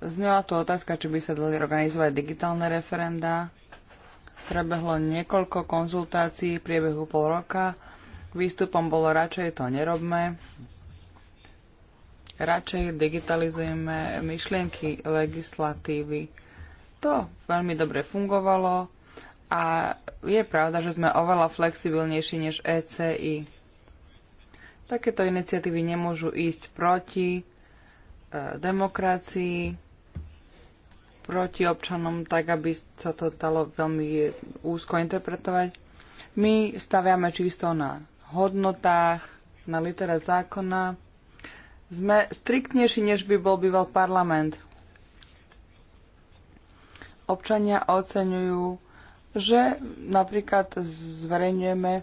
Znela tu otázka, či by sa dali organizovať digitálne referenda. Prebehlo niekoľko konzultácií v priebehu pol roka. Výstupom bolo radšej to nerobme. Radšej digitalizujeme myšlienky legislatívy. To veľmi dobre fungovalo a je pravda, že sme oveľa flexibilnejší než ECI. Takéto iniciatívy nemôžu ísť proti e, demokracii, proti občanom, tak aby sa to dalo veľmi úzko interpretovať. My staviame čisto na hodnotách, na litere zákona. Sme striktnejší, než by bol býval parlament. Občania oceňujú, že napríklad zverejňujeme e,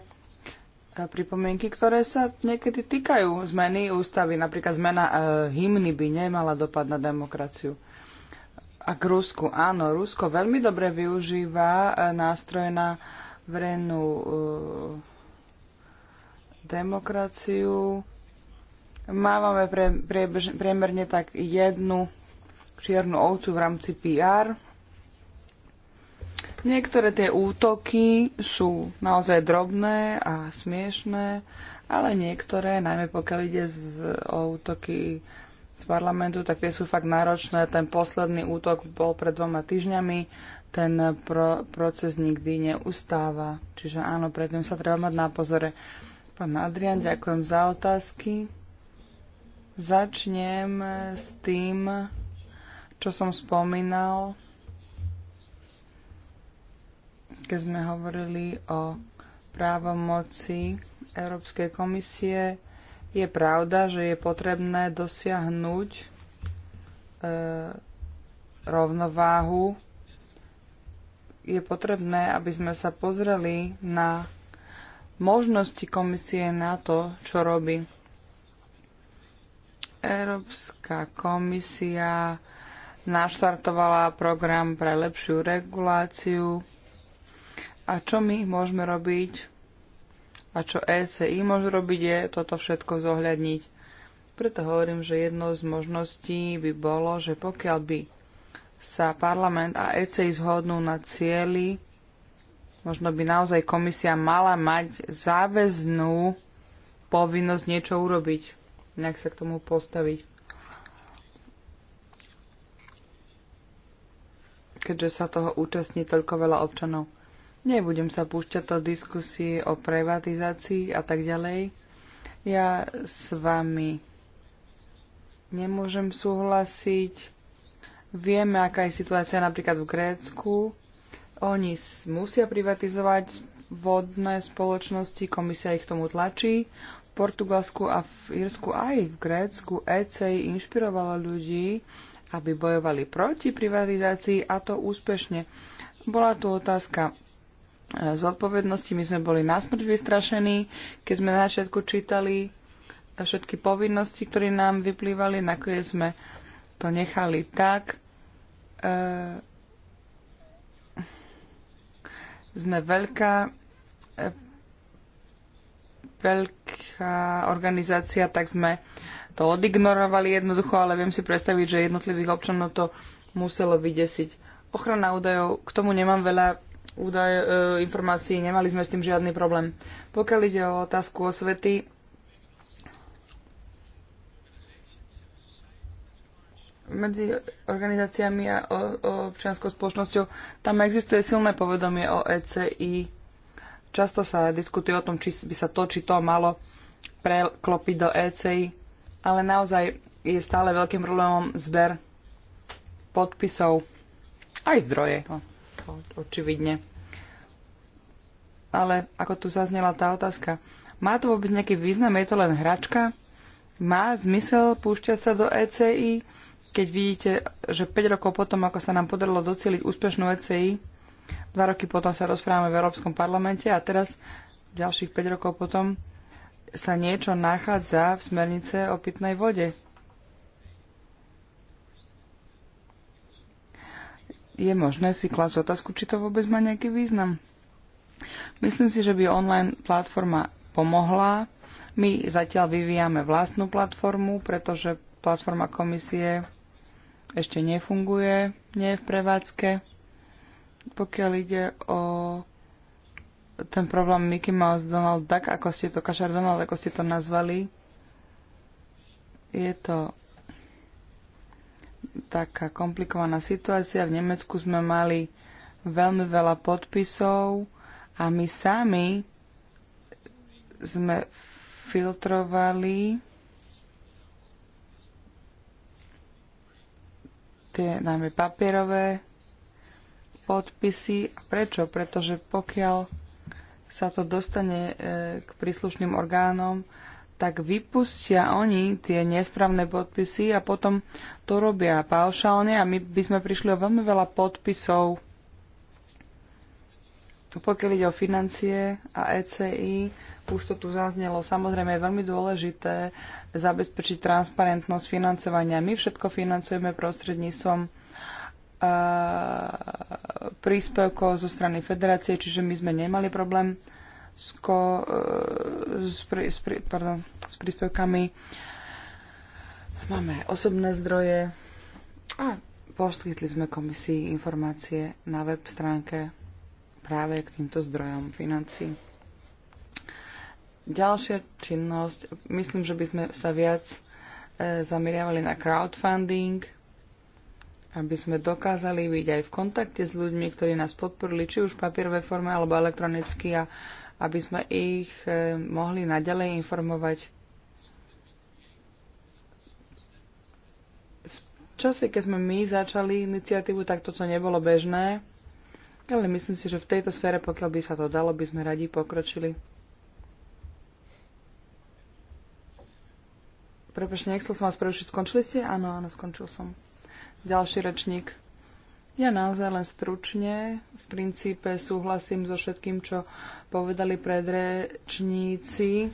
pripomienky, ktoré sa niekedy týkajú zmeny ústavy. Napríklad zmena e, hymny by nemala dopad na demokraciu a k Rusku. Áno, Rusko veľmi dobre využíva e, nástroje na verejnú e, demokraciu. Mávame pre, pre, priemerne tak jednu čiernu ovcu v rámci PR. Niektoré tie útoky sú naozaj drobné a smiešné, ale niektoré, najmä pokiaľ ide z, o útoky z parlamentu, tak tie sú fakt náročné. Ten posledný útok bol pred dvoma týždňami, ten pro, proces nikdy neustáva. Čiže áno, predtým sa treba mať na pozore. Pán Adrian, ďakujem za otázky. Začnem s tým, čo som spomínal, keď sme hovorili o právomoci Európskej komisie je pravda, že je potrebné dosiahnuť e, rovnováhu. Je potrebné, aby sme sa pozreli na možnosti komisie na to, čo robí. Európska komisia naštartovala program pre lepšiu reguláciu. A čo my môžeme robiť a čo ECI môže robiť, je toto všetko zohľadniť. Preto hovorím, že jednou z možností by bolo, že pokiaľ by sa parlament a ECI zhodnú na cieli, možno by naozaj komisia mala mať záväznú povinnosť niečo urobiť, nejak sa k tomu postaviť. Keďže sa toho účastní toľko veľa občanov. Nebudem sa púšťať do diskusie o privatizácii a tak ďalej. Ja s vami nemôžem súhlasiť. Vieme, aká je situácia napríklad v Grécku. Oni musia privatizovať vodné spoločnosti, komisia ich tomu tlačí. V Portugalsku a v Írsku aj v Grécku ECEI inšpirovalo ľudí, aby bojovali proti privatizácii a to úspešne. Bola tu otázka E, zodpovednosti. My sme boli násmrť vystrašení, keď sme na začiatku čítali všetky povinnosti, ktoré nám vyplývali. Nakoniec sme to nechali tak. E, sme veľká e, veľká organizácia, tak sme to odignorovali jednoducho, ale viem si predstaviť, že jednotlivých občanov to muselo vydesiť. Ochrana údajov, k tomu nemám veľa údaj, e, informácií, nemali sme s tým žiadny problém. Pokiaľ ide o otázku osvety, medzi organizáciami a o, o občianskou spoločnosťou, tam existuje silné povedomie o ECI. Často sa diskutuje o tom, či by sa to, či to malo preklopiť do ECI, ale naozaj je stále veľkým problémom zber podpisov aj zdroje. No očividne. Ale ako tu zaznela tá otázka, má to vôbec nejaký význam? Je to len hračka? Má zmysel púšťať sa do ECI, keď vidíte, že 5 rokov potom, ako sa nám podarilo doceliť úspešnú ECI, 2 roky potom sa rozprávame v Európskom parlamente a teraz ďalších 5 rokov potom sa niečo nachádza v smernice o pitnej vode. je možné si klásť otázku, či to vôbec má nejaký význam. Myslím si, že by online platforma pomohla. My zatiaľ vyvíjame vlastnú platformu, pretože platforma komisie ešte nefunguje, nie je v prevádzke. Pokiaľ ide o ten problém Mickey Mouse Donald Duck, ako ste to, Kašar Donald, ako ste to nazvali, je to taká komplikovaná situácia. V Nemecku sme mali veľmi veľa podpisov a my sami sme filtrovali tie najmä papierové podpisy. A prečo? Pretože pokiaľ sa to dostane e, k príslušným orgánom, tak vypustia oni tie nesprávne podpisy a potom to robia paušálne a my by sme prišli o veľmi veľa podpisov. Pokiaľ ide o financie a ECI, už to tu zaznelo, samozrejme je veľmi dôležité zabezpečiť transparentnosť financovania. My všetko financujeme prostredníctvom eh, príspevkov zo strany federácie, čiže my sme nemali problém s, ko, e, s, pri, s, pri, pardon, s príspevkami. Máme osobné zdroje a poskytli sme komisii informácie na web stránke práve k týmto zdrojom financí. Ďalšia činnosť, myslím, že by sme sa viac e, zameriavali na crowdfunding, aby sme dokázali byť aj v kontakte s ľuďmi, ktorí nás podporili, či už v papierovej forme alebo elektronicky a aby sme ich e, mohli naďalej informovať. V čase, keď sme my začali iniciatívu, tak toto nebolo bežné, ale myslím si, že v tejto sfére, pokiaľ by sa to dalo, by sme radi pokročili. Prepačte, nechcel som vás prerušiť. Skončili ste? Áno, áno, skončil som. Ďalší rečník. Ja naozaj len stručne, v princípe súhlasím so všetkým, čo povedali predrečníci.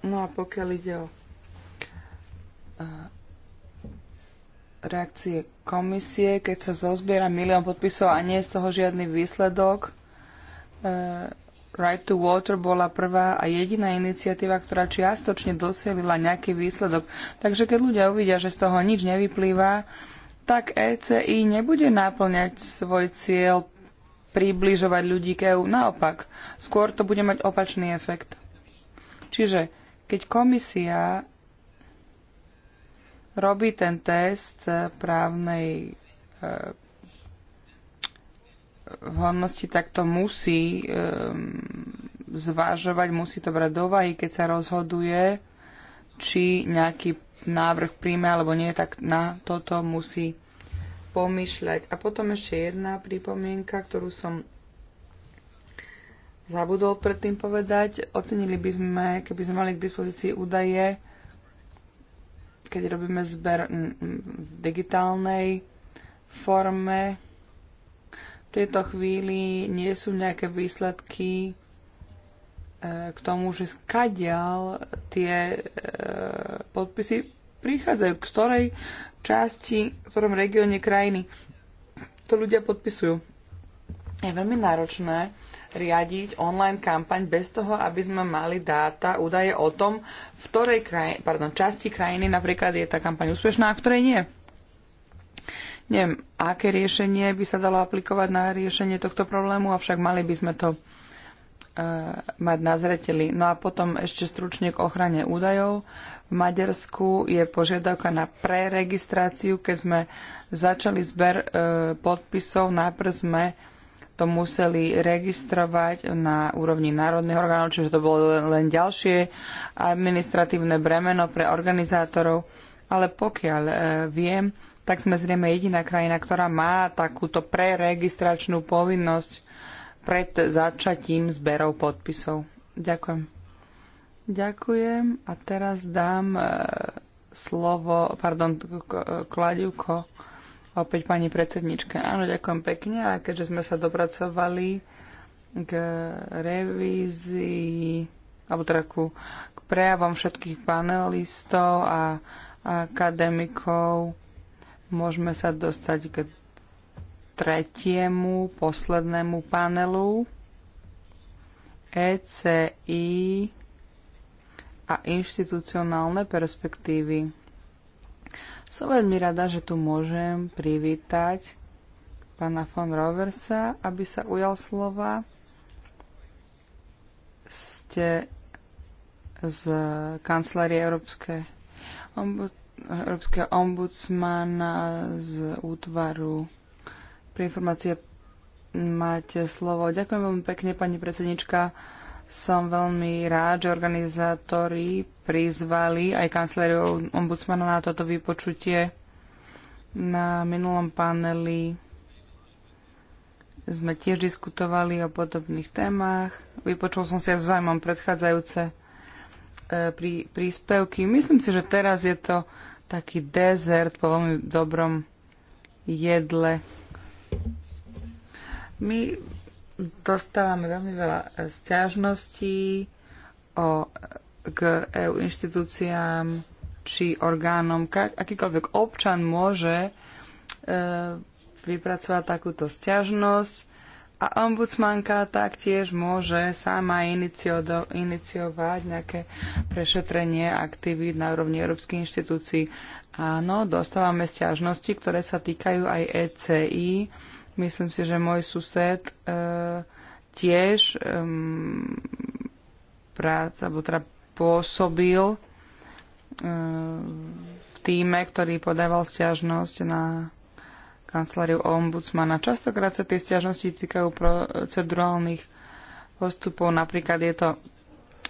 No a pokiaľ ide o eh, reakcie komisie, keď sa zozbiera milión podpisov a nie je z toho žiadny výsledok, eh, Right to Water bola prvá a jediná iniciatíva, ktorá čiastočne dosielila nejaký výsledok. Takže keď ľudia uvidia, že z toho nič nevyplýva, tak ECI nebude náplňať svoj cieľ približovať ľudí k EU. Naopak, skôr to bude mať opačný efekt. Čiže keď komisia robí ten test právnej e, v hodnosti, tak to musí zvažovať, ehm, zvážovať, musí to brať do vahy, keď sa rozhoduje, či nejaký návrh príjme alebo nie, tak na toto musí pomýšľať. A potom ešte jedna pripomienka, ktorú som zabudol predtým povedať. Ocenili by sme, keby sme mali k dispozícii údaje, keď robíme zber v digitálnej forme, tejto chvíli nie sú nejaké výsledky e, k tomu, že skadial tie e, podpisy prichádzajú, k ktorej časti, v ktorom regióne krajiny to ľudia podpisujú. Je veľmi náročné riadiť online kampaň bez toho, aby sme mali dáta, údaje o tom, v ktorej kraj, pardon, časti krajiny napríklad je tá kampaň úspešná a v ktorej nie. Neviem, aké riešenie by sa dalo aplikovať na riešenie tohto problému, avšak mali by sme to e, mať na zreteli. No a potom ešte stručne k ochrane údajov. V Maďarsku je požiadavka na preregistráciu. Keď sme začali zber e, podpisov, najprv sme to museli registrovať na úrovni národných orgánov, čiže to bolo len ďalšie administratívne bremeno pre organizátorov. Ale pokiaľ e, viem, tak sme zrejme jediná krajina, ktorá má takúto preregistračnú povinnosť pred začatím zberov podpisov. Ďakujem. Ďakujem a teraz dám e, slovo, pardon, kladivko opäť pani predsedničke. Áno, ďakujem pekne a keďže sme sa dopracovali k revízii alebo teda ku, k prejavom všetkých panelistov a akademikov Môžeme sa dostať k tretiemu, poslednému panelu. ECI a inštitucionálne perspektívy. Som veľmi rada, že tu môžem privítať pána von Roversa, aby sa ujal slova. Ste z kancelárie Európskej Európskeho ombudsmana z útvaru pre informácie máte slovo. Ďakujem veľmi pekne, pani predsednička. Som veľmi rád, že organizátori prizvali aj kancelériu ombudsmana na toto vypočutie. Na minulom paneli sme tiež diskutovali o podobných témach. Vypočul som si aj s zájmom predchádzajúce e, príspevky. Myslím si, že teraz je to taký dezert po veľmi dobrom jedle. My dostávame veľmi veľa stiažností o, k EU inštitúciám či orgánom. Akýkoľvek občan môže e, vypracovať takúto stiažnosť a ombudsmanka taktiež môže sama iniciovať nejaké prešetrenie aktivít na úrovni európskych inštitúcií. Áno, dostávame stiažnosti, ktoré sa týkajú aj ECI. Myslím si, že môj sused e, tiež e, prác, alebo teda pôsobil e, v týme, ktorý podával stiažnosť na kanceláriu ombudsmana. Častokrát sa tie stiažnosti týkajú procedurálnych postupov, napríklad je to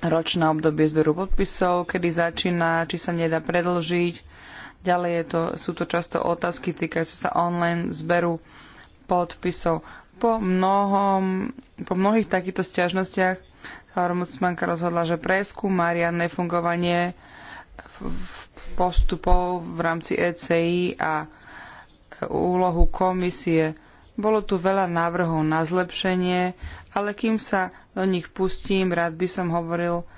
ročné obdobie zberu podpisov, kedy začína, či sa nedá predlžiť. Ďalej je to, sú to často otázky týkajúce sa online zberu podpisov. Po, mnohom, po mnohých takýchto stiažnostiach sa ombudsmanka rozhodla, že preskúma riadne fungovanie postupov v rámci ECI a úlohu komisie. Bolo tu veľa návrhov na zlepšenie, ale kým sa do nich pustím, rád by som hovoril,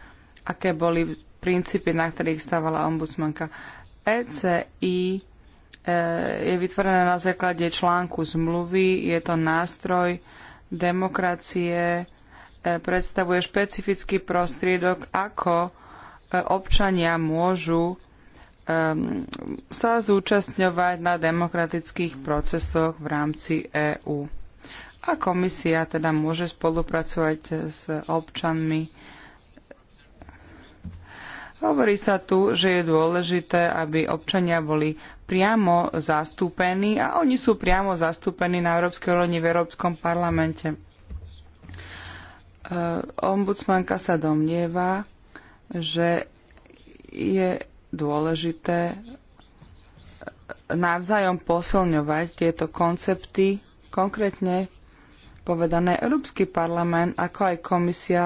aké boli princípy, na ktorých stávala ombudsmanka. ECI e, je vytvorené na základe článku zmluvy, je to nástroj demokracie, e, predstavuje špecifický prostriedok, ako e, občania môžu Ehm, sa zúčastňovať na demokratických procesoch v rámci EÚ. A komisia teda môže spolupracovať s občanmi. Hovorí sa tu, že je dôležité, aby občania boli priamo zastúpení a oni sú priamo zastúpení na európskej úrovni v Európskom parlamente. Ehm, ombudsmanka sa domnieva, že je dôležité navzájom posilňovať tieto koncepty, konkrétne povedané Európsky parlament ako aj komisia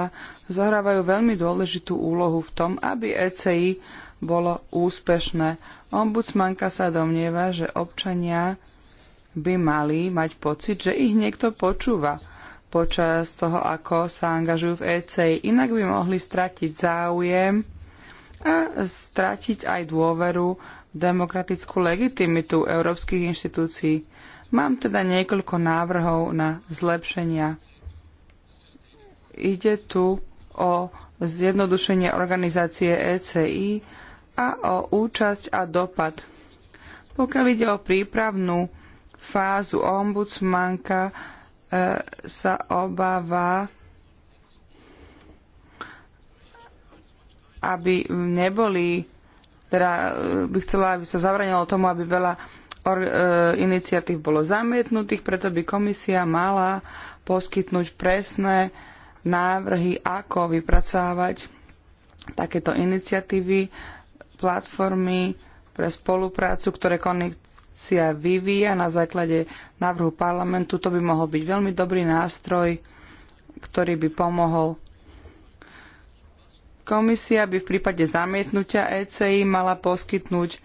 zohrávajú veľmi dôležitú úlohu v tom, aby ECI bolo úspešné. Ombudsmanka sa domnieva, že občania by mali mať pocit, že ich niekto počúva počas toho, ako sa angažujú v ECI. Inak by mohli stratiť záujem a stratiť aj dôveru v demokratickú legitimitu európskych inštitúcií. Mám teda niekoľko návrhov na zlepšenia. Ide tu o zjednodušenie organizácie ECI a o účasť a dopad. Pokiaľ ide o prípravnú fázu, ombudsmanka e, sa obáva, aby neboli, teda e, by chcela, aby sa zavranilo tomu, aby veľa or, e, iniciatív bolo zamietnutých, preto by komisia mala poskytnúť presné návrhy, ako vypracovať takéto iniciatívy, platformy pre spoluprácu, ktoré konekcia vyvíja na základe návrhu parlamentu. To by mohol byť veľmi dobrý nástroj, ktorý by pomohol Komisia by v prípade zamietnutia ECI mala poskytnúť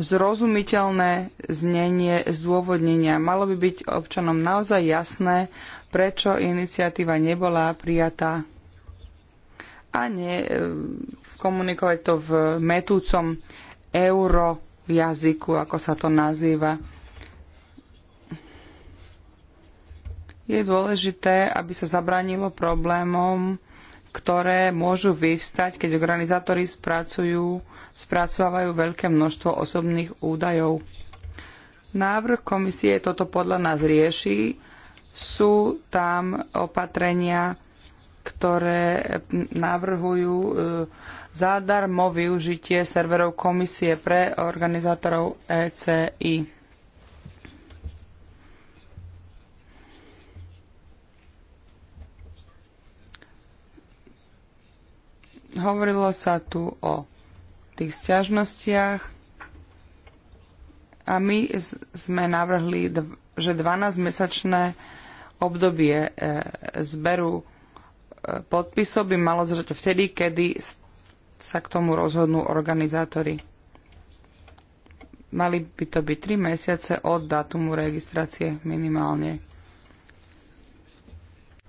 zrozumiteľné znenie zdôvodnenia. Malo by byť občanom naozaj jasné, prečo iniciatíva nebola prijatá a nie e, komunikovať to v metúcom eurojazyku, ako sa to nazýva. Je dôležité, aby sa zabránilo problémom, ktoré môžu vyvstať, keď organizátori spracujú, spracovávajú veľké množstvo osobných údajov. Návrh komisie toto podľa nás rieši. Sú tam opatrenia, ktoré navrhujú e, zadarmo využitie serverov komisie pre organizátorov ECI. Hovorilo sa tu o tých stiažnostiach a my sme navrhli, že 12-mesačné obdobie e, zberu e, podpisov by malo zrať vtedy, kedy sa k tomu rozhodnú organizátori. Mali by to byť 3 mesiace od dátumu registrácie minimálne.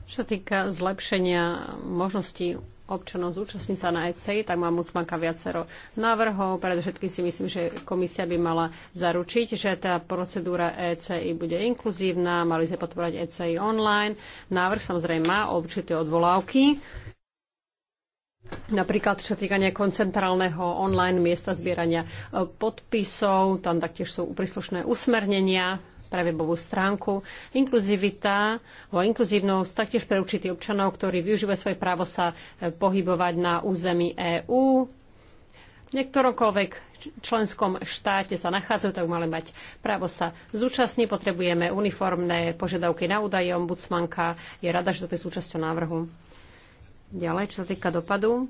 Čo sa týka zlepšenia možností občanov zúčastní sa na ECI, tak má Mucmanka viacero návrhov. Predovšetkým si myslím, že komisia by mala zaručiť, že tá procedúra ECI bude inkluzívna, mali sme podporovať ECI online. Návrh samozrejme má určité odvolávky. Napríklad, čo týka nekoncentrálneho online miesta zbierania podpisov, tam taktiež sú príslušné usmernenia pre webovú stránku. Inkluzivita, o inkluzívnosť taktiež pre určitých občanov, ktorí využívajú svoje právo sa e, pohybovať na území EÚ. V členskom štáte sa nachádzajú, tak mali mať právo sa zúčastniť. Potrebujeme uniformné požiadavky na údaje. Ombudsmanka je rada, že toto je súčasťou návrhu. Ďalej, čo sa týka dopadu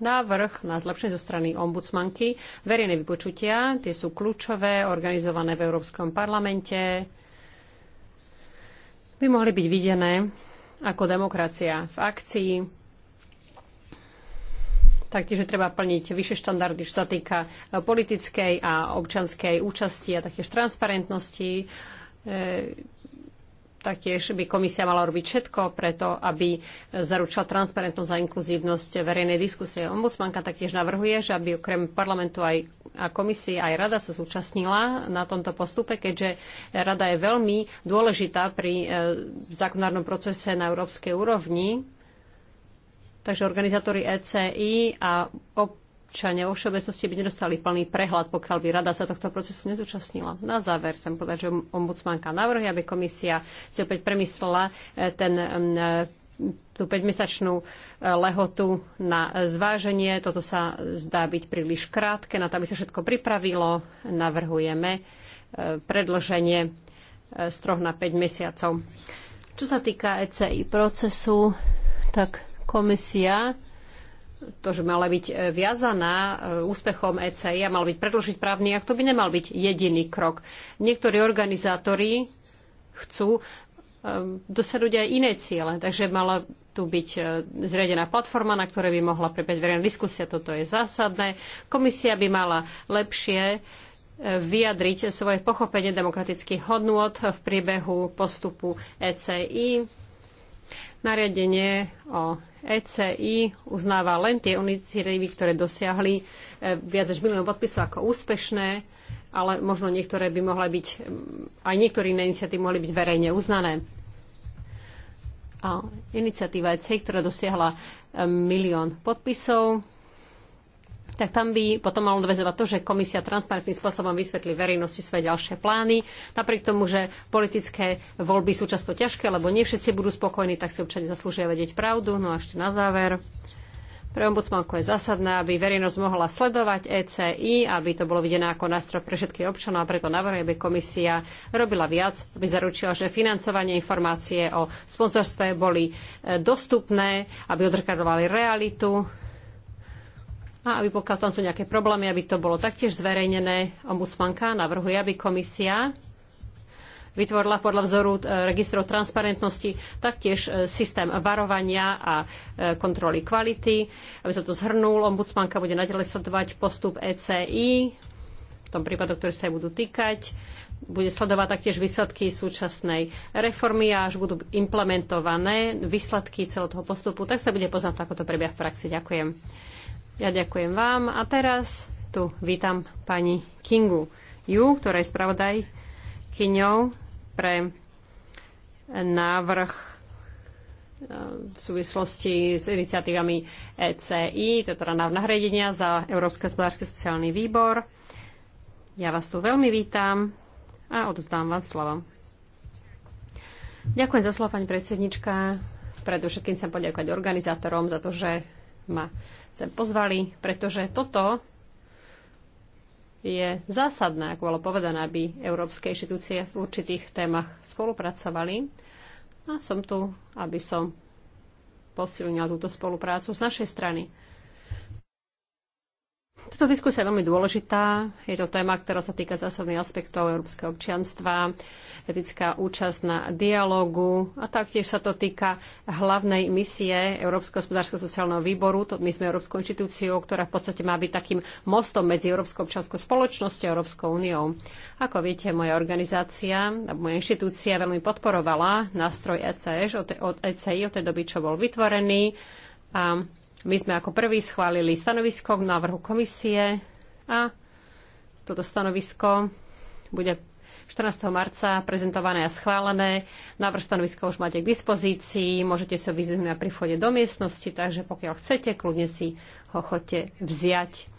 návrh na zlepšenie zo strany ombudsmanky. Verejné vypočutia, tie sú kľúčové, organizované v Európskom parlamente, by mohli byť videné ako demokracia v akcii. Taktiež treba plniť vyššie štandardy, čo sa týka e, politickej a občanskej účasti a taktiež transparentnosti e, Taktiež by komisia mala robiť všetko preto, aby zaručila transparentnosť a inkluzívnosť verejnej diskusie. Ombudsmanka taktiež navrhuje, že aby okrem parlamentu aj a komisie aj rada sa zúčastnila na tomto postupe, keďže rada je veľmi dôležitá pri e, zákonárnom procese na európskej úrovni. Takže organizátori ECI a občania vo všeobecnosti by nedostali plný prehľad, pokiaľ by rada sa tohto procesu nezúčastnila. Na záver chcem povedať, že ombudsmanka navrhuje, aby komisia si opäť premyslela e, ten mm, e, tú 5-mesačnú e, lehotu na zváženie. Toto sa zdá byť príliš krátke. Na to, aby sa všetko pripravilo, navrhujeme predlženie z troch na 5 mesiacov. Čo sa týka ECI procesu, tak komisia to, že mala byť e, viazaná e, úspechom ECI a mal byť predložiť právny akt, to by nemal byť jediný krok. Niektorí organizátori chcú e, dosiahnuť aj iné ciele. Takže mala tu byť zriadená platforma, na ktorej by mohla prebeť verejná diskusia. Toto je zásadné. Komisia by mala lepšie vyjadriť svoje pochopenie demokratických hodnôt v priebehu postupu ECI Nariadenie o ECI uznáva len tie iniciatívy, ktoré dosiahli e, viac než milión podpisov ako úspešné, ale možno niektoré by mohli byť, mm, aj niektoré iné iniciatívy mohli byť verejne uznané. A iniciatíva ECI, ktorá dosiahla e, milión podpisov, tak tam by potom malo dvezovať to, že komisia transparentným spôsobom vysvetlí verejnosti svoje ďalšie plány. Napriek tomu, že politické voľby sú často ťažké, lebo nie všetci budú spokojní, tak si občania zaslúžia vedieť pravdu. No a ešte na záver. Pre ombudsmanku je zásadné, aby verejnosť mohla sledovať ECI, aby to bolo videné ako nástroj pre všetkých občanov a preto navrhuje, aby komisia robila viac, aby zaručila, že financovanie informácie o sponzorstve boli e, dostupné, aby odrkadovali realitu, a aby pokiaľ tam sú nejaké problémy, aby to bolo taktiež zverejnené. Ombudsmanka navrhuje, aby komisia vytvorila podľa vzoru e, registrov transparentnosti taktiež e, systém varovania a e, kontroly kvality. Aby sa to zhrnul, ombudsmanka bude naďalej sledovať postup ECI, v tom prípade, ktoré sa aj budú týkať. Bude sledovať taktiež výsledky súčasnej reformy a až budú implementované výsledky celého toho postupu, tak sa bude poznať, ako to prebieha v praxi. Ďakujem. Ja ďakujem vám a teraz tu vítam pani Kingu Ju, ktorá je spravodaj kyňou pre návrh eh, v súvislosti s iniciatívami ECI, to je teda návrh nahradenia za Európsky hospodársky sociálny výbor. Ja vás tu veľmi vítam a odozdám vám slovo. Ďakujem za slovo, pani predsednička. Predovšetkým chcem poďakovať organizátorom za to, že ma sem pozvali, pretože toto je zásadné, ako bolo povedané, aby európske inštitúcie v určitých témach spolupracovali. A som tu, aby som posilnila túto spoluprácu z našej strany. Táto diskusia je veľmi dôležitá. Je to téma, ktorá sa týka zásadných aspektov európskeho občianstva, etická účasť na dialogu a taktiež sa to týka hlavnej misie Európskeho hospodárskeho sociálneho výboru. To my sme Európskou inštitúciou, ktorá v podstate má byť takým mostom medzi Európskou občanskou spoločnosťou a Európskou úniou. Ako viete, moja organizácia, moja inštitúcia veľmi podporovala nástroj ECS e, od, od ECI od tej doby, čo bol vytvorený. A my sme ako prvý schválili stanovisko k návrhu komisie a toto stanovisko bude 14. marca prezentované a schválené. Návrh stanoviska už máte k dispozícii, môžete sa vyzvihnúť pri vchode do miestnosti, takže pokiaľ chcete, kľudne si ho chodte vziať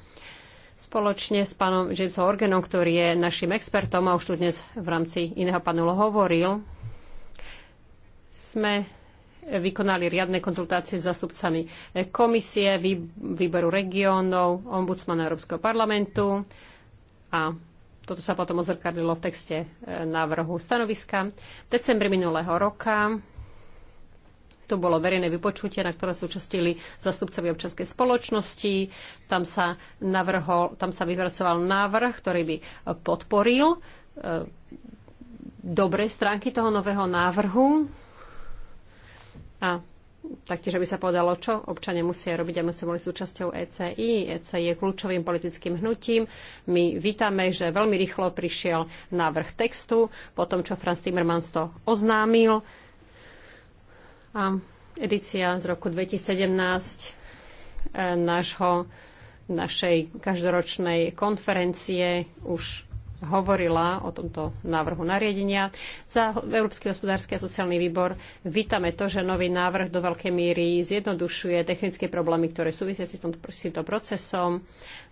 spoločne s pánom Jamesom Organom, ktorý je našim expertom a už tu dnes v rámci iného panelu hovoril, sme vykonali riadne konzultácie s zastupcami komisie, výboru regiónov, ombudsmana Európskeho parlamentu a toto sa potom ozrkadlilo v texte e, návrhu stanoviska. V decembri minulého roka to bolo verejné vypočutie, na ktoré súčastili zastupcovi občanskej spoločnosti. Tam sa, navrhol, tam sa vyhracoval návrh, ktorý by e, podporil e, dobre stránky toho nového návrhu. A taktiež, aby sa povedalo, čo občania musia robiť, aby sme boli súčasťou ECI. ECI je kľúčovým politickým hnutím. My vítame, že veľmi rýchlo prišiel návrh textu, po tom, čo Franz Timmermans to oznámil. A edícia z roku 2017 eh, nášho, našej každoročnej konferencie už hovorila o tomto návrhu nariadenia. Za Európsky hospodársky a sociálny výbor vítame to, že nový návrh do veľkej míry zjednodušuje technické problémy, ktoré súvisia s týmto procesom.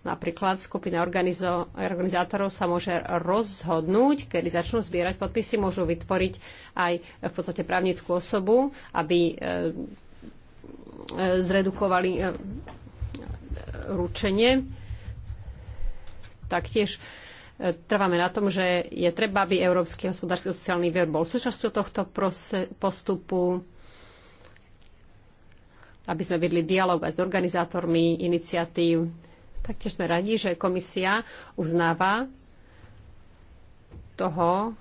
Napríklad skupina organizo- organizátorov sa môže rozhodnúť, kedy začnú zbierať podpisy, môžu vytvoriť aj v podstate právnickú osobu, aby e, e, zredukovali e, ručenie. Taktiež trváme na tom, že je treba, aby Európsky hospodársky sociálny výbor bol súčasťou tohto postupu, aby sme vedli dialog aj s organizátormi iniciatív. Taktiež sme radi, že komisia uznáva toho,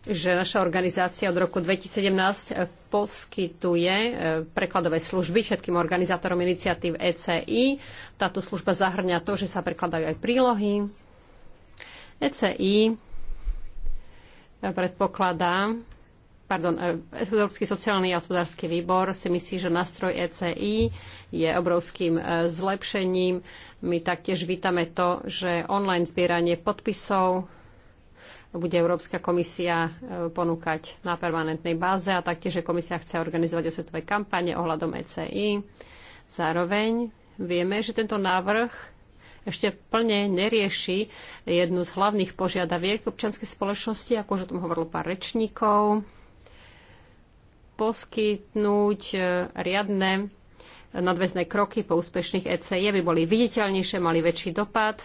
že naša organizácia od roku 2017 poskytuje e, prekladové služby všetkým organizátorom iniciatív ECI. Táto služba zahrňa to, že sa prekladajú aj prílohy, ECI predpokladá, pardon, e, Európsky sociálny a hospodársky výbor si myslí, že nástroj ECI je obrovským e, zlepšením. My taktiež vítame to, že online zbieranie podpisov bude Európska komisia e, ponúkať na permanentnej báze a taktiež, že komisia chce organizovať osvetové kampane ohľadom ECI. Zároveň vieme, že tento návrh ešte plne nerieši jednu z hlavných požiadaviek občianskej spoločnosti, ako už o tom hovorilo pár rečníkov, poskytnúť e, riadne nadväzné kroky po úspešných ECE e, by boli viditeľnejšie, mali väčší dopad,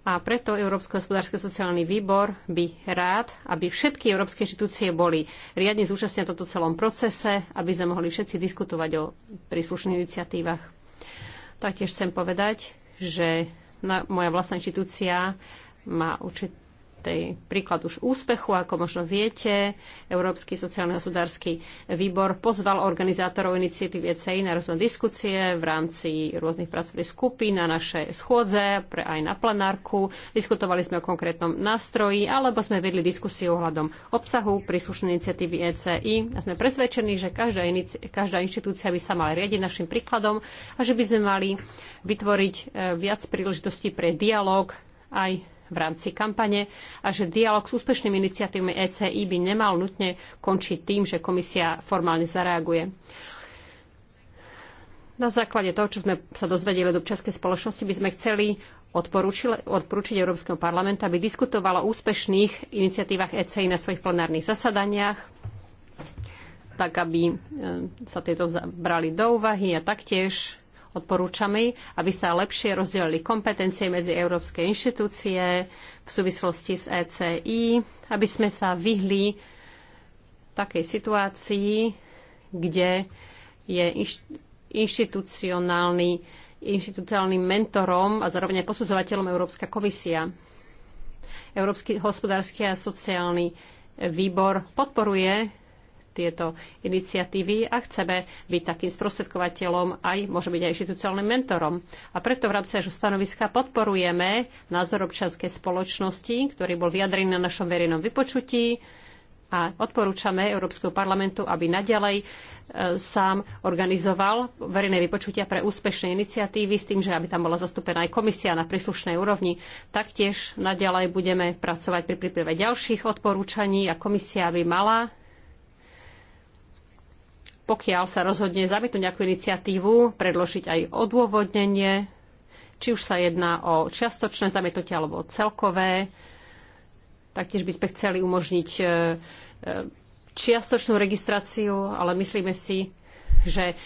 a preto Európsky hospodársky sociálny výbor by rád, aby všetky európske inštitúcie boli riadne zúčastnené v tomto celom procese, aby sme mohli všetci diskutovať o príslušných iniciatívach. Taktiež chcem povedať, že moja vlastná inštitúcia má určitú tej príklad už úspechu. Ako možno viete, Európsky sociálny hospodársky výbor pozval organizátorov iniciatívy ECI na rôzne diskusie v rámci rôznych pracovných skupín na naše schôdze, pre aj na plenárku. Diskutovali sme o konkrétnom nástroji, alebo sme vedli diskusiu ohľadom obsahu príslušnej iniciatívy ECI a sme presvedčení, že každá, inici- každá inštitúcia by sa mala riadiť našim príkladom a že by sme mali vytvoriť e, viac príležitostí pre dialog aj v rámci kampane a že dialog s úspešnými iniciatívami ECI by nemal nutne končiť tým, že komisia formálne zareaguje. Na základe toho, čo sme sa dozvedeli od občianskej spoločnosti, by sme chceli odporúčiť Európskeho parlamentu, aby diskutovala o úspešných iniciatívach ECI na svojich plenárnych zasadaniach, tak aby e, sa tieto brali do úvahy a taktiež Odporúčame, aby sa lepšie rozdelili kompetencie medzi európske inštitúcie v súvislosti s ECI, aby sme sa vyhli takej situácii, kde je inštitucionálny, inštitucionálnym mentorom a zároveň aj posudzovateľom Európska komisia. Európsky hospodársky a sociálny výbor podporuje tieto iniciatívy a chceme byť takým sprostredkovateľom aj, môže byť aj inštitúciálnym mentorom. A preto v rámci našho stanoviska podporujeme názor občianskej spoločnosti, ktorý bol vyjadrený na našom verejnom vypočutí a odporúčame Európskeho parlamentu, aby naďalej e, sám organizoval verejné vypočutia pre úspešné iniciatívy s tým, že aby tam bola zastúpená aj komisia na príslušnej úrovni. Taktiež naďalej budeme pracovať pri príprave ďalších odporúčaní a komisia by mala pokiaľ sa rozhodne zamietnúť nejakú iniciatívu, predložiť aj odôvodnenie, či už sa jedná o čiastočné zamietnutie alebo celkové. Taktiež by sme chceli umožniť e, e, čiastočnú registráciu, ale myslíme si, že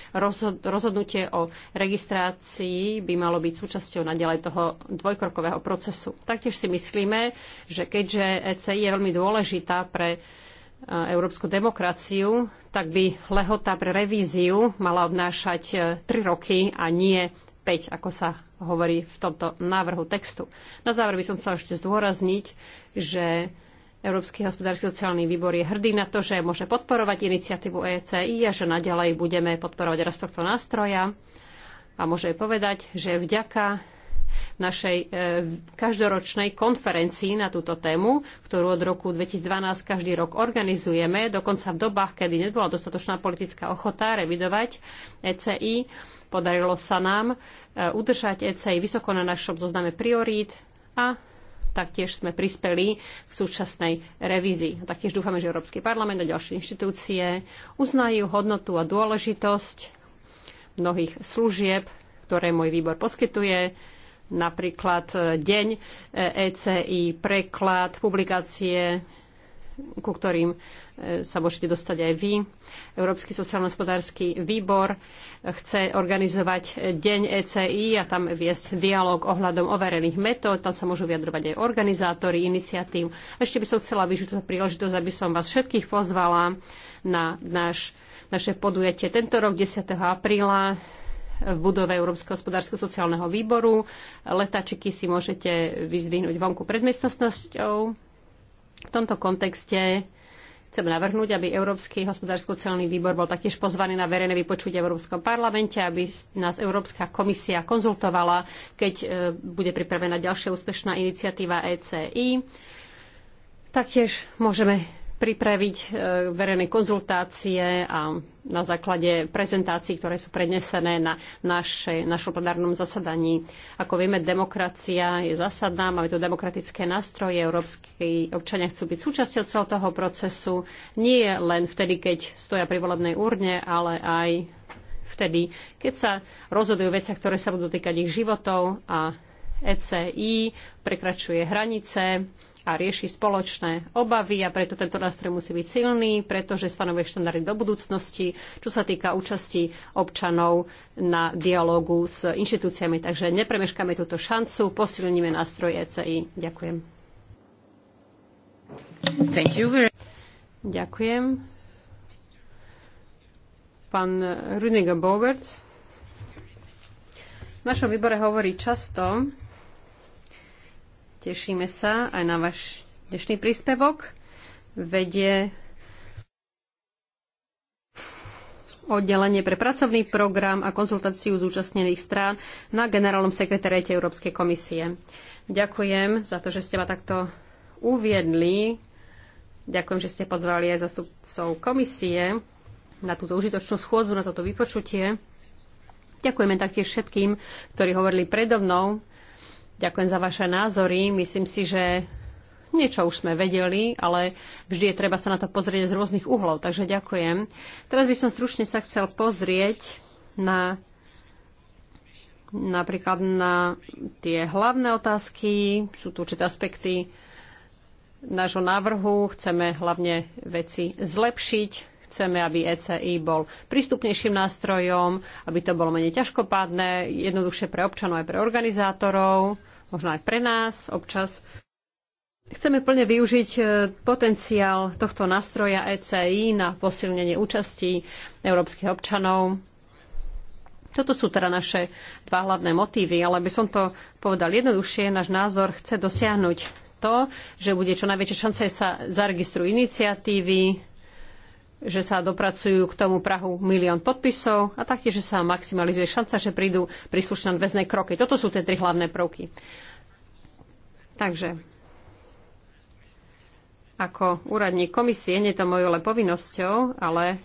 rozhodnutie o registrácii by malo byť súčasťou nadalej toho dvojkrokového procesu. Taktiež si myslíme, že keďže ECI je veľmi dôležitá pre európsku demokraciu, tak by lehota pre revíziu mala obnášať 3 e, roky a nie 5, ako sa hovorí v tomto návrhu textu. Na záver by som chcela ešte zdôrazniť, že Európsky hospodársky sociálny výbor je hrdý na to, že môže podporovať iniciatívu ECI a že naďalej budeme podporovať rast tohto nástroja. A môže povedať, že vďaka našej e, každoročnej konferencii na túto tému, ktorú od roku 2012 každý rok organizujeme, dokonca v dobách, kedy nebola dostatočná politická ochota revidovať ECI. Podarilo sa nám e, udržať ECI vysoko na našom zozname priorít a taktiež sme prispeli v súčasnej revízii. Taktiež dúfame, že Európsky parlament a ďalšie inštitúcie uznajú hodnotu a dôležitosť mnohých služieb, ktoré môj výbor poskytuje napríklad e, deň ECI, e preklad, publikácie, ku ktorým e, sa môžete dostať aj vy. Európsky sociálno-hospodársky výbor chce organizovať deň ECI a tam viesť dialog ohľadom overených metód. Tam sa môžu vyjadrovať aj organizátori iniciatív. Ešte by som chcela využiť túto príležitosť, aby som vás všetkých pozvala na náš, naše podujatie tento rok 10. apríla v budove Európskeho hospodárskeho sociálneho výboru. Letačiky si môžete vyzdvihnúť vonku pred miestnosťou. V tomto kontexte chcem navrhnúť, aby Európsky hospodársko celný výbor bol taktiež pozvaný na verejné vypočutie v Európskom parlamente, aby nás Európska komisia konzultovala, keď e, bude pripravená ďalšia úspešná iniciatíva ECI. Taktiež môžeme pripraviť e, verejné konzultácie a na základe prezentácií, ktoré sú prednesené na našej, našom plenárnom zasadaní. Ako vieme, demokracia je zásadná, máme tu demokratické nástroje, európsky občania chcú byť súčasťou celého toho procesu, nie len vtedy, keď stoja pri volebnej úrne, ale aj vtedy, keď sa rozhodujú veci, ktoré sa budú týkať ich životov a ECI prekračuje hranice, a rieši spoločné obavy a preto tento nástroj musí byť silný, pretože stanovuje štandardy do budúcnosti, čo sa týka účasti občanov na dialogu s inštitúciami. Takže nepremeškáme túto šancu, posilníme nástroj ECI. Ďakujem. Thank you very... Ďakujem. Pán Rüdiger Bogert. V našom výbore hovorí často, Tešíme sa aj na váš dnešný príspevok. Vedie oddelenie pre pracovný program a konzultáciu zúčastnených strán na Generálnom sekretariate Európskej komisie. Ďakujem za to, že ste ma takto uviedli. Ďakujem, že ste pozvali aj zastupcov komisie na túto užitočnú schôdzu, na toto vypočutie. Ďakujeme taktiež všetkým, ktorí hovorili predo mnou. Ďakujem za vaše názory. Myslím si, že niečo už sme vedeli, ale vždy je treba sa na to pozrieť z rôznych uhlov, takže ďakujem. Teraz by som stručne sa chcel pozrieť na napríklad na tie hlavné otázky. Sú tu určité aspekty nášho návrhu. Chceme hlavne veci zlepšiť. Chceme, aby ECI bol prístupnejším nástrojom, aby to bolo menej ťažkopádne, jednoduchšie pre občanov aj pre organizátorov, možno aj pre nás občas. Chceme plne využiť e, potenciál tohto nástroja ECI na posilnenie účasti európskych občanov. Toto sú teda naše dva hlavné motívy, ale by som to povedal jednoduchšie. Náš názor chce dosiahnuť to, že bude čo najväčšie šance sa zaregistrujú iniciatívy, že sa dopracujú k tomu Prahu milión podpisov a taktiež, že sa maximalizuje šanca, že prídu príslušné väzné kroky. Toto sú tie tri hlavné prvky. Takže ako úradník komisie, nie je to mojou povinnosťou, ale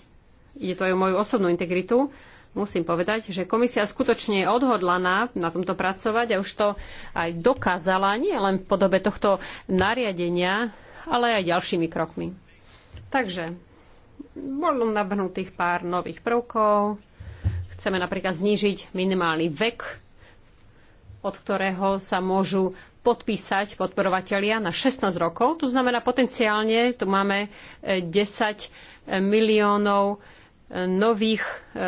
je to aj moju osobnú integritu, musím povedať, že komisia skutočne je odhodlaná na tomto pracovať a už to aj dokázala, nie len v podobe tohto nariadenia, ale aj ďalšími krokmi. Takže bolo navrhnutých pár nových prvkov. Chceme napríklad znížiť minimálny vek, od ktorého sa môžu podpísať podporovatelia na 16 rokov. To znamená, potenciálne tu máme 10 e, miliónov e, nových e,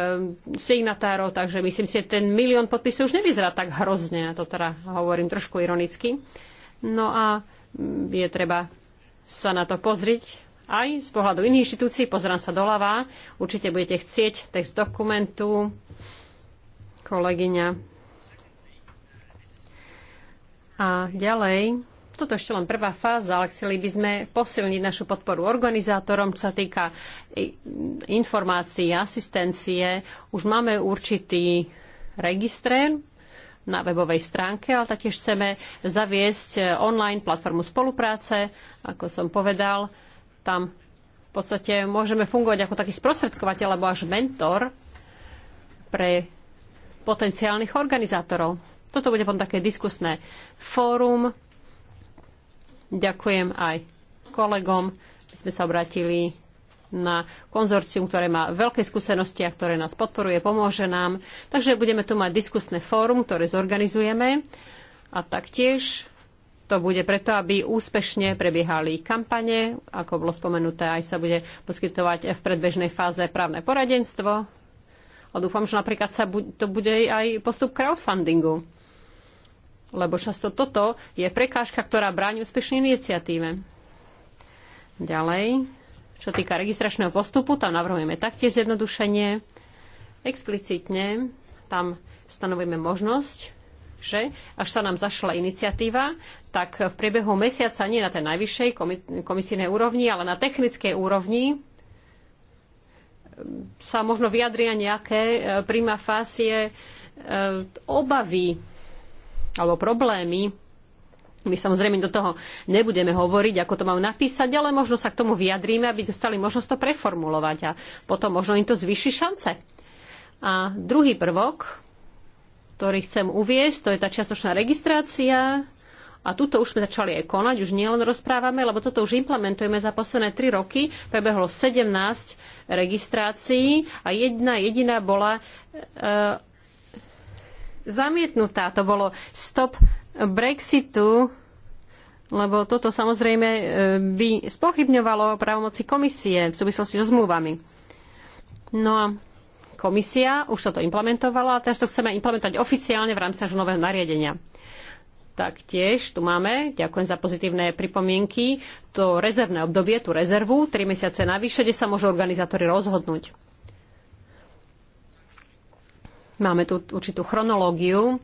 signatárov, takže myslím si, že ten milión podpisov už nevyzerá tak hrozne, ja to teda hovorím trošku ironicky. No a je treba sa na to pozrieť aj z pohľadu iných inštitúcií. Pozerám sa doľava. Určite budete chcieť text dokumentu. Kolegyňa. A ďalej, toto ešte len prvá fáza, ale chceli by sme posilniť našu podporu organizátorom, čo sa týka informácií, asistencie. Už máme určitý registrér na webovej stránke, ale taktiež chceme zaviesť online platformu spolupráce, ako som povedal tam v podstate môžeme fungovať ako taký sprostredkovateľ alebo až mentor pre potenciálnych organizátorov. Toto bude potom také diskusné fórum. Ďakujem aj kolegom. My sme sa obratili na konzorcium, ktoré má veľké skúsenosti a ktoré nás podporuje, pomôže nám. Takže budeme tu mať diskusné fórum, ktoré zorganizujeme a taktiež to bude preto, aby úspešne prebiehali kampane, ako bolo spomenuté, aj sa bude poskytovať v predbežnej fáze právne poradenstvo. A dúfam, že napríklad sa bu- to bude aj postup crowdfundingu, lebo často toto je prekážka, ktorá bráni úspešnej iniciatíve. Ďalej, čo týka registračného postupu, tam navrhujeme taktiež zjednodušenie. Explicitne tam stanovíme možnosť že až sa nám zašla iniciatíva, tak v priebehu mesiaca, nie na tej najvyššej komisijnej úrovni, ale na technickej úrovni, mm, sa možno vyjadria nejaké e, prima facie e, obavy alebo problémy. My samozrejme do toho nebudeme hovoriť, ako to mám napísať, ale možno sa k tomu vyjadríme, aby dostali možnosť to preformulovať a potom možno im to zvýši šance. A druhý prvok, ktorý chcem uviesť. To je tá čiastočná registrácia. A tuto už sme začali aj konať, už nielen rozprávame, lebo toto už implementujeme za posledné 3 roky. Prebehlo 17 registrácií a jedna jediná bola e, zamietnutá. To bolo stop Brexitu, lebo toto samozrejme e, by spochybňovalo právomoci komisie v súvislosti so zmluvami. No a komisia, už toto implementovala a teraz to chceme implementovať oficiálne v rámci nášho nového nariadenia. Taktiež tu máme, ďakujem za pozitívne pripomienky, to rezervné obdobie, tú rezervu, 3 mesiace navyše, kde sa môžu organizátori rozhodnúť. Máme tu určitú chronológiu,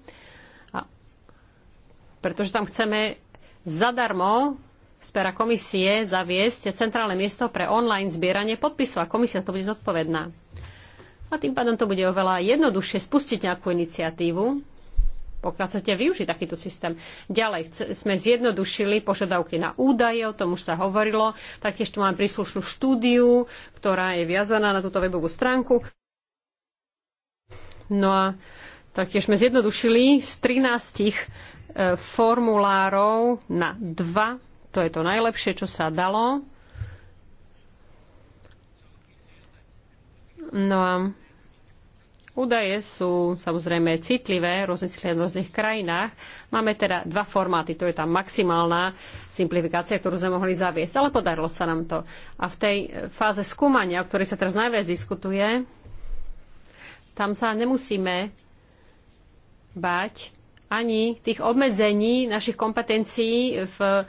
pretože tam chceme zadarmo z pera komisie zaviesť centrálne miesto pre online zbieranie podpisov a komisia to bude zodpovedná a tým pádom to bude oveľa jednoduchšie spustiť nejakú iniciatívu, pokiaľ chcete využiť takýto systém. Ďalej sme zjednodušili požiadavky na údaje, o tom už sa hovorilo. Taktiež tu máme príslušnú štúdiu, ktorá je viazaná na túto webovú stránku. No a taktiež sme zjednodušili z 13 e, formulárov na 2. To je to najlepšie, čo sa dalo. No a údaje sú samozrejme citlivé v rôznych, rôznych krajinách. Máme teda dva formáty. To je tá maximálna simplifikácia, ktorú sme mohli zaviesť, ale podarilo sa nám to. A v tej fáze skúmania, o ktorej sa teraz najviac diskutuje, tam sa nemusíme báť ani tých obmedzení našich kompetencií v e,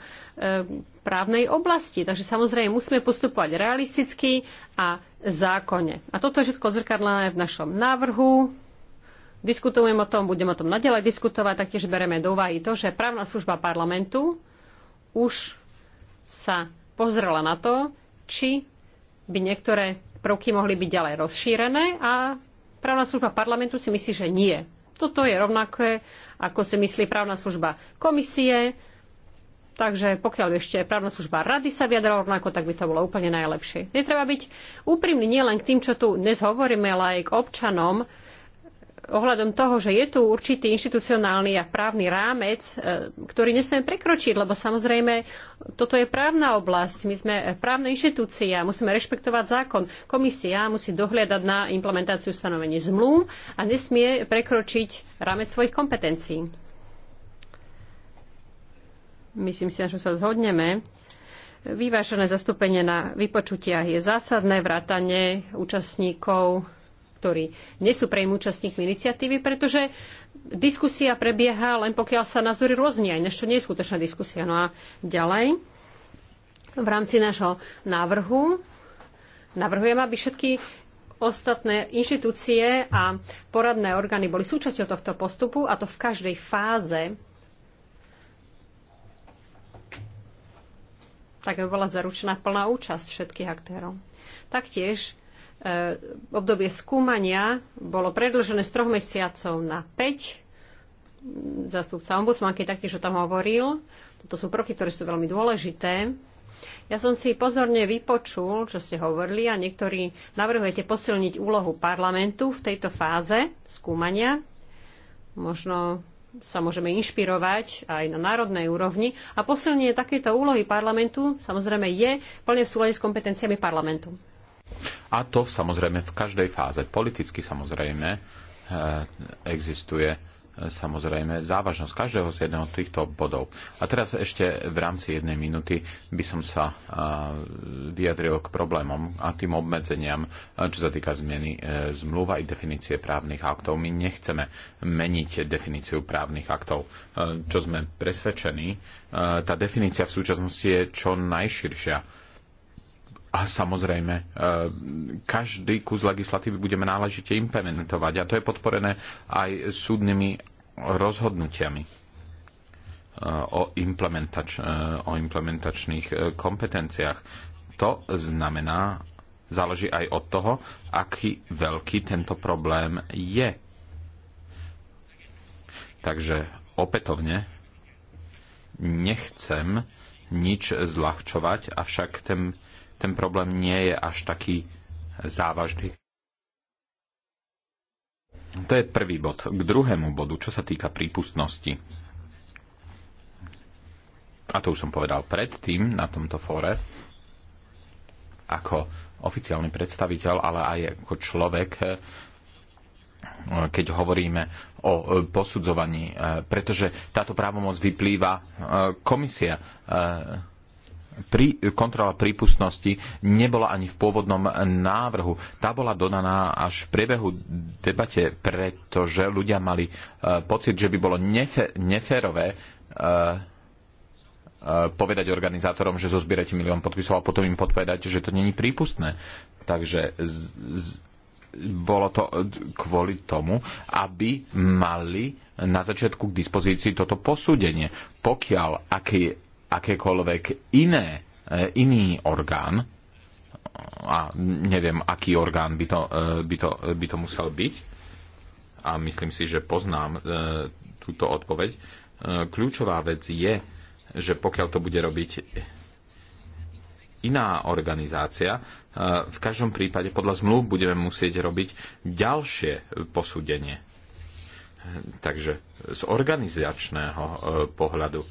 právnej oblasti. Takže samozrejme musíme postupovať realisticky a zákonne. A toto je všetko zrkadlené v našom návrhu. Diskutujeme o tom, budeme o tom nadalej diskutovať, taktiež bereme do úvahy to, že právna služba parlamentu už sa pozrela na to, či by niektoré prvky mohli byť ďalej rozšírené a právna služba parlamentu si myslí, že nie. Toto je rovnaké, ako si myslí právna služba komisie Takže pokiaľ ešte právna služba rady sa vyjadrala rovnako, tak by to bolo úplne najlepšie. Je treba byť úprimný nielen k tým, čo tu dnes hovoríme, ale aj k občanom eh, ohľadom toho, že je tu určitý inštitucionálny a právny rámec, eh, ktorý nesmieme prekročiť, lebo samozrejme toto je právna oblasť, my sme právna inštitúcia, musíme rešpektovať zákon. Komisia musí dohliadať na implementáciu stanovení zmluv a nesmie prekročiť rámec svojich kompetencií myslím si, že sa zhodneme. Vyvážené zastúpenie na vypočutiach je zásadné, vrátanie účastníkov, ktorí nie sú prejím účastníkmi iniciatívy, pretože diskusia prebieha len pokiaľ sa názory rôznia, než to nie je skutočná diskusia. No a ďalej, v rámci nášho návrhu navrhujem, aby všetky ostatné inštitúcie a poradné orgány boli súčasťou tohto postupu a to v každej fáze tak aby bola zaručená plná účasť všetkých aktérov. Taktiež e, obdobie skúmania bolo predlžené z troch mesiacov na 5. Zastupca ombudsmanky taktiež o tom hovoril. Toto sú kroky, ktoré sú veľmi dôležité. Ja som si pozorne vypočul, čo ste hovorili a niektorí navrhujete posilniť úlohu parlamentu v tejto fáze skúmania. Možno sa môžeme inšpirovať aj na národnej úrovni. A posilnenie takéto úlohy parlamentu samozrejme je plne v súlade s kompetenciami parlamentu. A to samozrejme v každej fáze. Politicky samozrejme eh, existuje samozrejme závažnosť každého z jedného z týchto bodov. A teraz ešte v rámci jednej minúty by som sa vyjadril k problémom a tým obmedzeniam, čo sa týka zmeny e, zmluva i definície právnych aktov. My nechceme meniť definíciu právnych aktov. E, čo sme presvedčení, e, tá definícia v súčasnosti je čo najširšia a samozrejme každý kus legislatívy budeme náležite implementovať a to je podporené aj súdnymi rozhodnutiami eh, o, implementač, eh, o implementačných eh, kompetenciách. To znamená, záleží aj od toho, aký veľký tento problém je. Takže opätovne nechcem nič zľahčovať, avšak ten, ten problém nie je až taký závažný. To je prvý bod. K druhému bodu, čo sa týka prípustnosti. A to už som povedal predtým na tomto fóre, ako oficiálny predstaviteľ, ale aj ako človek, eh, keď hovoríme o eh, posudzovaní, eh, pretože táto právomoc vyplýva komisia pri, kontrola prípustnosti nebola ani v pôvodnom návrhu. Tá bola dodaná až v priebehu debate, pretože ľudia mali e, pocit, že by bolo neférové e, e, povedať organizátorom, že zozbierate milión podpisov a potom im podpovedať, že to není prípustné. Takže z, z, bolo to kvôli tomu, aby mali na začiatku k dispozícii toto posúdenie. Pokiaľ aký akékoľvek iné, e, iný orgán, a neviem, aký orgán by to, e, by to, e, by to musel byť, a myslím si, že poznám túto odpoveď, kľúčová vec je, že pokiaľ to bude robiť iná organizácia, v každom prípade podľa zmluv budeme musieť robiť ďalšie posúdenie. Takže z organizačného pohľadu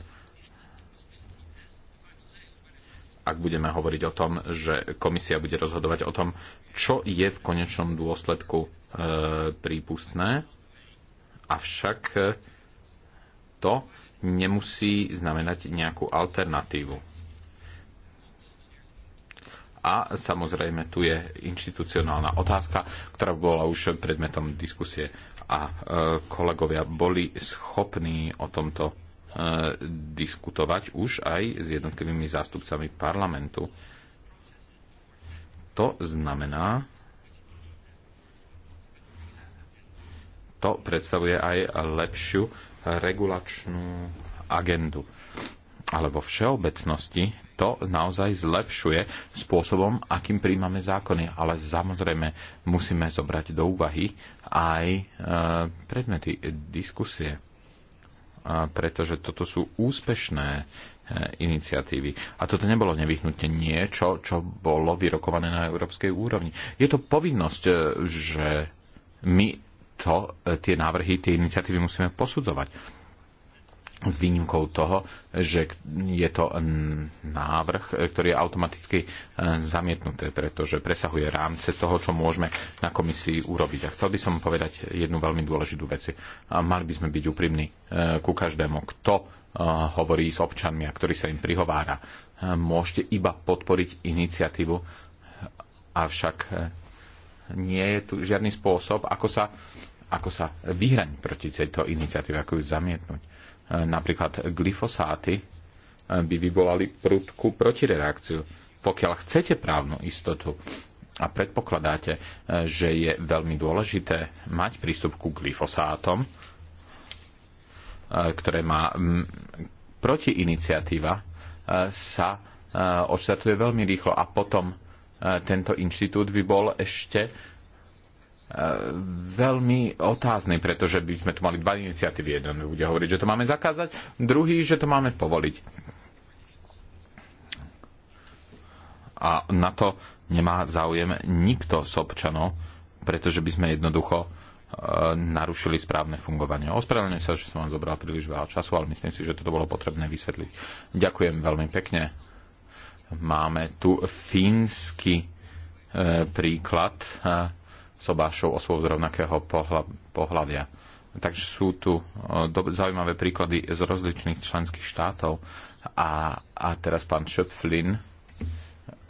ak budeme hovoriť o tom, že komisia bude rozhodovať o tom, čo je v konečnom dôsledku e, prípustné, avšak e, to nemusí znamenať nejakú alternatívu. A samozrejme tu je inštitucionálna otázka, ktorá bola už predmetom diskusie a e, kolegovia boli schopní o tomto diskutovať už aj s jednotlivými zástupcami parlamentu. To znamená, to predstavuje aj lepšiu regulačnú agendu. Ale vo všeobecnosti to naozaj zlepšuje spôsobom, akým príjmame zákony. Ale samozrejme musíme zobrať do úvahy aj e, predmety diskusie pretože toto sú úspešné e, iniciatívy. A toto nebolo nevyhnutne niečo, čo bolo vyrokované na európskej úrovni. Je to povinnosť, e, že my to, e, tie návrhy, tie iniciatívy musíme posudzovať s výnimkou toho, že je to mm, návrh, e, ktorý je automaticky e, zamietnuté, pretože presahuje rámce toho, čo môžeme na komisii urobiť. A chcel by som povedať jednu veľmi dôležitú vec. Mali by sme byť úprimní e, ku každému, kto hovorí s občanmi a ktorý sa im prihovára. Môžete iba podporiť iniciatívu, avšak nie je tu žiadny spôsob, ako sa, ako sa vyhraň proti tejto iniciatíve, ako ju zamietnúť napríklad glyfosáty, eh, by vyvolali prudkú protireakciu. Pokiaľ chcete právnu istotu a predpokladáte, eh, že je veľmi dôležité mať prístup ku glyfosátom, eh, ktoré má mm, protiiniciatíva, sa odštartuje veľmi rýchlo a potom tento inštitút by bol ešte veľmi otázny, pretože by sme tu mali dva iniciatívy. Jeden bude hovoriť, že to máme zakázať, druhý, že to máme povoliť. A na to nemá záujem nikto z občanov, pretože by sme jednoducho e, narušili správne fungovanie. Ospravedlňujem sa, že som vám zobral príliš veľa času, ale myslím si, že toto bolo potrebné vysvetliť. Ďakujem veľmi pekne. Máme tu fínsky e, príklad e, sobášov osôb z rovnakého pohľavia. Takže sú tu e, zaujímavé príklady z rozličných členských štátov. A, a teraz pán Schöpflin,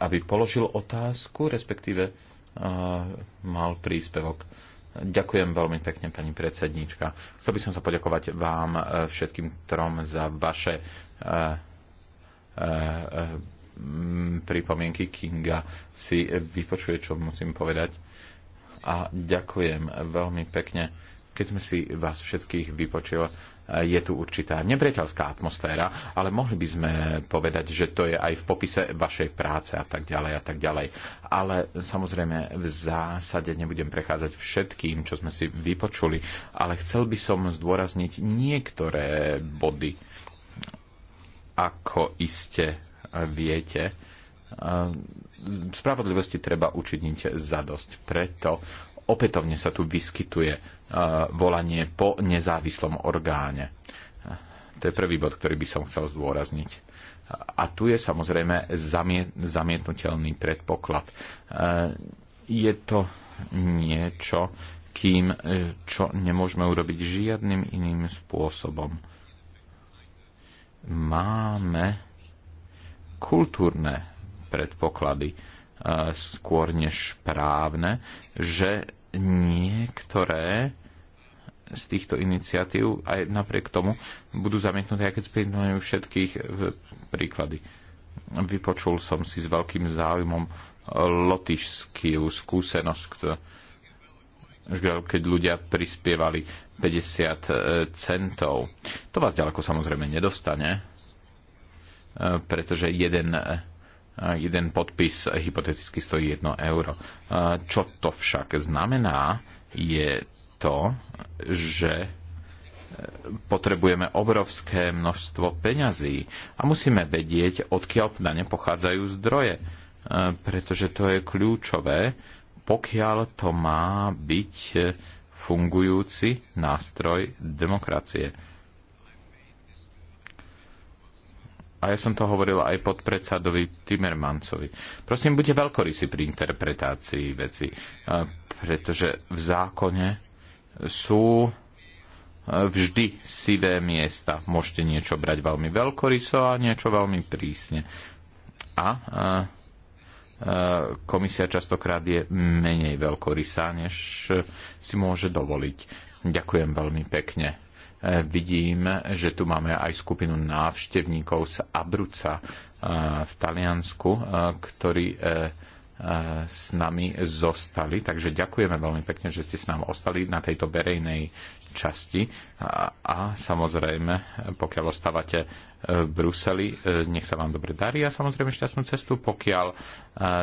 aby položil otázku, respektíve uh, mal príspevok. Ďakujem veľmi pekne, pani predsedníčka. Chcel by som sa poďakovať vám e, všetkým trom za vaše uh, uh, pripomienky Kinga si vypočuje, čo musím povedať a ďakujem veľmi pekne. Keď sme si vás všetkých vypočili, je tu určitá nepriateľská atmosféra, ale mohli by sme povedať, že to je aj v popise vašej práce a tak ďalej a tak ďalej. Ale samozrejme v zásade nebudem prechádzať všetkým, čo sme si vypočuli, ale chcel by som zdôrazniť niektoré body. Ako iste viete, spravodlivosti treba učiniť zadosť. Preto opätovne sa tu vyskytuje volanie po nezávislom orgáne. To je prvý bod, ktorý by som chcel zdôrazniť. A tu je samozrejme zamietnutelný predpoklad. E, je to niečo, kým, e, čo nemôžeme urobiť žiadnym iným spôsobom. Máme kultúrne predpoklady e, skôr než právne, že niektoré z týchto iniciatív aj napriek tomu budú zamietnuté, aj keď spýtajú všetkých e, príklady. Vypočul som si s veľkým záujmom lotišskú skúsenosť, keď ľudia prispievali 50 e, centov. To vás ďaleko samozrejme nedostane, pretože jeden jeden podpis hypoteticky stojí 1 euro. Čo to však znamená, je to, že e, potrebujeme obrovské množstvo peňazí a musíme vedieť, odkiaľ dane pochádzajú zdroje, e, pretože to je kľúčové, pokiaľ to má byť e, fungujúci nástroj demokracie a ja som to hovoril aj podpredsadovi Timmermansovi. Prosím, buďte veľkorysi pri interpretácii veci, pretože v zákone sú e, vždy sivé miesta. Môžete niečo brať veľmi veľkoryso a niečo veľmi prísne. A e, e, komisia častokrát je menej veľkorysá, než si môže dovoliť. Ďakujem veľmi pekne. E, vidím, že tu máme aj skupinu návštevníkov z Abruca e, v Taliansku, e, ktorí s nami zostali. Takže ďakujeme veľmi pekne, že ste s nám ostali na tejto verejnej časti. A, a samozrejme, pokiaľ ostávate v Bruseli, nech sa vám dobre darí a samozrejme šťastnú cestu, pokiaľ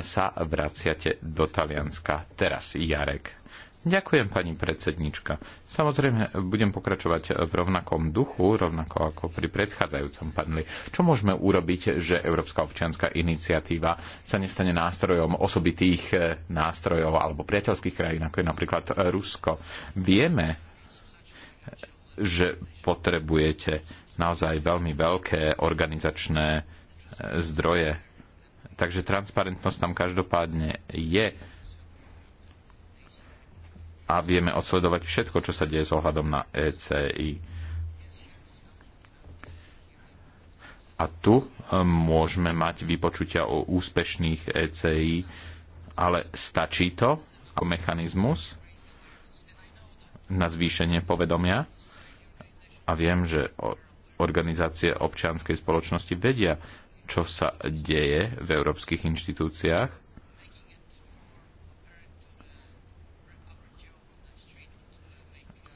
sa vraciate do Talianska. Teraz Jarek. Ďakujem, pani predsednička. Samozrejme, budem pokračovať v rovnakom duchu, rovnako ako pri predchádzajúcom paneli. Čo môžeme urobiť, že Európska občianská iniciatíva sa nestane nástrojom osobitých eh, nástrojov alebo priateľských krajín, ako je napríklad eh, Rusko? Vieme, že potrebujete naozaj veľmi veľké organizačné eh, zdroje. Takže transparentnosť tam každopádne je a vieme odsledovať všetko, čo sa deje s ohľadom na ECI. A tu e, môžeme mať vypočutia o úspešných ECI, ale stačí to ako mechanizmus na zvýšenie povedomia? A viem, že organizácie občianskej spoločnosti vedia, čo sa deje v európskych inštitúciách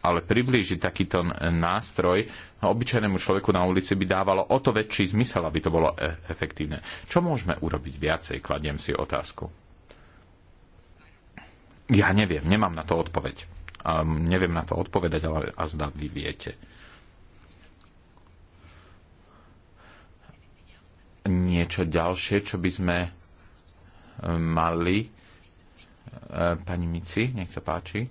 ale priblížiť takýto nástroj obyčajnému človeku na ulici by dávalo o to väčší zmysel, aby to bolo e efektívne. Čo môžeme urobiť viacej? Kladiem si otázku. Ja neviem, nemám na to odpoveď. Um, neviem na to odpovedať, ale a zda vy viete. Niečo ďalšie, čo by sme e, mali. E, pani Mici, nech sa páči.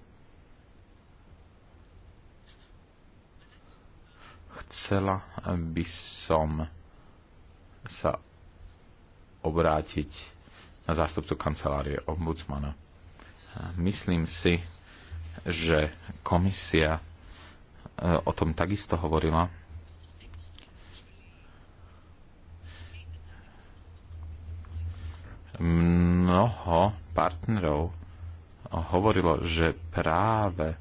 Chcela by som sa obrátiť na zástupcu kancelárie ombudsmana. Myslím si, že komisia e, o tom takisto hovorila. Mnoho partnerov hovorilo, že práve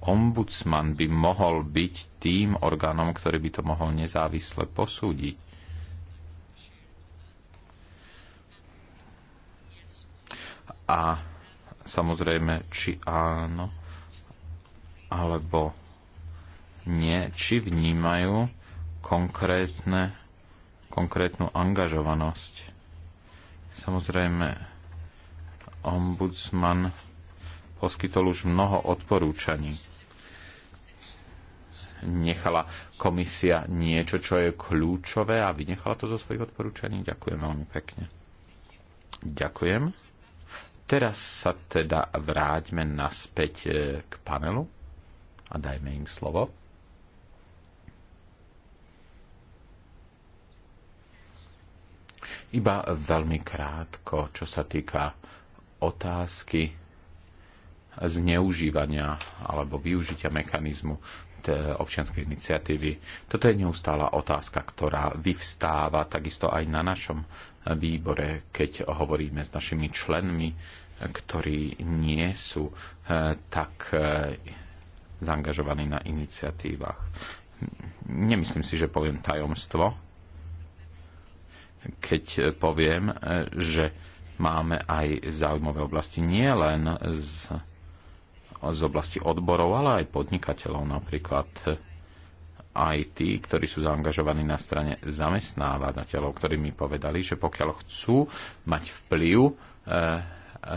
ombudsman by mohol byť tým orgánom, ktorý by to mohol nezávisle posúdiť. A samozrejme, či áno, alebo nie, či vnímajú konkrétne, konkrétnu angažovanosť. Samozrejme, ombudsman poskytol už mnoho odporúčaní nechala komisia niečo, čo je kľúčové a vynechala to zo svojich odporúčaní? Ďakujem veľmi pekne. Ďakujem. Teraz sa teda vráťme naspäť e, k panelu a dajme im slovo. Iba veľmi krátko, čo sa týka otázky zneužívania alebo využitia mechanizmu Eh, občianskej iniciatívy. Toto je neustála otázka, ktorá vyvstáva takisto aj na našom eh, výbore, keď hovoríme s našimi členmi, eh, ktorí nie sú tak zaangažovaní na iniciatívach. Nemyslím si, že poviem tajomstvo, keď poviem, že máme aj zaujímavé oblasti nielen z z oblasti odborov, ale aj podnikateľov, napríklad aj tí, ktorí sú zaangažovaní na strane zamestnávateľov, ktorí mi povedali, že pokiaľ chcú mať vplyv eh,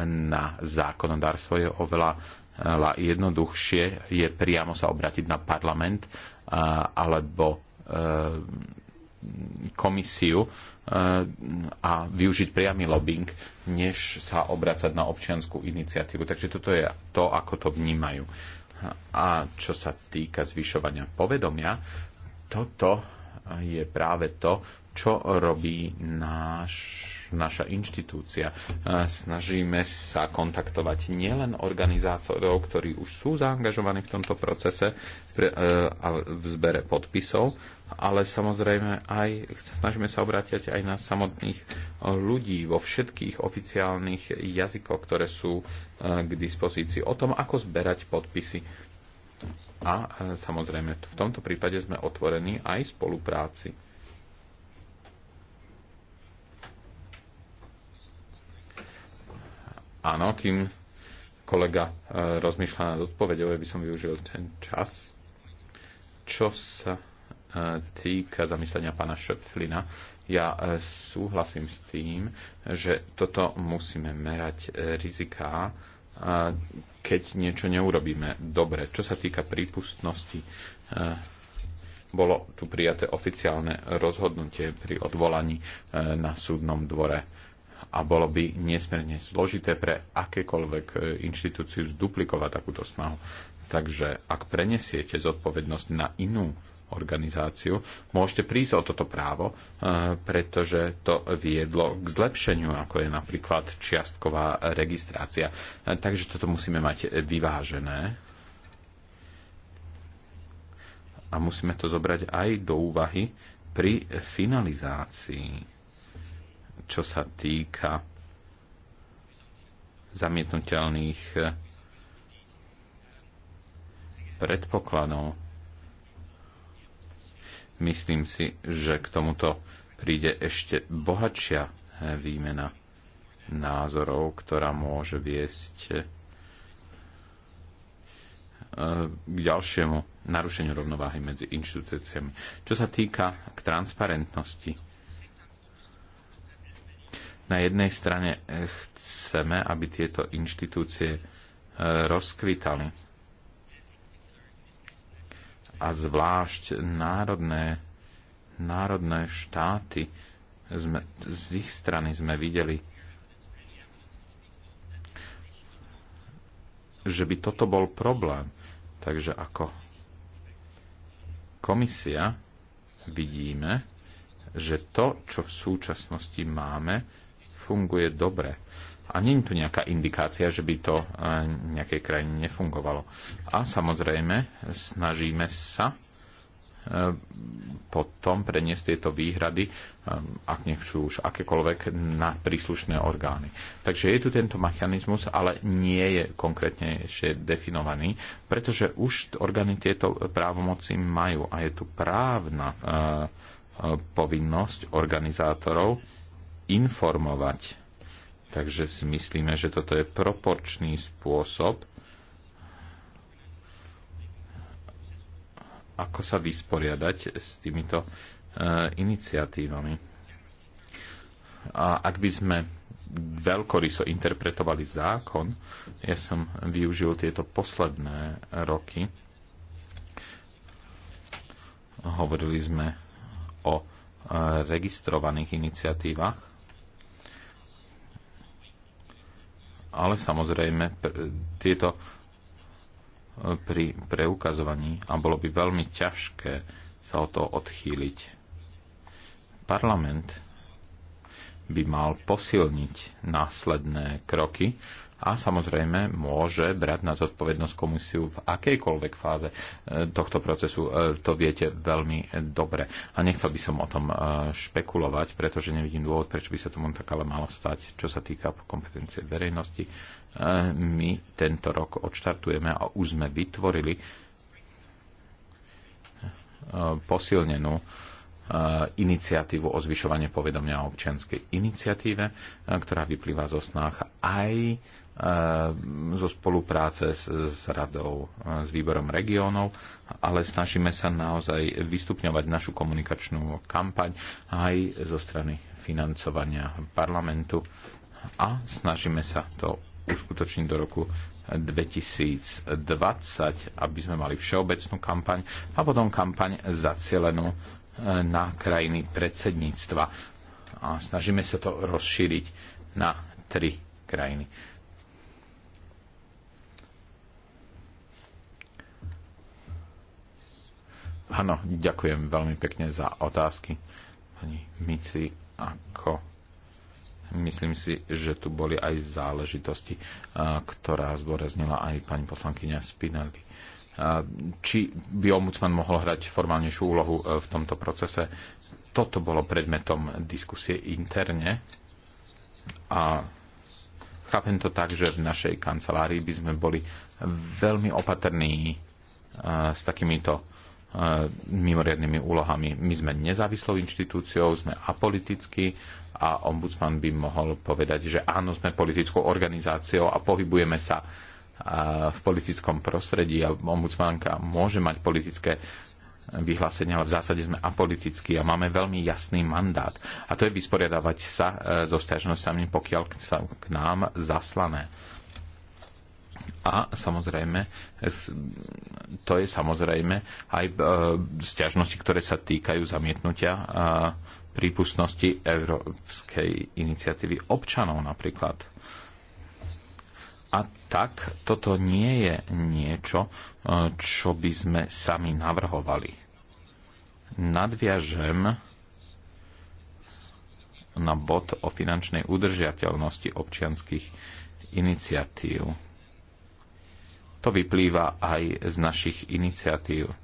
na zákonodárstvo, je oveľa eh, jednoduchšie je priamo sa obratiť na parlament eh, alebo komisiu e, a využiť priamy lobbying, než sa obracať na občianskú iniciatívu. Takže toto je to, ako to vnímajú. A čo sa týka zvyšovania povedomia, toto je práve to, čo robí náš, naša inštitúcia. E, snažíme sa kontaktovať nielen organizátorov, ktorí už sú zaangažovaní v tomto procese e, a v zbere podpisov, ale samozrejme aj snažíme sa obrátiť aj na samotných eh, ľudí vo všetkých oficiálnych jazykoch, ktoré sú eh, k dispozícii o tom, ako zberať podpisy. A eh, samozrejme, v tomto prípade sme otvorení aj spolupráci. Áno, kým kolega rozmýšľa nad odpovedou, aby by som využil ten čas. Čo sa týka zamyslenia pána Šöpflina. Ja e, súhlasím s tým, že toto musíme merať e, riziká, keď niečo neurobíme dobre. Čo sa týka prípustnosti, e, bolo tu prijaté oficiálne rozhodnutie pri odvolaní na súdnom dvore a bolo by nesmierne zložité pre akékoľvek inštitúciu zduplikovať takúto snahu. Takže ak prenesiete zodpovednosť na inú organizáciu, môžete prísť o toto právo, eh, pretože to viedlo k zlepšeniu, ako je napríklad čiastková registrácia. Eh, takže toto musíme mať vyvážené a musíme to zobrať aj do úvahy pri finalizácii, čo sa týka zamietnutelných eh, predpokladov Myslím si, že k tomuto príde ešte bohatšia eh, výmena názorov, ktorá môže viesť eh, k ďalšiemu narušeniu rovnováhy medzi inštitúciami. Čo sa týka k transparentnosti, na jednej strane eh, chceme, aby tieto inštitúcie rozkvitali a zvlášť národné, národné štáty sme, z ich strany sme videli, že by toto bol problém. Takže ako komisia vidíme, že to, čo v súčasnosti máme, funguje dobre a nie je tu nejaká indikácia, že by to e, nejakej krajine nefungovalo. A samozrejme, snažíme sa e, potom preniesť tieto výhrady, e, ak nechcú už akékoľvek, na príslušné orgány. Takže je tu tento mechanizmus, ale nie je konkrétne ešte definovaný, pretože už orgány tieto právomoci majú a je tu právna povinnosť organizátorov informovať Takže si myslíme, že toto je proporčný spôsob, ako sa vysporiadať s týmito e, iniciatívami. A ak by sme veľkoryso interpretovali zákon, ja som využil tieto posledné roky. Hovorili sme o e, registrovaných iniciatívach ale samozrejme tieto e, pri preukazovaní a bolo by veľmi ťažké sa o to odchýliť. Parlament by mal posilniť následné kroky a samozrejme môže brať na zodpovednosť komisiu v akejkoľvek fáze e, tohto procesu. E, to viete veľmi e, dobre. A nechcel by som o tom špekulovať, pretože nevidím dôvod, prečo by sa tomu tak ale malo stať, čo sa týka kompetencie verejnosti. My tento rok odštartujeme a už sme vytvorili posilnenú iniciatívu o zvyšovanie povedomia o občianskej iniciatíve, ktorá vyplýva zo snách aj Ehm, zo spolupráce s, s radou, e, s výborom regiónov, ale snažíme sa naozaj vystupňovať našu komunikačnú kampaň aj zo strany financovania parlamentu a snažíme sa to uskutočniť do roku 2020, aby sme mali všeobecnú kampaň a potom kampaň zacielenú e, na krajiny predsedníctva. A snažíme sa to rozšíriť na tri krajiny. Áno, ďakujem veľmi pekne za otázky. Pani Mici, ako myslím si, že tu boli aj záležitosti, ktorá zdôraznila aj pani poslankyňa Spinelli. Či by ombudsman mohol hrať formálnejšiu úlohu e, v tomto procese? Toto bolo predmetom diskusie interne a chápem to tak, že v našej kancelárii by sme boli veľmi opatrní e, s takýmito mimoriadnými úlohami. My sme nezávislou inštitúciou, sme apolitickí a ombudsman by mohol povedať, že áno, sme politickou organizáciou a pohybujeme sa v politickom prostredí a ombudsmanka môže mať politické vyhlásenia, ale v zásade sme apolitickí a máme veľmi jasný mandát. A to je vysporiadavať sa e, so stiažnosťami, pokiaľ sa k nám zaslané. A samozrejme, to je samozrejme aj e, sťažnosti, ktoré sa týkajú zamietnutia e, prípustnosti Európskej iniciatívy občanov napríklad. A tak toto nie je niečo, e, čo by sme sami navrhovali. Nadviažem na bod o finančnej udržateľnosti občianských iniciatív to vyplýva aj z našich iniciatív.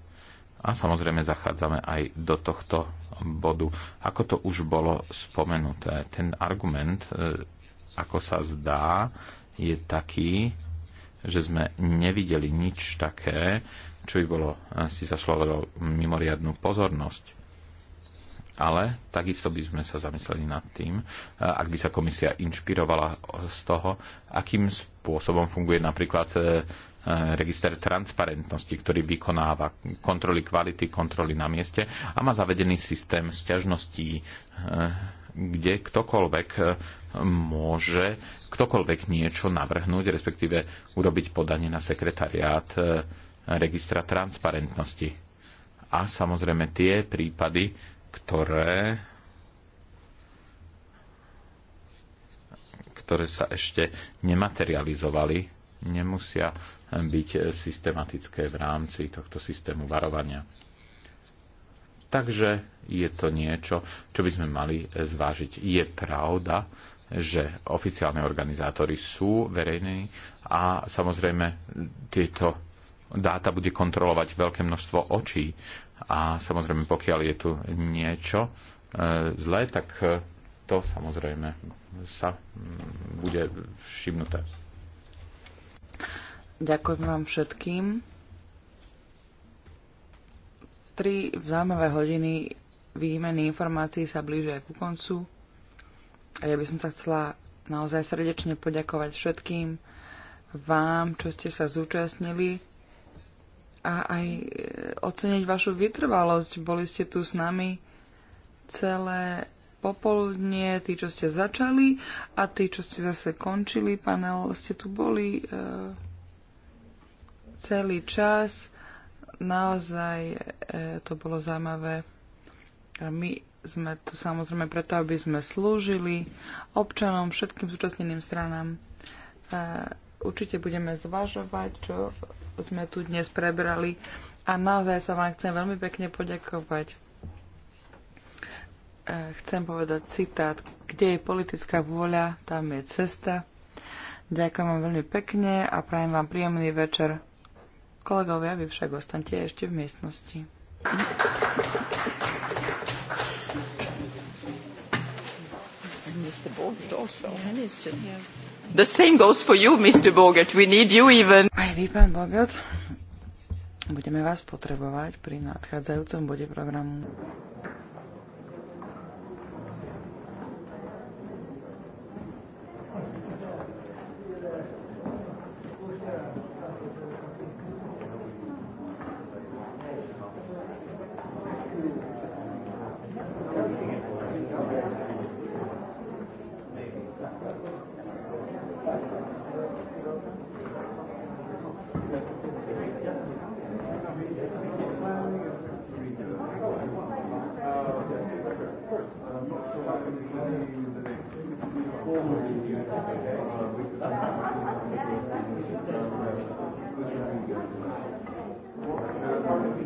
A samozrejme zachádzame aj do tohto bodu. Ako to už bolo spomenuté, ten argument, e, ako sa zdá, je taký, že sme nevideli nič také, čo by bolo, e, si zašlovalo mimoriadnú pozornosť. Ale takisto by sme sa zamysleli nad tým, e, ak by sa komisia inšpirovala z toho, akým spôsobom funguje napríklad E, register transparentnosti, ktorý vykonáva kontroly kvality, kontroly na mieste a má zavedený systém sťažností, e, kde ktokoľvek e, môže ktokoľvek niečo navrhnúť, respektíve urobiť podanie na sekretariát registra transparentnosti. A samozrejme tie prípady, ktoré ktoré sa ešte nematerializovali, nemusia byť eh, systematické v rámci tohto systému varovania. Takže je to niečo, čo by sme mali eh, zvážiť. Je pravda, že oficiálne organizátory sú verejní a samozrejme eh, tieto dáta bude kontrolovať veľké množstvo očí. A samozrejme, pokiaľ je tu niečo zlé, tak to samozrejme sa mm, bude všimnuté. Ďakujem vám všetkým. Tri zaujímavé hodiny výmeny informácií sa blížia aj ku koncu. A ja by som sa chcela naozaj srdečne poďakovať všetkým vám, čo ste sa zúčastnili a aj e, oceniť vašu vytrvalosť. Boli ste tu s nami celé popoludne, tí, čo ste začali a tí, čo ste zase končili panel, ste tu boli. E celý čas. Naozaj e, to bolo zaujímavé. My sme tu samozrejme preto, aby sme slúžili občanom, všetkým súčasneným stranám. E, určite budeme zvažovať, čo sme tu dnes prebrali a naozaj sa vám chcem veľmi pekne poďakovať. E, chcem povedať citát, kde je politická vôľa, tam je cesta. Ďakujem vám veľmi pekne a prajem vám príjemný večer. Kolegovia, vy však ostaňte ešte v miestnosti. Mr. Borgert also. The same goes for you, Mr. Borgert. We need you even. Aj vy, pán Borgert. Budeme vás potrebovať pri nadchádzajúcom bode programu.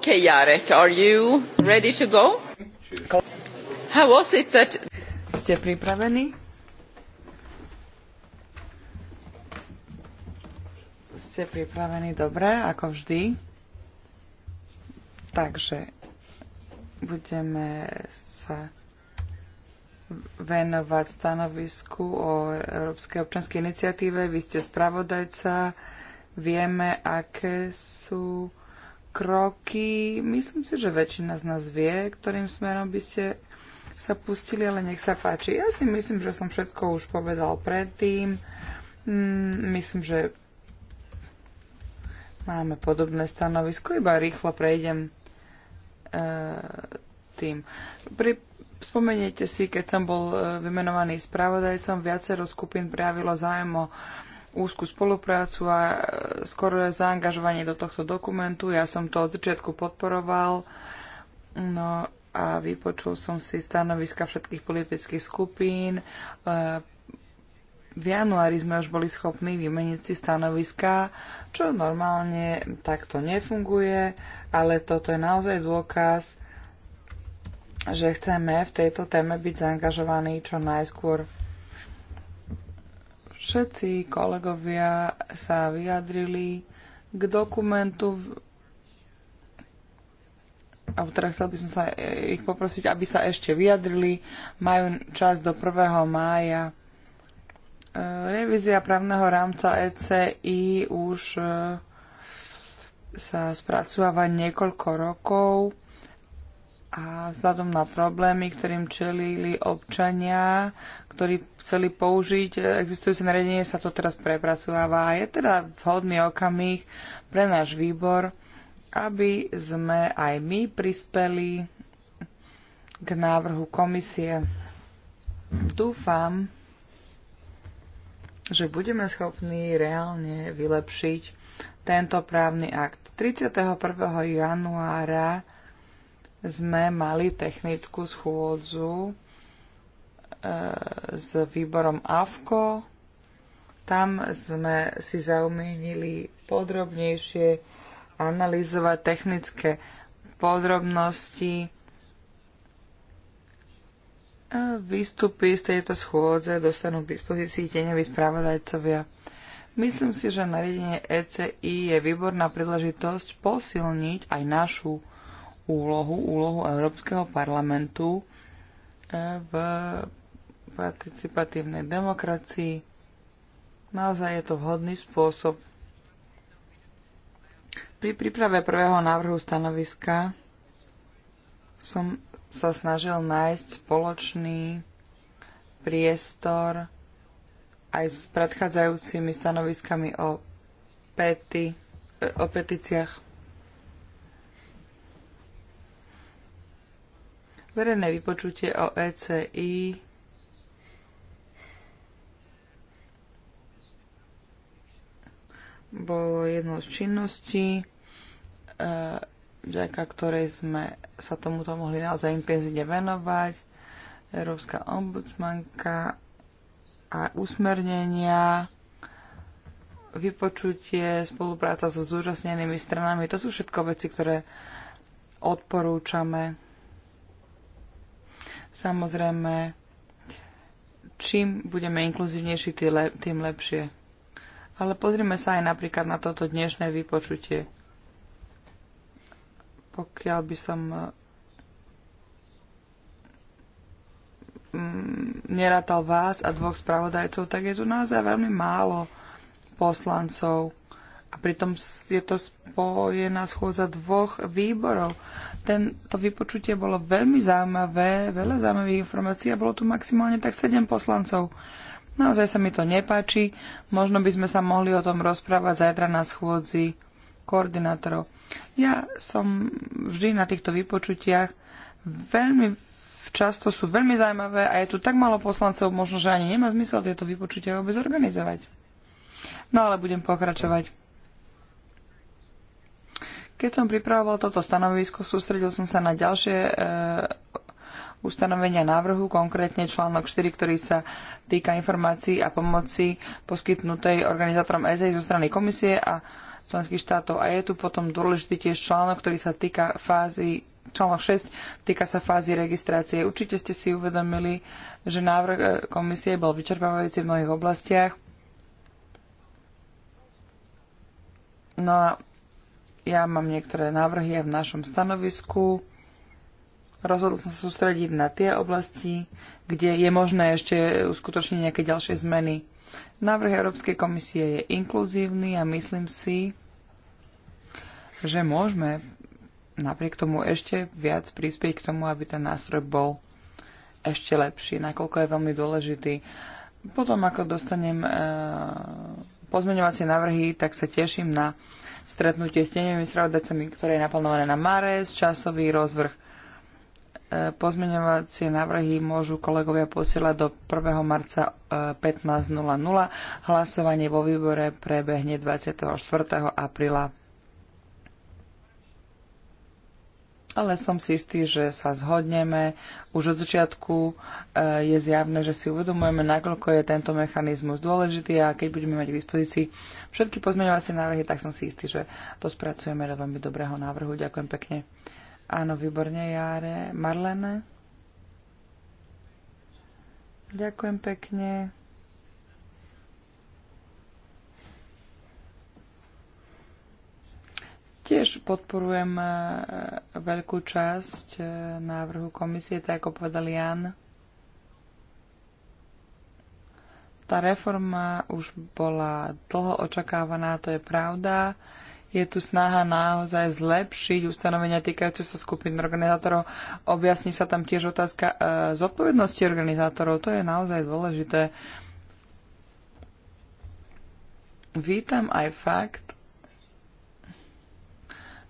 Ste pripravení? Ste pripravení dobre, ako vždy. Takže budeme sa venovať stanovisku o Európskej občanskej iniciatíve. Vy ste spravodajca. Vieme, aké sú kroky, myslím si, že väčšina z nás vie, ktorým smerom by ste sa pustili, ale nech sa páči. Ja si myslím, že som všetko už povedal predtým. Mm, myslím, že máme podobné stanovisko, iba rýchlo prejdem e, tým. Pri, spomeniete si, keď som bol e, vymenovaný spravodajcom, viacero skupín prejavilo zájem o úzku spoluprácu a e, je zaangažovanie do tohto dokumentu. Ja som to od začiatku podporoval. No a vypočul som si stanoviska všetkých politických skupín. E, v januári sme už boli schopní vymeniť si stanoviska, čo normálne takto nefunguje, ale toto je naozaj dôkaz, že chceme v tejto téme byť zaangažovaní čo najskôr. Všetci kolegovia sa vyjadrili k dokumentu a teda chcel by som sa ich poprosiť, aby sa ešte vyjadrili. Majú čas do 1. mája. E, revízia právneho rámca ECI už e, sa spracováva niekoľko rokov a vzhľadom na problémy, ktorým čelili občania, ktorí chceli použiť e, existujúce nariadenie, sa to teraz prepracováva a je teda vhodný okamih pre náš výbor, aby sme aj my prispeli k návrhu komisie. Dúfam, že budeme schopní reálne vylepšiť tento právny akt. 31. januára sme mali technickú schôdzu e, s výborom AFKO. Tam sme si zaumienili podrobnejšie analyzovať technické podrobnosti. Výstupy z tejto schôdze dostanú k dispozícii tieňoví spravodajcovia. Myslím si, že nariadenie ECI je výborná príležitosť posilniť aj našu úlohu, úlohu Európskeho parlamentu eh, v participatívnej demokracii. Naozaj je to vhodný spôsob. Pri príprave prvého návrhu stanoviska som sa snažil nájsť spoločný priestor aj s predchádzajúcimi stanoviskami o, peti, o petíciách. verejné vypočutie o ECI bolo jednou z činností, e, vďaka ktorej sme sa tomuto mohli naozaj intenzívne venovať. Európska ombudsmanka a usmernenia, vypočutie, spolupráca so zúčastnenými stranami, to sú všetko veci, ktoré odporúčame Samozrejme, čím budeme inkluzívnejší, tým lepšie. Ale pozrime sa aj napríklad na toto dnešné vypočutie. Pokiaľ by som eh, mm, nerátal vás a dvoch spravodajcov, tak je tu naozaj veľmi málo poslancov. A pritom je to spojená schôdza dvoch výborov. Tento vypočutie bolo veľmi zaujímavé, veľa zaujímavých informácií a bolo tu maximálne tak 7 poslancov. Naozaj sa mi to nepáči. Možno by sme sa mohli o tom rozprávať zajtra na schôdzi koordinátorov. Ja som vždy na týchto vypočutiach veľmi často sú veľmi zaujímavé a je tu tak málo poslancov, možno, že ani nemá zmysel tieto vypočutia vôbec organizovať. No ale budem pokračovať. Keď som pripravoval toto stanovisko, sústredil som sa na ďalšie e, ustanovenia návrhu, konkrétne článok 4, ktorý sa týka informácií a pomoci poskytnutej organizátorom EZ zo strany komisie a členských štátov. A je tu potom dôležitý tiež článok, ktorý sa týka fázy článok 6 týka sa fázy registrácie. Určite ste si uvedomili, že návrh eh, komisie bol vyčerpávajúci v mnohých oblastiach. No a ja mám niektoré návrhy aj v našom stanovisku. Rozhodol som sa sústrediť na tie oblasti, kde je možné ešte uskutočniť nejaké ďalšie zmeny. Návrh Európskej komisie je inkluzívny a myslím si, že môžeme napriek tomu ešte viac prispieť k tomu, aby ten nástroj bol ešte lepší, nakoľko je veľmi dôležitý. Potom, ako dostanem e, pozmeňovacie návrhy, tak sa teším na stretnutie s tenevými spravodajcami, ktoré je naplánované na Mares, časový rozvrh. E, pozmeňovacie návrhy môžu kolegovia posielať do 1. marca 15.00. E, Hlasovanie vo výbore prebehne 24. apríla ale som si istý, že sa zhodneme. Už od začiatku e, je zjavné, že si uvedomujeme, nakoľko je tento mechanizmus dôležitý a keď budeme mať k dispozícii všetky pozmeňovacie návrhy, tak som si istý, že to spracujeme do veľmi dobrého návrhu. Ďakujem pekne. Áno, výborne, Jare. Marlene? Ďakujem pekne. Tiež podporujem e, veľkú časť e, návrhu komisie, tak ako povedal Jan. Tá reforma už bola dlho očakávaná, to je pravda. Je tu snaha naozaj zlepšiť ustanovenia týkajúce sa skupín organizátorov. Objasní sa tam tiež otázka e, zodpovednosti organizátorov. To je naozaj dôležité. Vítam aj fakt,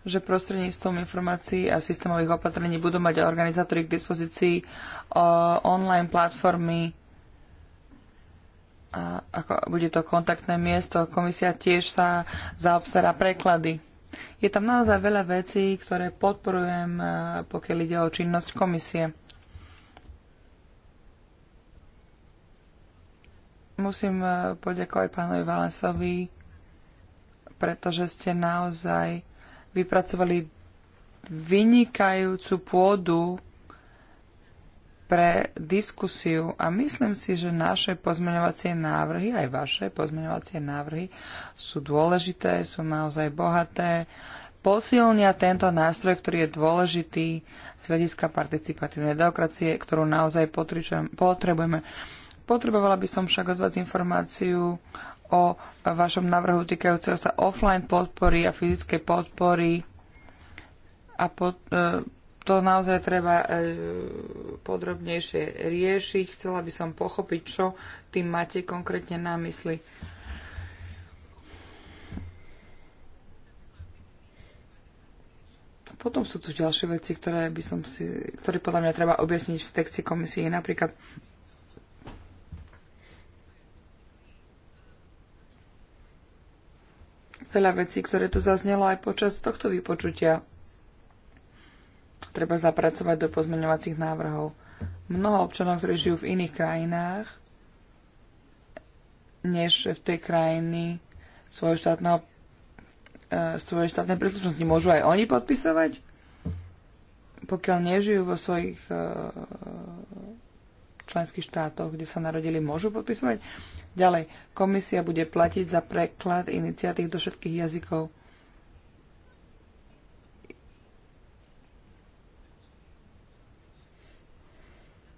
že prostredníctvom informácií a systémových opatrení budú mať organizátori k dispozícii uh, online platformy a ako bude to kontaktné miesto. Komisia tiež sa zaobstará preklady. Je tam naozaj veľa vecí, ktoré podporujem, uh, pokiaľ ide o činnosť komisie. Musím uh, poďakovať pánovi Valensovi, pretože ste naozaj vypracovali vynikajúcu pôdu pre diskusiu a myslím si, že naše pozmeňovacie návrhy, aj vaše pozmeňovacie návrhy sú dôležité, sú naozaj bohaté, posilnia tento nástroj, ktorý je dôležitý z hľadiska participatívnej demokracie, ktorú naozaj potrebujeme. Potrebovala by som však od vás informáciu o vašom návrhu týkajúceho sa offline podpory a fyzickej podpory a pod, e, to naozaj treba e, podrobnejšie riešiť. Chcela by som pochopiť, čo tým máte konkrétne na mysli. Potom sú tu ďalšie veci, ktoré, by som si, ktoré podľa mňa treba objasniť v texte komisie. Napríklad veľa vecí, ktoré tu zaznelo aj počas tohto vypočutia. Treba zapracovať do pozmeňovacích návrhov. Mnoho občanov, ktorí žijú v iných krajinách, než v tej krajiny svojho štátneho e, svoje štátnej príslušnosti môžu aj oni podpisovať, pokiaľ nežijú vo svojich e, členských štátoch, kde sa narodili, môžu podpisovať. Ďalej, komisia bude platiť za preklad iniciatív do všetkých jazykov.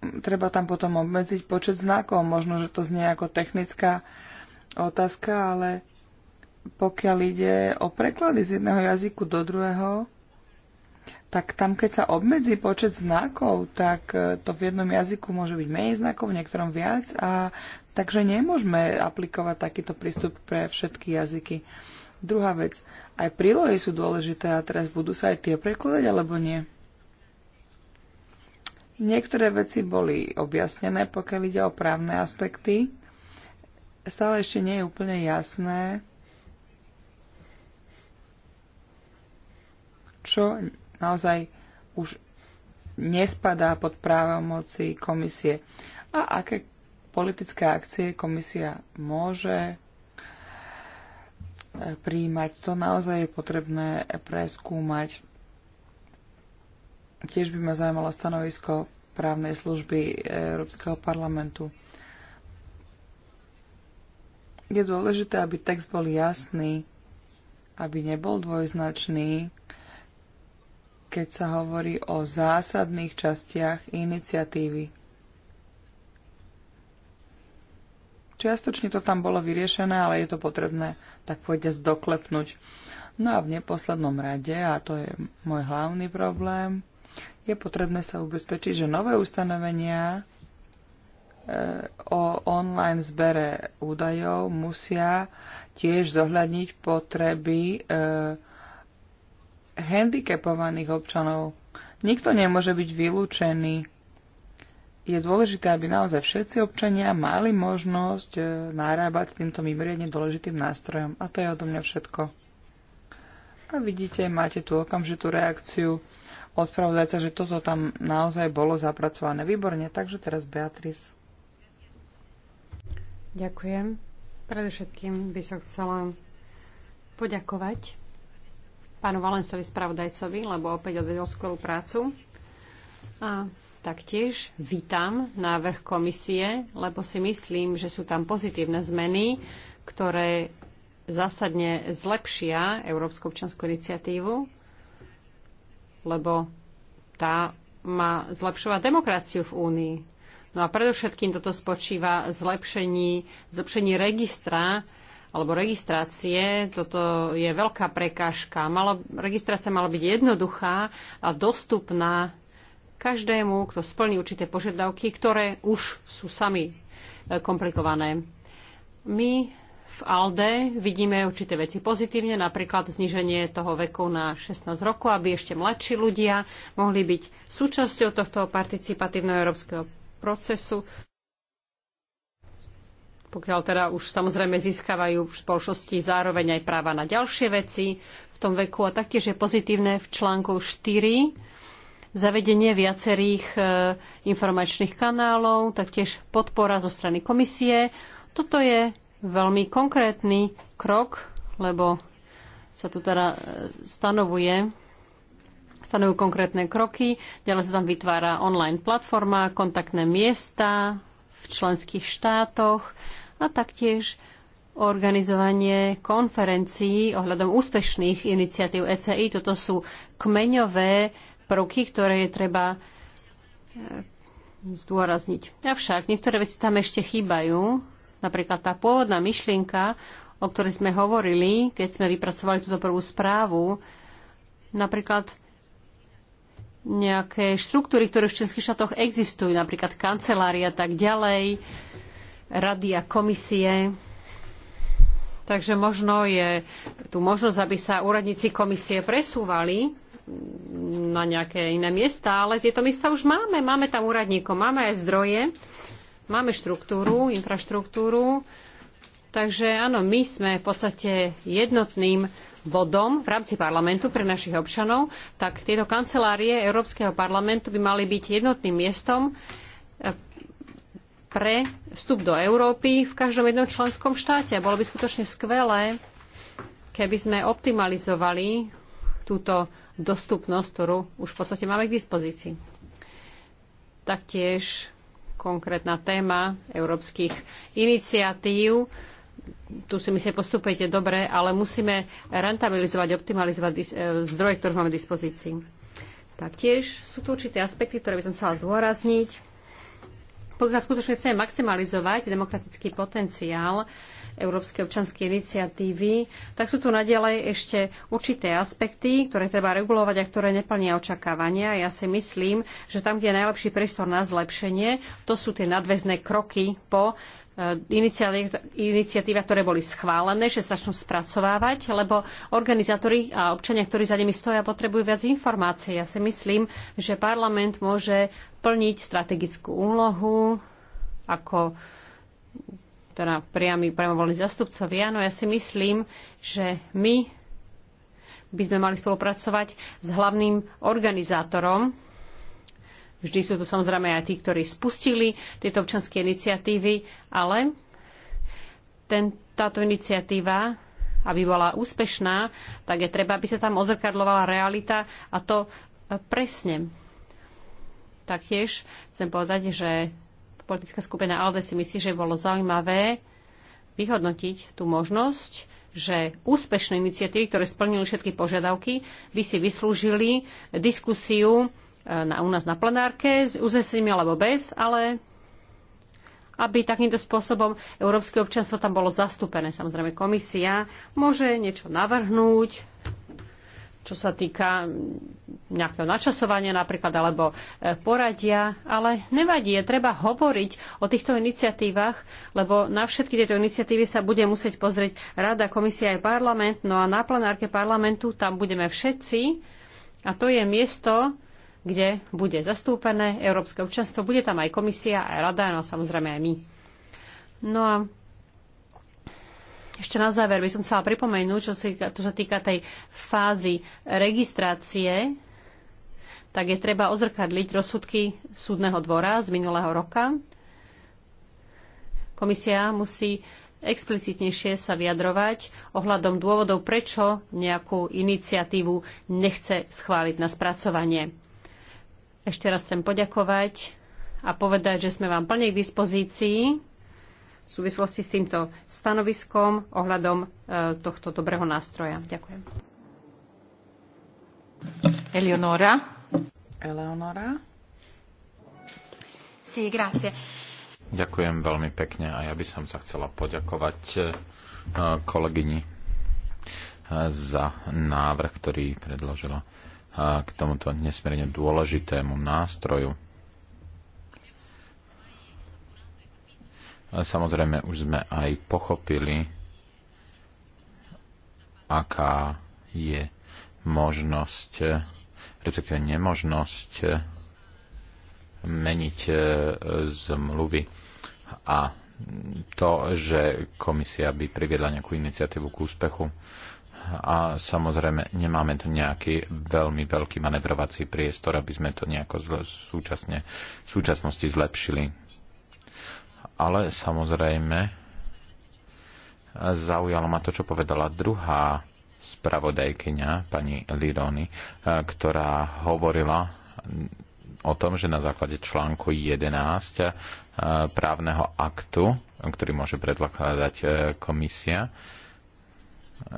Treba tam potom obmedziť počet znakov. Možno, že to znie ako technická otázka, ale pokiaľ ide o preklady z jedného jazyku do druhého, tak tam, keď sa obmedzí počet znakov, tak e, to v jednom jazyku môže byť menej znakov, v niektorom viac a takže nemôžeme aplikovať takýto prístup pre všetky jazyky. Druhá vec, aj prílohy sú dôležité a teraz budú sa aj tie prekladať alebo nie? Niektoré veci boli objasnené, pokiaľ ide o právne aspekty. Stále ešte nie je úplne jasné, čo naozaj už nespadá pod právomoci komisie. A aké politické akcie komisia môže eh, príjmať, to naozaj je potrebné preskúmať. Tiež by ma zaujímalo stanovisko právnej služby eh, Európskeho parlamentu. Je dôležité, aby text bol jasný, aby nebol dvojznačný, keď sa hovorí o zásadných častiach iniciatívy. Čiastočne to tam bolo vyriešené, ale je to potrebné, tak pôjde zdoklepnúť. No a v neposlednom rade, a to je môj hlavný problém, je potrebné sa ubezpečiť, že nové ustanovenia e, o online zbere údajov musia tiež zohľadniť potreby e, handicapovaných občanov. Nikto nemôže byť vylúčený. Je dôležité, aby naozaj všetci občania mali možnosť e, nárábať s týmto mimoriadne dôležitým nástrojom. A to je odo mňa všetko. A vidíte, máte tu okamžitú reakciu odpravodajca, že toto tam naozaj bolo zapracované výborne. Takže teraz Beatrice. Ďakujem. Predovšetkým by som chcela poďakovať pánu Valencovi spravodajcovi, lebo opäť odvedol skvelú prácu. A taktiež vítam návrh komisie, lebo si myslím, že sú tam pozitívne zmeny, ktoré zásadne zlepšia Európsku občanskú iniciatívu, lebo tá má zlepšovať demokraciu v Únii. No a predovšetkým toto spočíva zlepšení, zlepšení registra alebo registrácie. Toto je veľká prekážka. Malo, registrácia mala byť jednoduchá a dostupná každému, kto splní určité požiadavky, ktoré už sú sami e, komplikované. My v ALDE vidíme určité veci pozitívne, napríklad zniženie toho veku na 16 rokov, aby ešte mladší ľudia mohli byť súčasťou tohto participatívneho európskeho procesu pokiaľ teda už samozrejme získavajú v spoločnosti zároveň aj práva na ďalšie veci v tom veku. A taktiež je pozitívne v článku 4 zavedenie viacerých e, informačných kanálov, taktiež podpora zo strany komisie. Toto je veľmi konkrétny krok, lebo sa tu teda e, stanovuje stanovujú konkrétne kroky, ďalej sa tam vytvára online platforma, kontaktné miesta, v členských štátoch, a taktiež organizovanie konferencií ohľadom úspešných iniciatív ECI. Toto sú kmeňové prvky, ktoré je treba e, zdôrazniť. Avšak niektoré veci tam ešte chýbajú. Napríklad tá pôvodná myšlienka, o ktorej sme hovorili, keď sme vypracovali túto prvú správu, napríklad nejaké štruktúry, ktoré v členských štátoch existujú, napríklad kancelária a tak ďalej rady a komisie. Takže možno je tu možnosť, aby sa úradníci komisie presúvali na nejaké iné miesta, ale tieto miesta už máme. Máme tam úradníkov, máme aj zdroje, máme štruktúru, infraštruktúru. Takže áno, my sme v podstate jednotným bodom v rámci parlamentu pre našich občanov, tak tieto kancelárie Európskeho parlamentu by mali byť jednotným miestom, pre vstup do Európy v každom jednom členskom štáte. Bolo by skutočne skvelé, keby sme optimalizovali túto dostupnosť, ktorú už v podstate máme k dispozícii. Taktiež konkrétna téma európskych iniciatív. Tu si myslím, postupujete dobre, ale musíme rentabilizovať, optimalizovať e, zdroje, ktoré máme k dispozícii. Taktiež sú tu určité aspekty, ktoré by som chcela zdôrazniť pokiaľ skutočne chceme maximalizovať demokratický potenciál Európskej občanskej iniciatívy, tak sú tu nadalej ešte určité aspekty, ktoré treba regulovať a ktoré neplnia očakávania. Ja si myslím, že tam, kde je najlepší priestor na zlepšenie, to sú tie nadväzné kroky po Eh, iniciatíva, ktoré boli schválené, že sa začnú spracovávať, lebo organizátori a občania, ktorí za nimi stoja, potrebujú viac informácií. Ja si myslím, že parlament môže plniť strategickú úlohu ako teda priami, priamo zastupcovia. No ja si myslím, že my by sme mali spolupracovať s hlavným organizátorom Vždy sú tu samozrejme aj tí, ktorí spustili tieto občanské iniciatívy, ale ten, táto iniciatíva, aby bola úspešná, tak je treba, aby sa tam ozrkadlovala realita a to e, presne. Taktiež chcem povedať, že politická skupina ALDE si myslí, že bolo zaujímavé vyhodnotiť tú možnosť, že úspešné iniciatívy, ktoré splnili všetky požiadavky, by si vyslúžili diskusiu Eh, na, u nás na plenárke, s uznesením alebo bez, ale aby takýmto spôsobom európske občanstvo tam bolo zastúpené. Samozrejme, komisia môže niečo navrhnúť, čo sa týka nejakého načasovania napríklad, alebo eh, poradia, ale nevadí, je treba hovoriť o týchto iniciatívach, lebo na všetky tieto iniciatívy sa bude musieť pozrieť Rada, Komisia aj parlament, no a na plenárke parlamentu tam budeme všetci a to je miesto, kde bude zastúpené európske občanstvo. Bude tam aj komisia, aj rada, no samozrejme aj my. No a ešte na záver by som chcela pripomenúť, čo sa týka, čo sa týka tej fázy registrácie, tak je treba odzrkadliť rozsudky súdneho dvora z minulého roka. Komisia musí explicitnejšie sa vyjadrovať ohľadom dôvodov, prečo nejakú iniciatívu nechce schváliť na spracovanie. Ešte raz chcem poďakovať a povedať, že sme vám plne k dispozícii v súvislosti s týmto stanoviskom ohľadom e, tohto dobrého nástroja. Ďakujem. Eleonora. Eleonora. Sí, grazie. Ďakujem veľmi pekne a ja by som sa chcela poďakovať e, kolegyni e, za návrh, ktorý predložila k tomuto nesmierne dôležitému nástroju. Samozrejme, už sme aj pochopili, aká je možnosť, respektíve nemožnosť meniť e, zmluvy. A to, že komisia by priviedla nejakú iniciatívu k úspechu, a samozrejme nemáme tu nejaký veľmi veľký manevrovací priestor, aby sme to nejako zle, súčasne, v súčasnosti zlepšili. Ale samozrejme zaujalo ma to, čo povedala druhá spravodajkyňa, pani Lirony, ktorá hovorila o tom, že na základe článku 11 eh, právneho aktu, ktorý môže predkladať eh, komisia,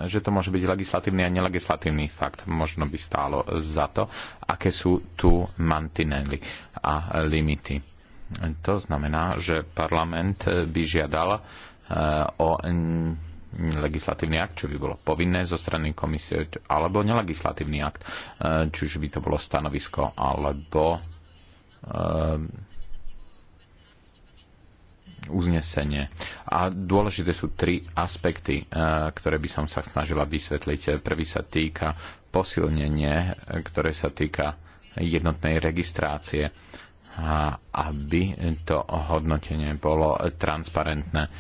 že to môže byť legislatívny a nelegislatívny fakt. Možno by stálo za to, aké sú tu mantinely a limity. To znamená, že parlament by žiadal e, o legislatívny akt, čo by bolo povinné zo strany komisie, alebo nelegislatívny akt, e, či už by to bolo stanovisko, alebo e, uznesenie. A dôležité sú tri aspekty, e, ktoré by som sa snažila vysvetliť. Prvý sa týka posilnenie, ktoré sa týka jednotnej registrácie, aby to hodnotenie bolo transparentné.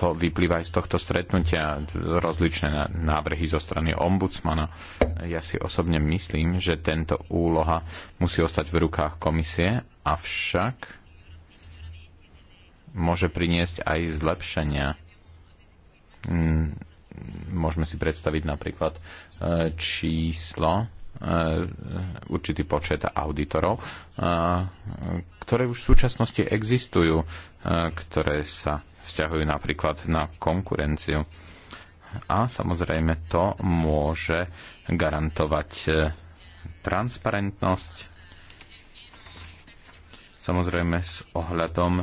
To vyplýva aj z tohto stretnutia rozličné návrhy zo strany ombudsmana. Ja si osobne myslím, že tento úloha musí ostať v rukách komisie, avšak môže priniesť aj zlepšenia. Mm, môžeme si predstaviť napríklad e, číslo, e, určitý počet auditorov, e, ktoré už v súčasnosti existujú, ktoré sa vzťahujú napríklad na konkurenciu. A samozrejme to môže garantovať transparentnosť, samozrejme s ohľadom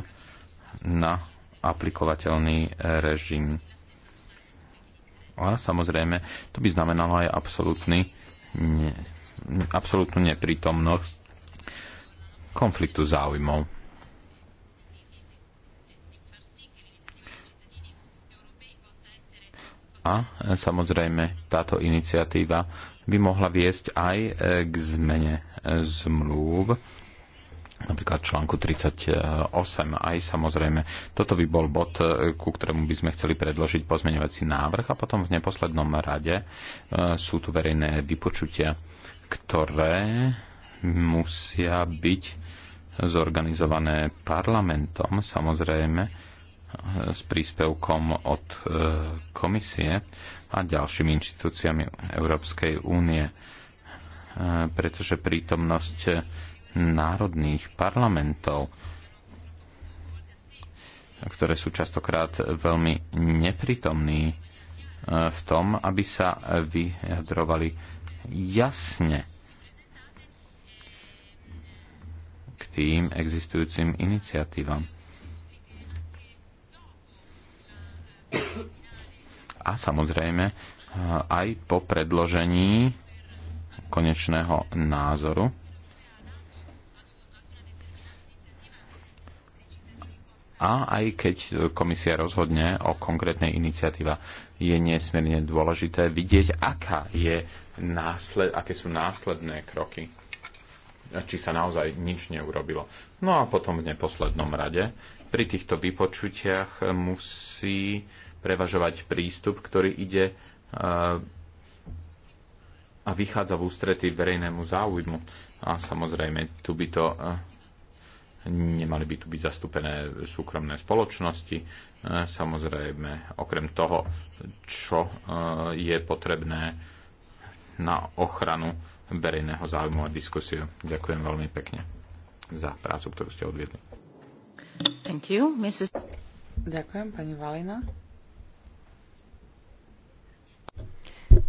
na aplikovateľný e, režim. A samozrejme, to by znamenalo aj absolútny, ne, absolútnu neprítomnosť konfliktu záujmov. A e, samozrejme, táto iniciatíva by mohla viesť aj e, k zmene zmluv, napríklad článku 38 aj samozrejme. Toto by bol bod, e, ku ktorému by sme chceli predložiť pozmeňovací návrh a potom v neposlednom rade e, sú tu verejné vypočutia, ktoré musia byť zorganizované parlamentom, samozrejme e, s príspevkom od komisie a ďalšími inštitúciami Európskej únie, pretože prítomnosť národných parlamentov, ktoré sú častokrát veľmi nepritomní e, v tom, aby sa vyjadrovali jasne k tým existujúcim iniciatívam. A samozrejme e, aj po predložení konečného názoru a aj keď komisia rozhodne o konkrétnej iniciatíva, je nesmierne dôležité vidieť, aká je násled, aké sú následné kroky či sa naozaj nič neurobilo. No a potom v neposlednom rade, pri týchto vypočutiach musí prevažovať prístup, ktorý ide eh, a vychádza v ústretí verejnému záujmu. A samozrejme, tu by to eh, nemali by tu byť zastúpené súkromné spoločnosti. E, samozrejme, okrem toho, čo e, je potrebné na ochranu verejného záujmu a diskusiu. Ďakujem veľmi pekne za prácu, ktorú ste odviedli. Thank you, Mrs. Ďakujem, pani Valina.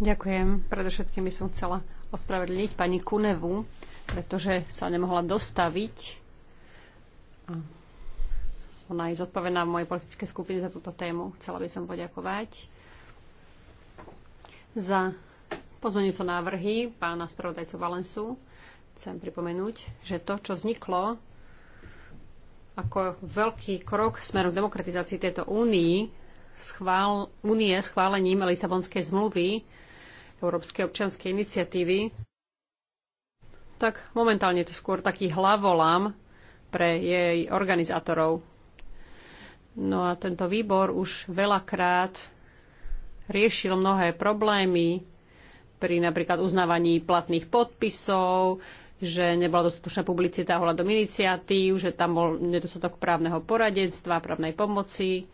Ďakujem. Predovšetkým by som chcela ospravedlniť pani Kunevu, pretože sa nemohla dostaviť ona je zodpovedná v mojej politické skupine za túto tému. Chcela by som poďakovať za pozmeňujúce návrhy pána spravodajcu Valensu. Chcem pripomenúť, že to, čo vzniklo ako veľký krok smerom k demokratizácii tejto únii, schvál, únie schválením Lisabonskej zmluvy Európskej občianskej iniciatívy, tak momentálne to skôr taký hlavolám, pre jej organizátorov. No a tento výbor už veľakrát riešil mnohé problémy pri napríklad uznávaní platných podpisov, že nebola dostatočná publicita ohľadom iniciatív, že tam bol nedostatok právneho poradenstva, právnej pomoci.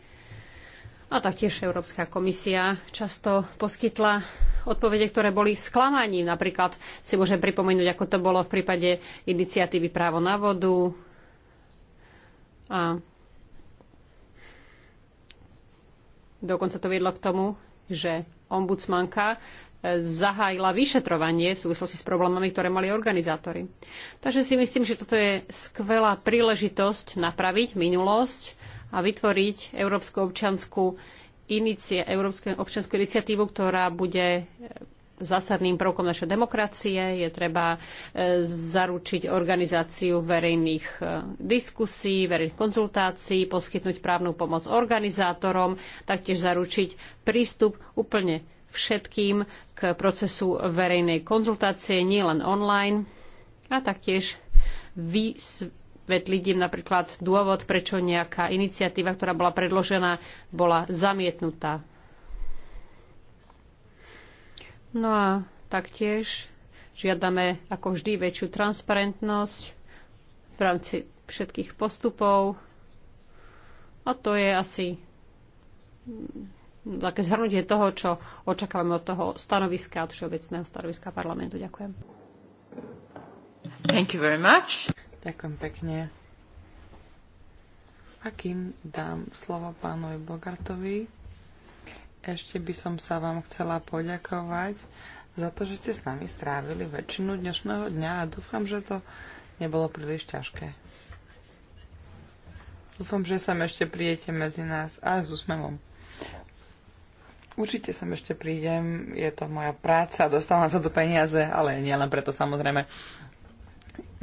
A taktiež Európska komisia často poskytla odpovede, ktoré boli sklamaním. Napríklad si môžem pripomenúť, ako to bolo v prípade iniciatívy právo na vodu, a dokonca to viedlo k tomu, že ombudsmanka e, zahájila vyšetrovanie v súvislosti s problémami, ktoré mali organizátori. Takže si myslím, že toto je skvelá príležitosť napraviť minulosť a vytvoriť Európsku občanskú, inicie, Európsku občanskú iniciatívu, ktorá bude zásadným prvkom našej demokracie. Je treba e, zaručiť organizáciu verejných e, diskusí, verejných konzultácií, poskytnúť právnu pomoc organizátorom, taktiež zaručiť prístup úplne všetkým k procesu verejnej konzultácie, nielen online, a taktiež vysvetliť im napríklad dôvod, prečo nejaká iniciatíva, ktorá bola predložená, bola zamietnutá No a taktiež žiadame ako vždy väčšiu transparentnosť v rámci všetkých postupov. A to je asi mm, také zhrnutie toho, čo očakávame od toho stanoviska, od všeobecného stanoviska parlamentu. Ďakujem. Thank you very much. Ďakujem pekne. A kým dám slovo pánovi Bogartovi, ešte by som sa vám chcela poďakovať za to, že ste s nami strávili väčšinu dnešného dňa a dúfam, že to nebolo príliš ťažké. Dúfam, že sa ešte prijete medzi nás a s úsmevom. Určite sa ešte prídem, je to moja práca, dostala sa do peniaze, ale nie len preto samozrejme.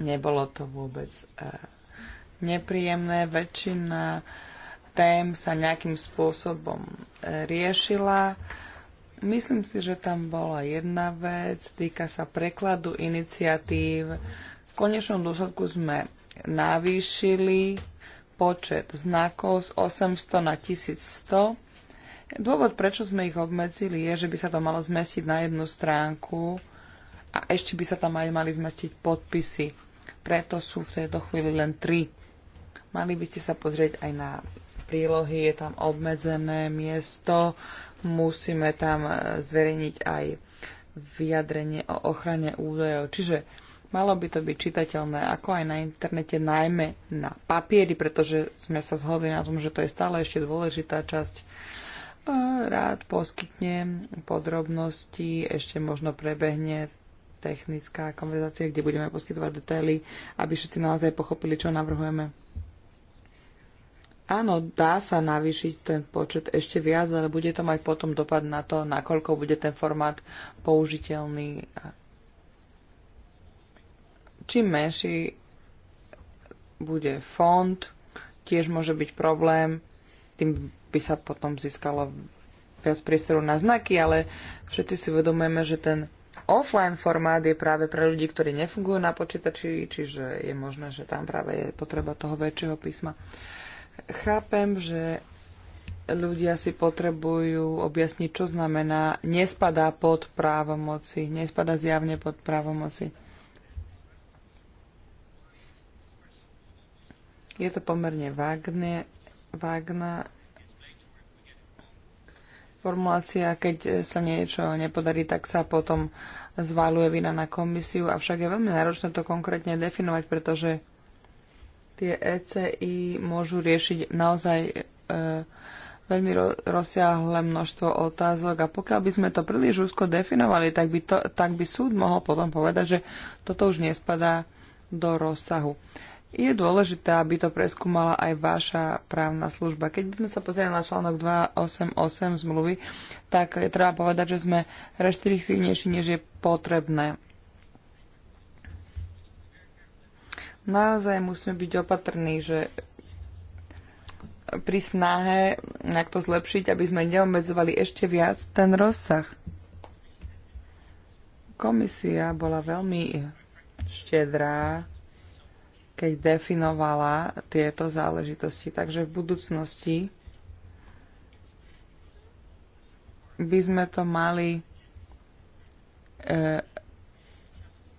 Nebolo to vôbec uh, nepríjemné, väčšina tém sa nejakým spôsobom e, riešila. Myslím si, že tam bola jedna vec, týka sa prekladu iniciatív. V konečnom dôsledku sme navýšili počet znakov z 800 na 1100. Dôvod, prečo sme ich obmedzili, je, že by sa to malo zmestiť na jednu stránku a ešte by sa tam aj mali zmestiť podpisy. Preto sú v tejto chvíli len tri. Mali by ste sa pozrieť aj na prílohy, je tam obmedzené miesto, musíme tam e, zverejniť aj vyjadrenie o ochrane údajov. Čiže malo by to byť čitateľné ako aj na internete, najmä na papieri, pretože sme sa zhodli na tom, že to je stále ešte dôležitá časť. E, rád poskytnem podrobnosti, ešte možno prebehne technická konverzácia, kde budeme poskytovať detaily, aby všetci naozaj pochopili, čo navrhujeme. Áno, dá sa navýšiť ten počet ešte viac, ale bude to mať potom dopad na to, nakoľko bude ten formát použiteľný. Čím menší bude fond, tiež môže byť problém, tým by sa potom získalo viac priestoru na znaky, ale všetci si uvedomujeme, že ten offline formát je práve pre ľudí, ktorí nefungujú na počítači, čiže je možné, že tam práve je potreba toho väčšieho písma. Uh, Chápem, že ľudia si potrebujú objasniť, čo znamená nespadá pod právomoci, nespadá zjavne pod právomoci. Je to pomerne vágne, vágna formulácia, keď sa niečo nepodarí, tak sa potom zvaluje vina na komisiu, avšak je veľmi náročné to konkrétne definovať, pretože tie ECI môžu riešiť naozaj e, veľmi ro- rozsiahle množstvo otázok a pokiaľ by sme to príliš úzko definovali, tak by, to, tak by súd mohol potom povedať, že toto už nespadá do rozsahu. Je dôležité, aby to preskúmala aj vaša právna služba. Keď by sme sa pozreli na článok 288 zmluvy, tak treba povedať, že sme reštriktívnejší, než je potrebné. naozaj musíme byť opatrní, že pri snahe, nejak to zlepšiť, aby sme neobmedzovali ešte viac ten rozsah. Komisia bola veľmi štedrá, keď definovala tieto záležitosti. Takže v budúcnosti by sme to mali e,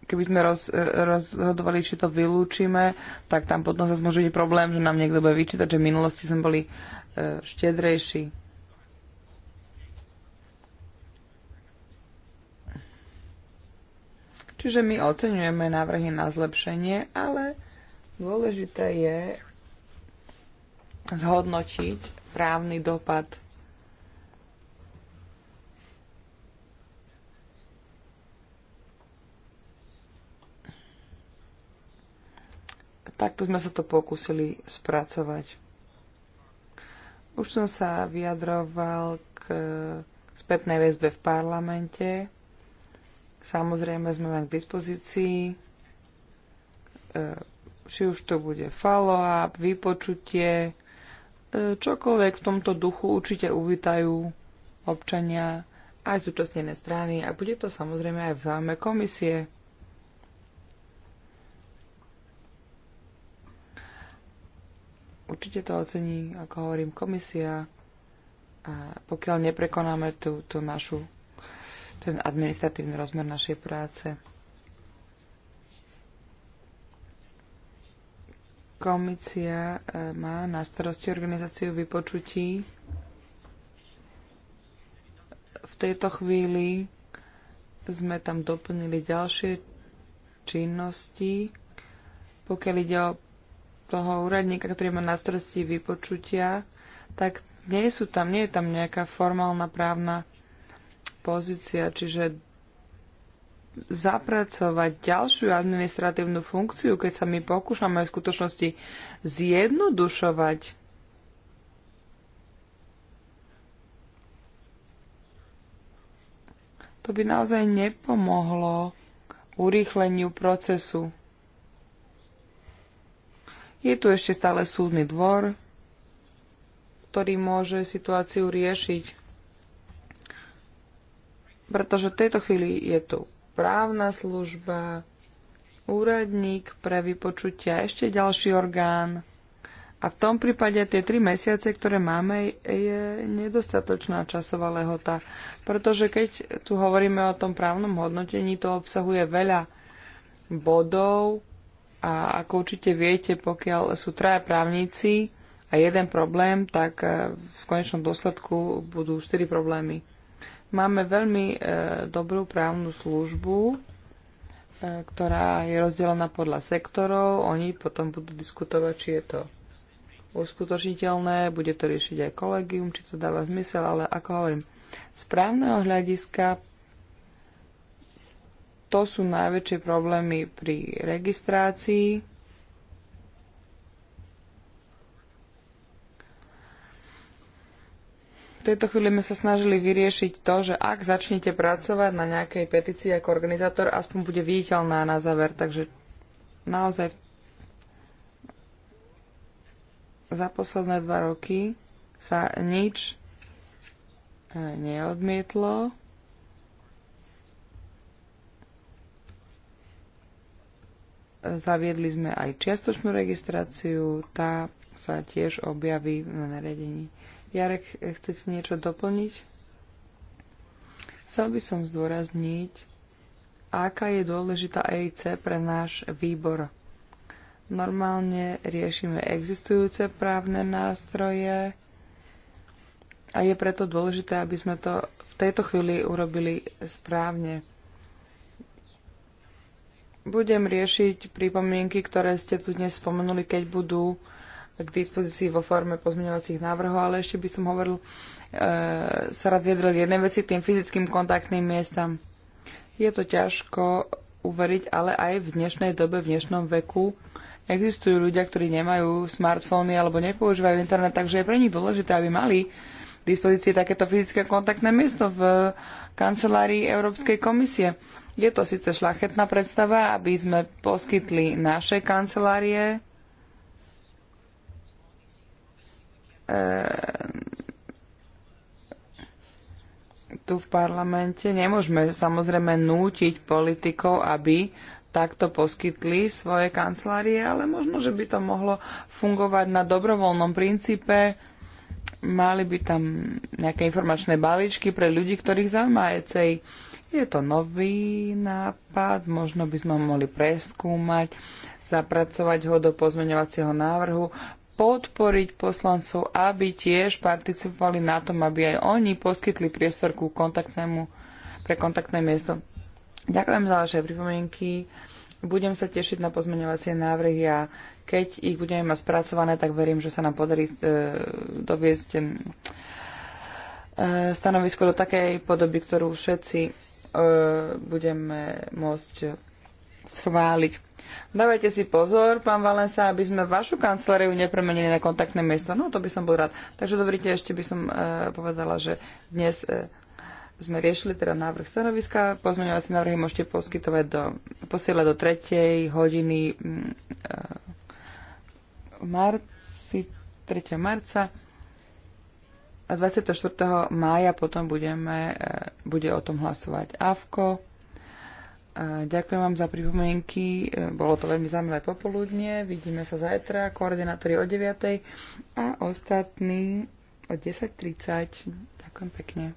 keby sme roz, rozhodovali, či to vylúčime, tak tam potom sa môže byť problém, že nám niekto bude vyčítať, že v minulosti sme boli uh, štedrejší. Čiže my oceňujeme návrhy na zlepšenie, ale dôležité je zhodnotiť právny dopad takto sme sa to pokúsili spracovať. Už som sa vyjadroval k spätnej väzbe v parlamente. Samozrejme sme mať k dispozícii e, či už to bude follow-up, vypočutie, e, čokoľvek v tomto duchu určite uvítajú občania aj súčasnené strany a bude to samozrejme aj v záujme komisie. Určite to ocení, ako hovorím, komisia. A pokiaľ neprekonáme tú, tú našu, ten administratívny rozmer našej práce. Komisia e, má na starosti organizáciu vypočutí. V tejto chvíli sme tam doplnili ďalšie činnosti. Pokiaľ ide o toho úradníka, ktorý má na starosti vypočutia, tak nie sú tam, nie je tam nejaká formálna právna pozícia, čiže zapracovať ďalšiu administratívnu funkciu, keď sa my pokúšame v skutočnosti zjednodušovať to by naozaj nepomohlo urýchleniu procesu. Je tu ešte stále súdny dvor, ktorý môže situáciu riešiť. Pretože v tejto chvíli je tu právna služba, úradník pre vypočutia, ešte ďalší orgán. A v tom prípade tie tri mesiace, ktoré máme, je nedostatočná časová lehota. Pretože keď tu hovoríme o tom právnom hodnotení, to obsahuje veľa bodov, a ako určite viete, pokiaľ sú traja právnici a jeden problém, tak e, v konečnom dôsledku budú štyri problémy. Máme veľmi e, dobrú právnu službu, e, ktorá je rozdelená podľa sektorov. Oni potom budú diskutovať, či je to uskutočniteľné, bude to riešiť aj kolegium, či to dáva zmysel, ale ako hovorím, z právneho hľadiska to sú najväčšie problémy pri registrácii. V tejto chvíli sme sa snažili vyriešiť to, že ak začnete pracovať na nejakej petícii ako organizátor, aspoň bude viditeľná na záver. Takže naozaj za posledné dva roky sa nič eh, neodmietlo. Zaviedli sme aj čiastočnú registráciu, tá sa tiež objaví v naredení. Jarek, chcete niečo doplniť? Chcel by som zdôrazniť, aká je dôležitá EIC pre náš výbor. Normálne riešime existujúce právne nástroje a je preto dôležité, aby sme to v tejto chvíli urobili správne budem riešiť pripomienky, ktoré ste tu dnes spomenuli, keď budú k dispozícii vo forme pozmeňovacích návrhov, ale ešte by som hovoril, e, sa rád viedril jednej veci, tým fyzickým kontaktným miestam. Je to ťažko uveriť, ale aj v dnešnej dobe, v dnešnom veku existujú ľudia, ktorí nemajú smartfóny alebo nepoužívajú internet, takže je pre nich dôležité, aby mali k dispozícii takéto fyzické kontaktné miesto v kancelárii Európskej komisie. Je to síce šlachetná predstava, aby sme poskytli našej kancelárie e, tu v parlamente. Nemôžeme samozrejme nútiť politikov, aby takto poskytli svoje kancelárie, ale možno, že by to mohlo fungovať na dobrovoľnom princípe, mali by tam nejaké informačné balíčky pre ľudí, ktorých zaujíma ECI. Je to nový nápad, možno by sme mohli preskúmať, zapracovať ho do pozmeňovacieho návrhu, podporiť poslancov, aby tiež participovali na tom, aby aj oni poskytli priestor ku kontaktnému, pre kontaktné miesto. Ďakujem za vaše pripomienky. Budem sa tešiť na pozmeňovacie návrhy a keď ich budeme mať spracované, tak verím, že sa nám podarí e, doviesť e, stanovisko do takej podoby, ktorú všetci e, budeme môcť schváliť. Dávajte si pozor, pán Valensa, aby sme vašu kanceláriu nepremenili na kontaktné miesto. No, to by som bol rád. Takže dobrý ešte by som e, povedala, že dnes e, sme riešili teda návrh stanoviska. Pozmeňovacie návrhy môžete poskytovať do, posielať do 3. hodiny uh, marci, 3. marca a 24. mája potom budeme, e, bude o tom hlasovať AVKO. E, ďakujem vám za pripomienky. Bolo to veľmi zaujímavé popoludne. Vidíme sa zajtra, koordinátori o 9. a ostatní o 10.30. Ďakujem pekne.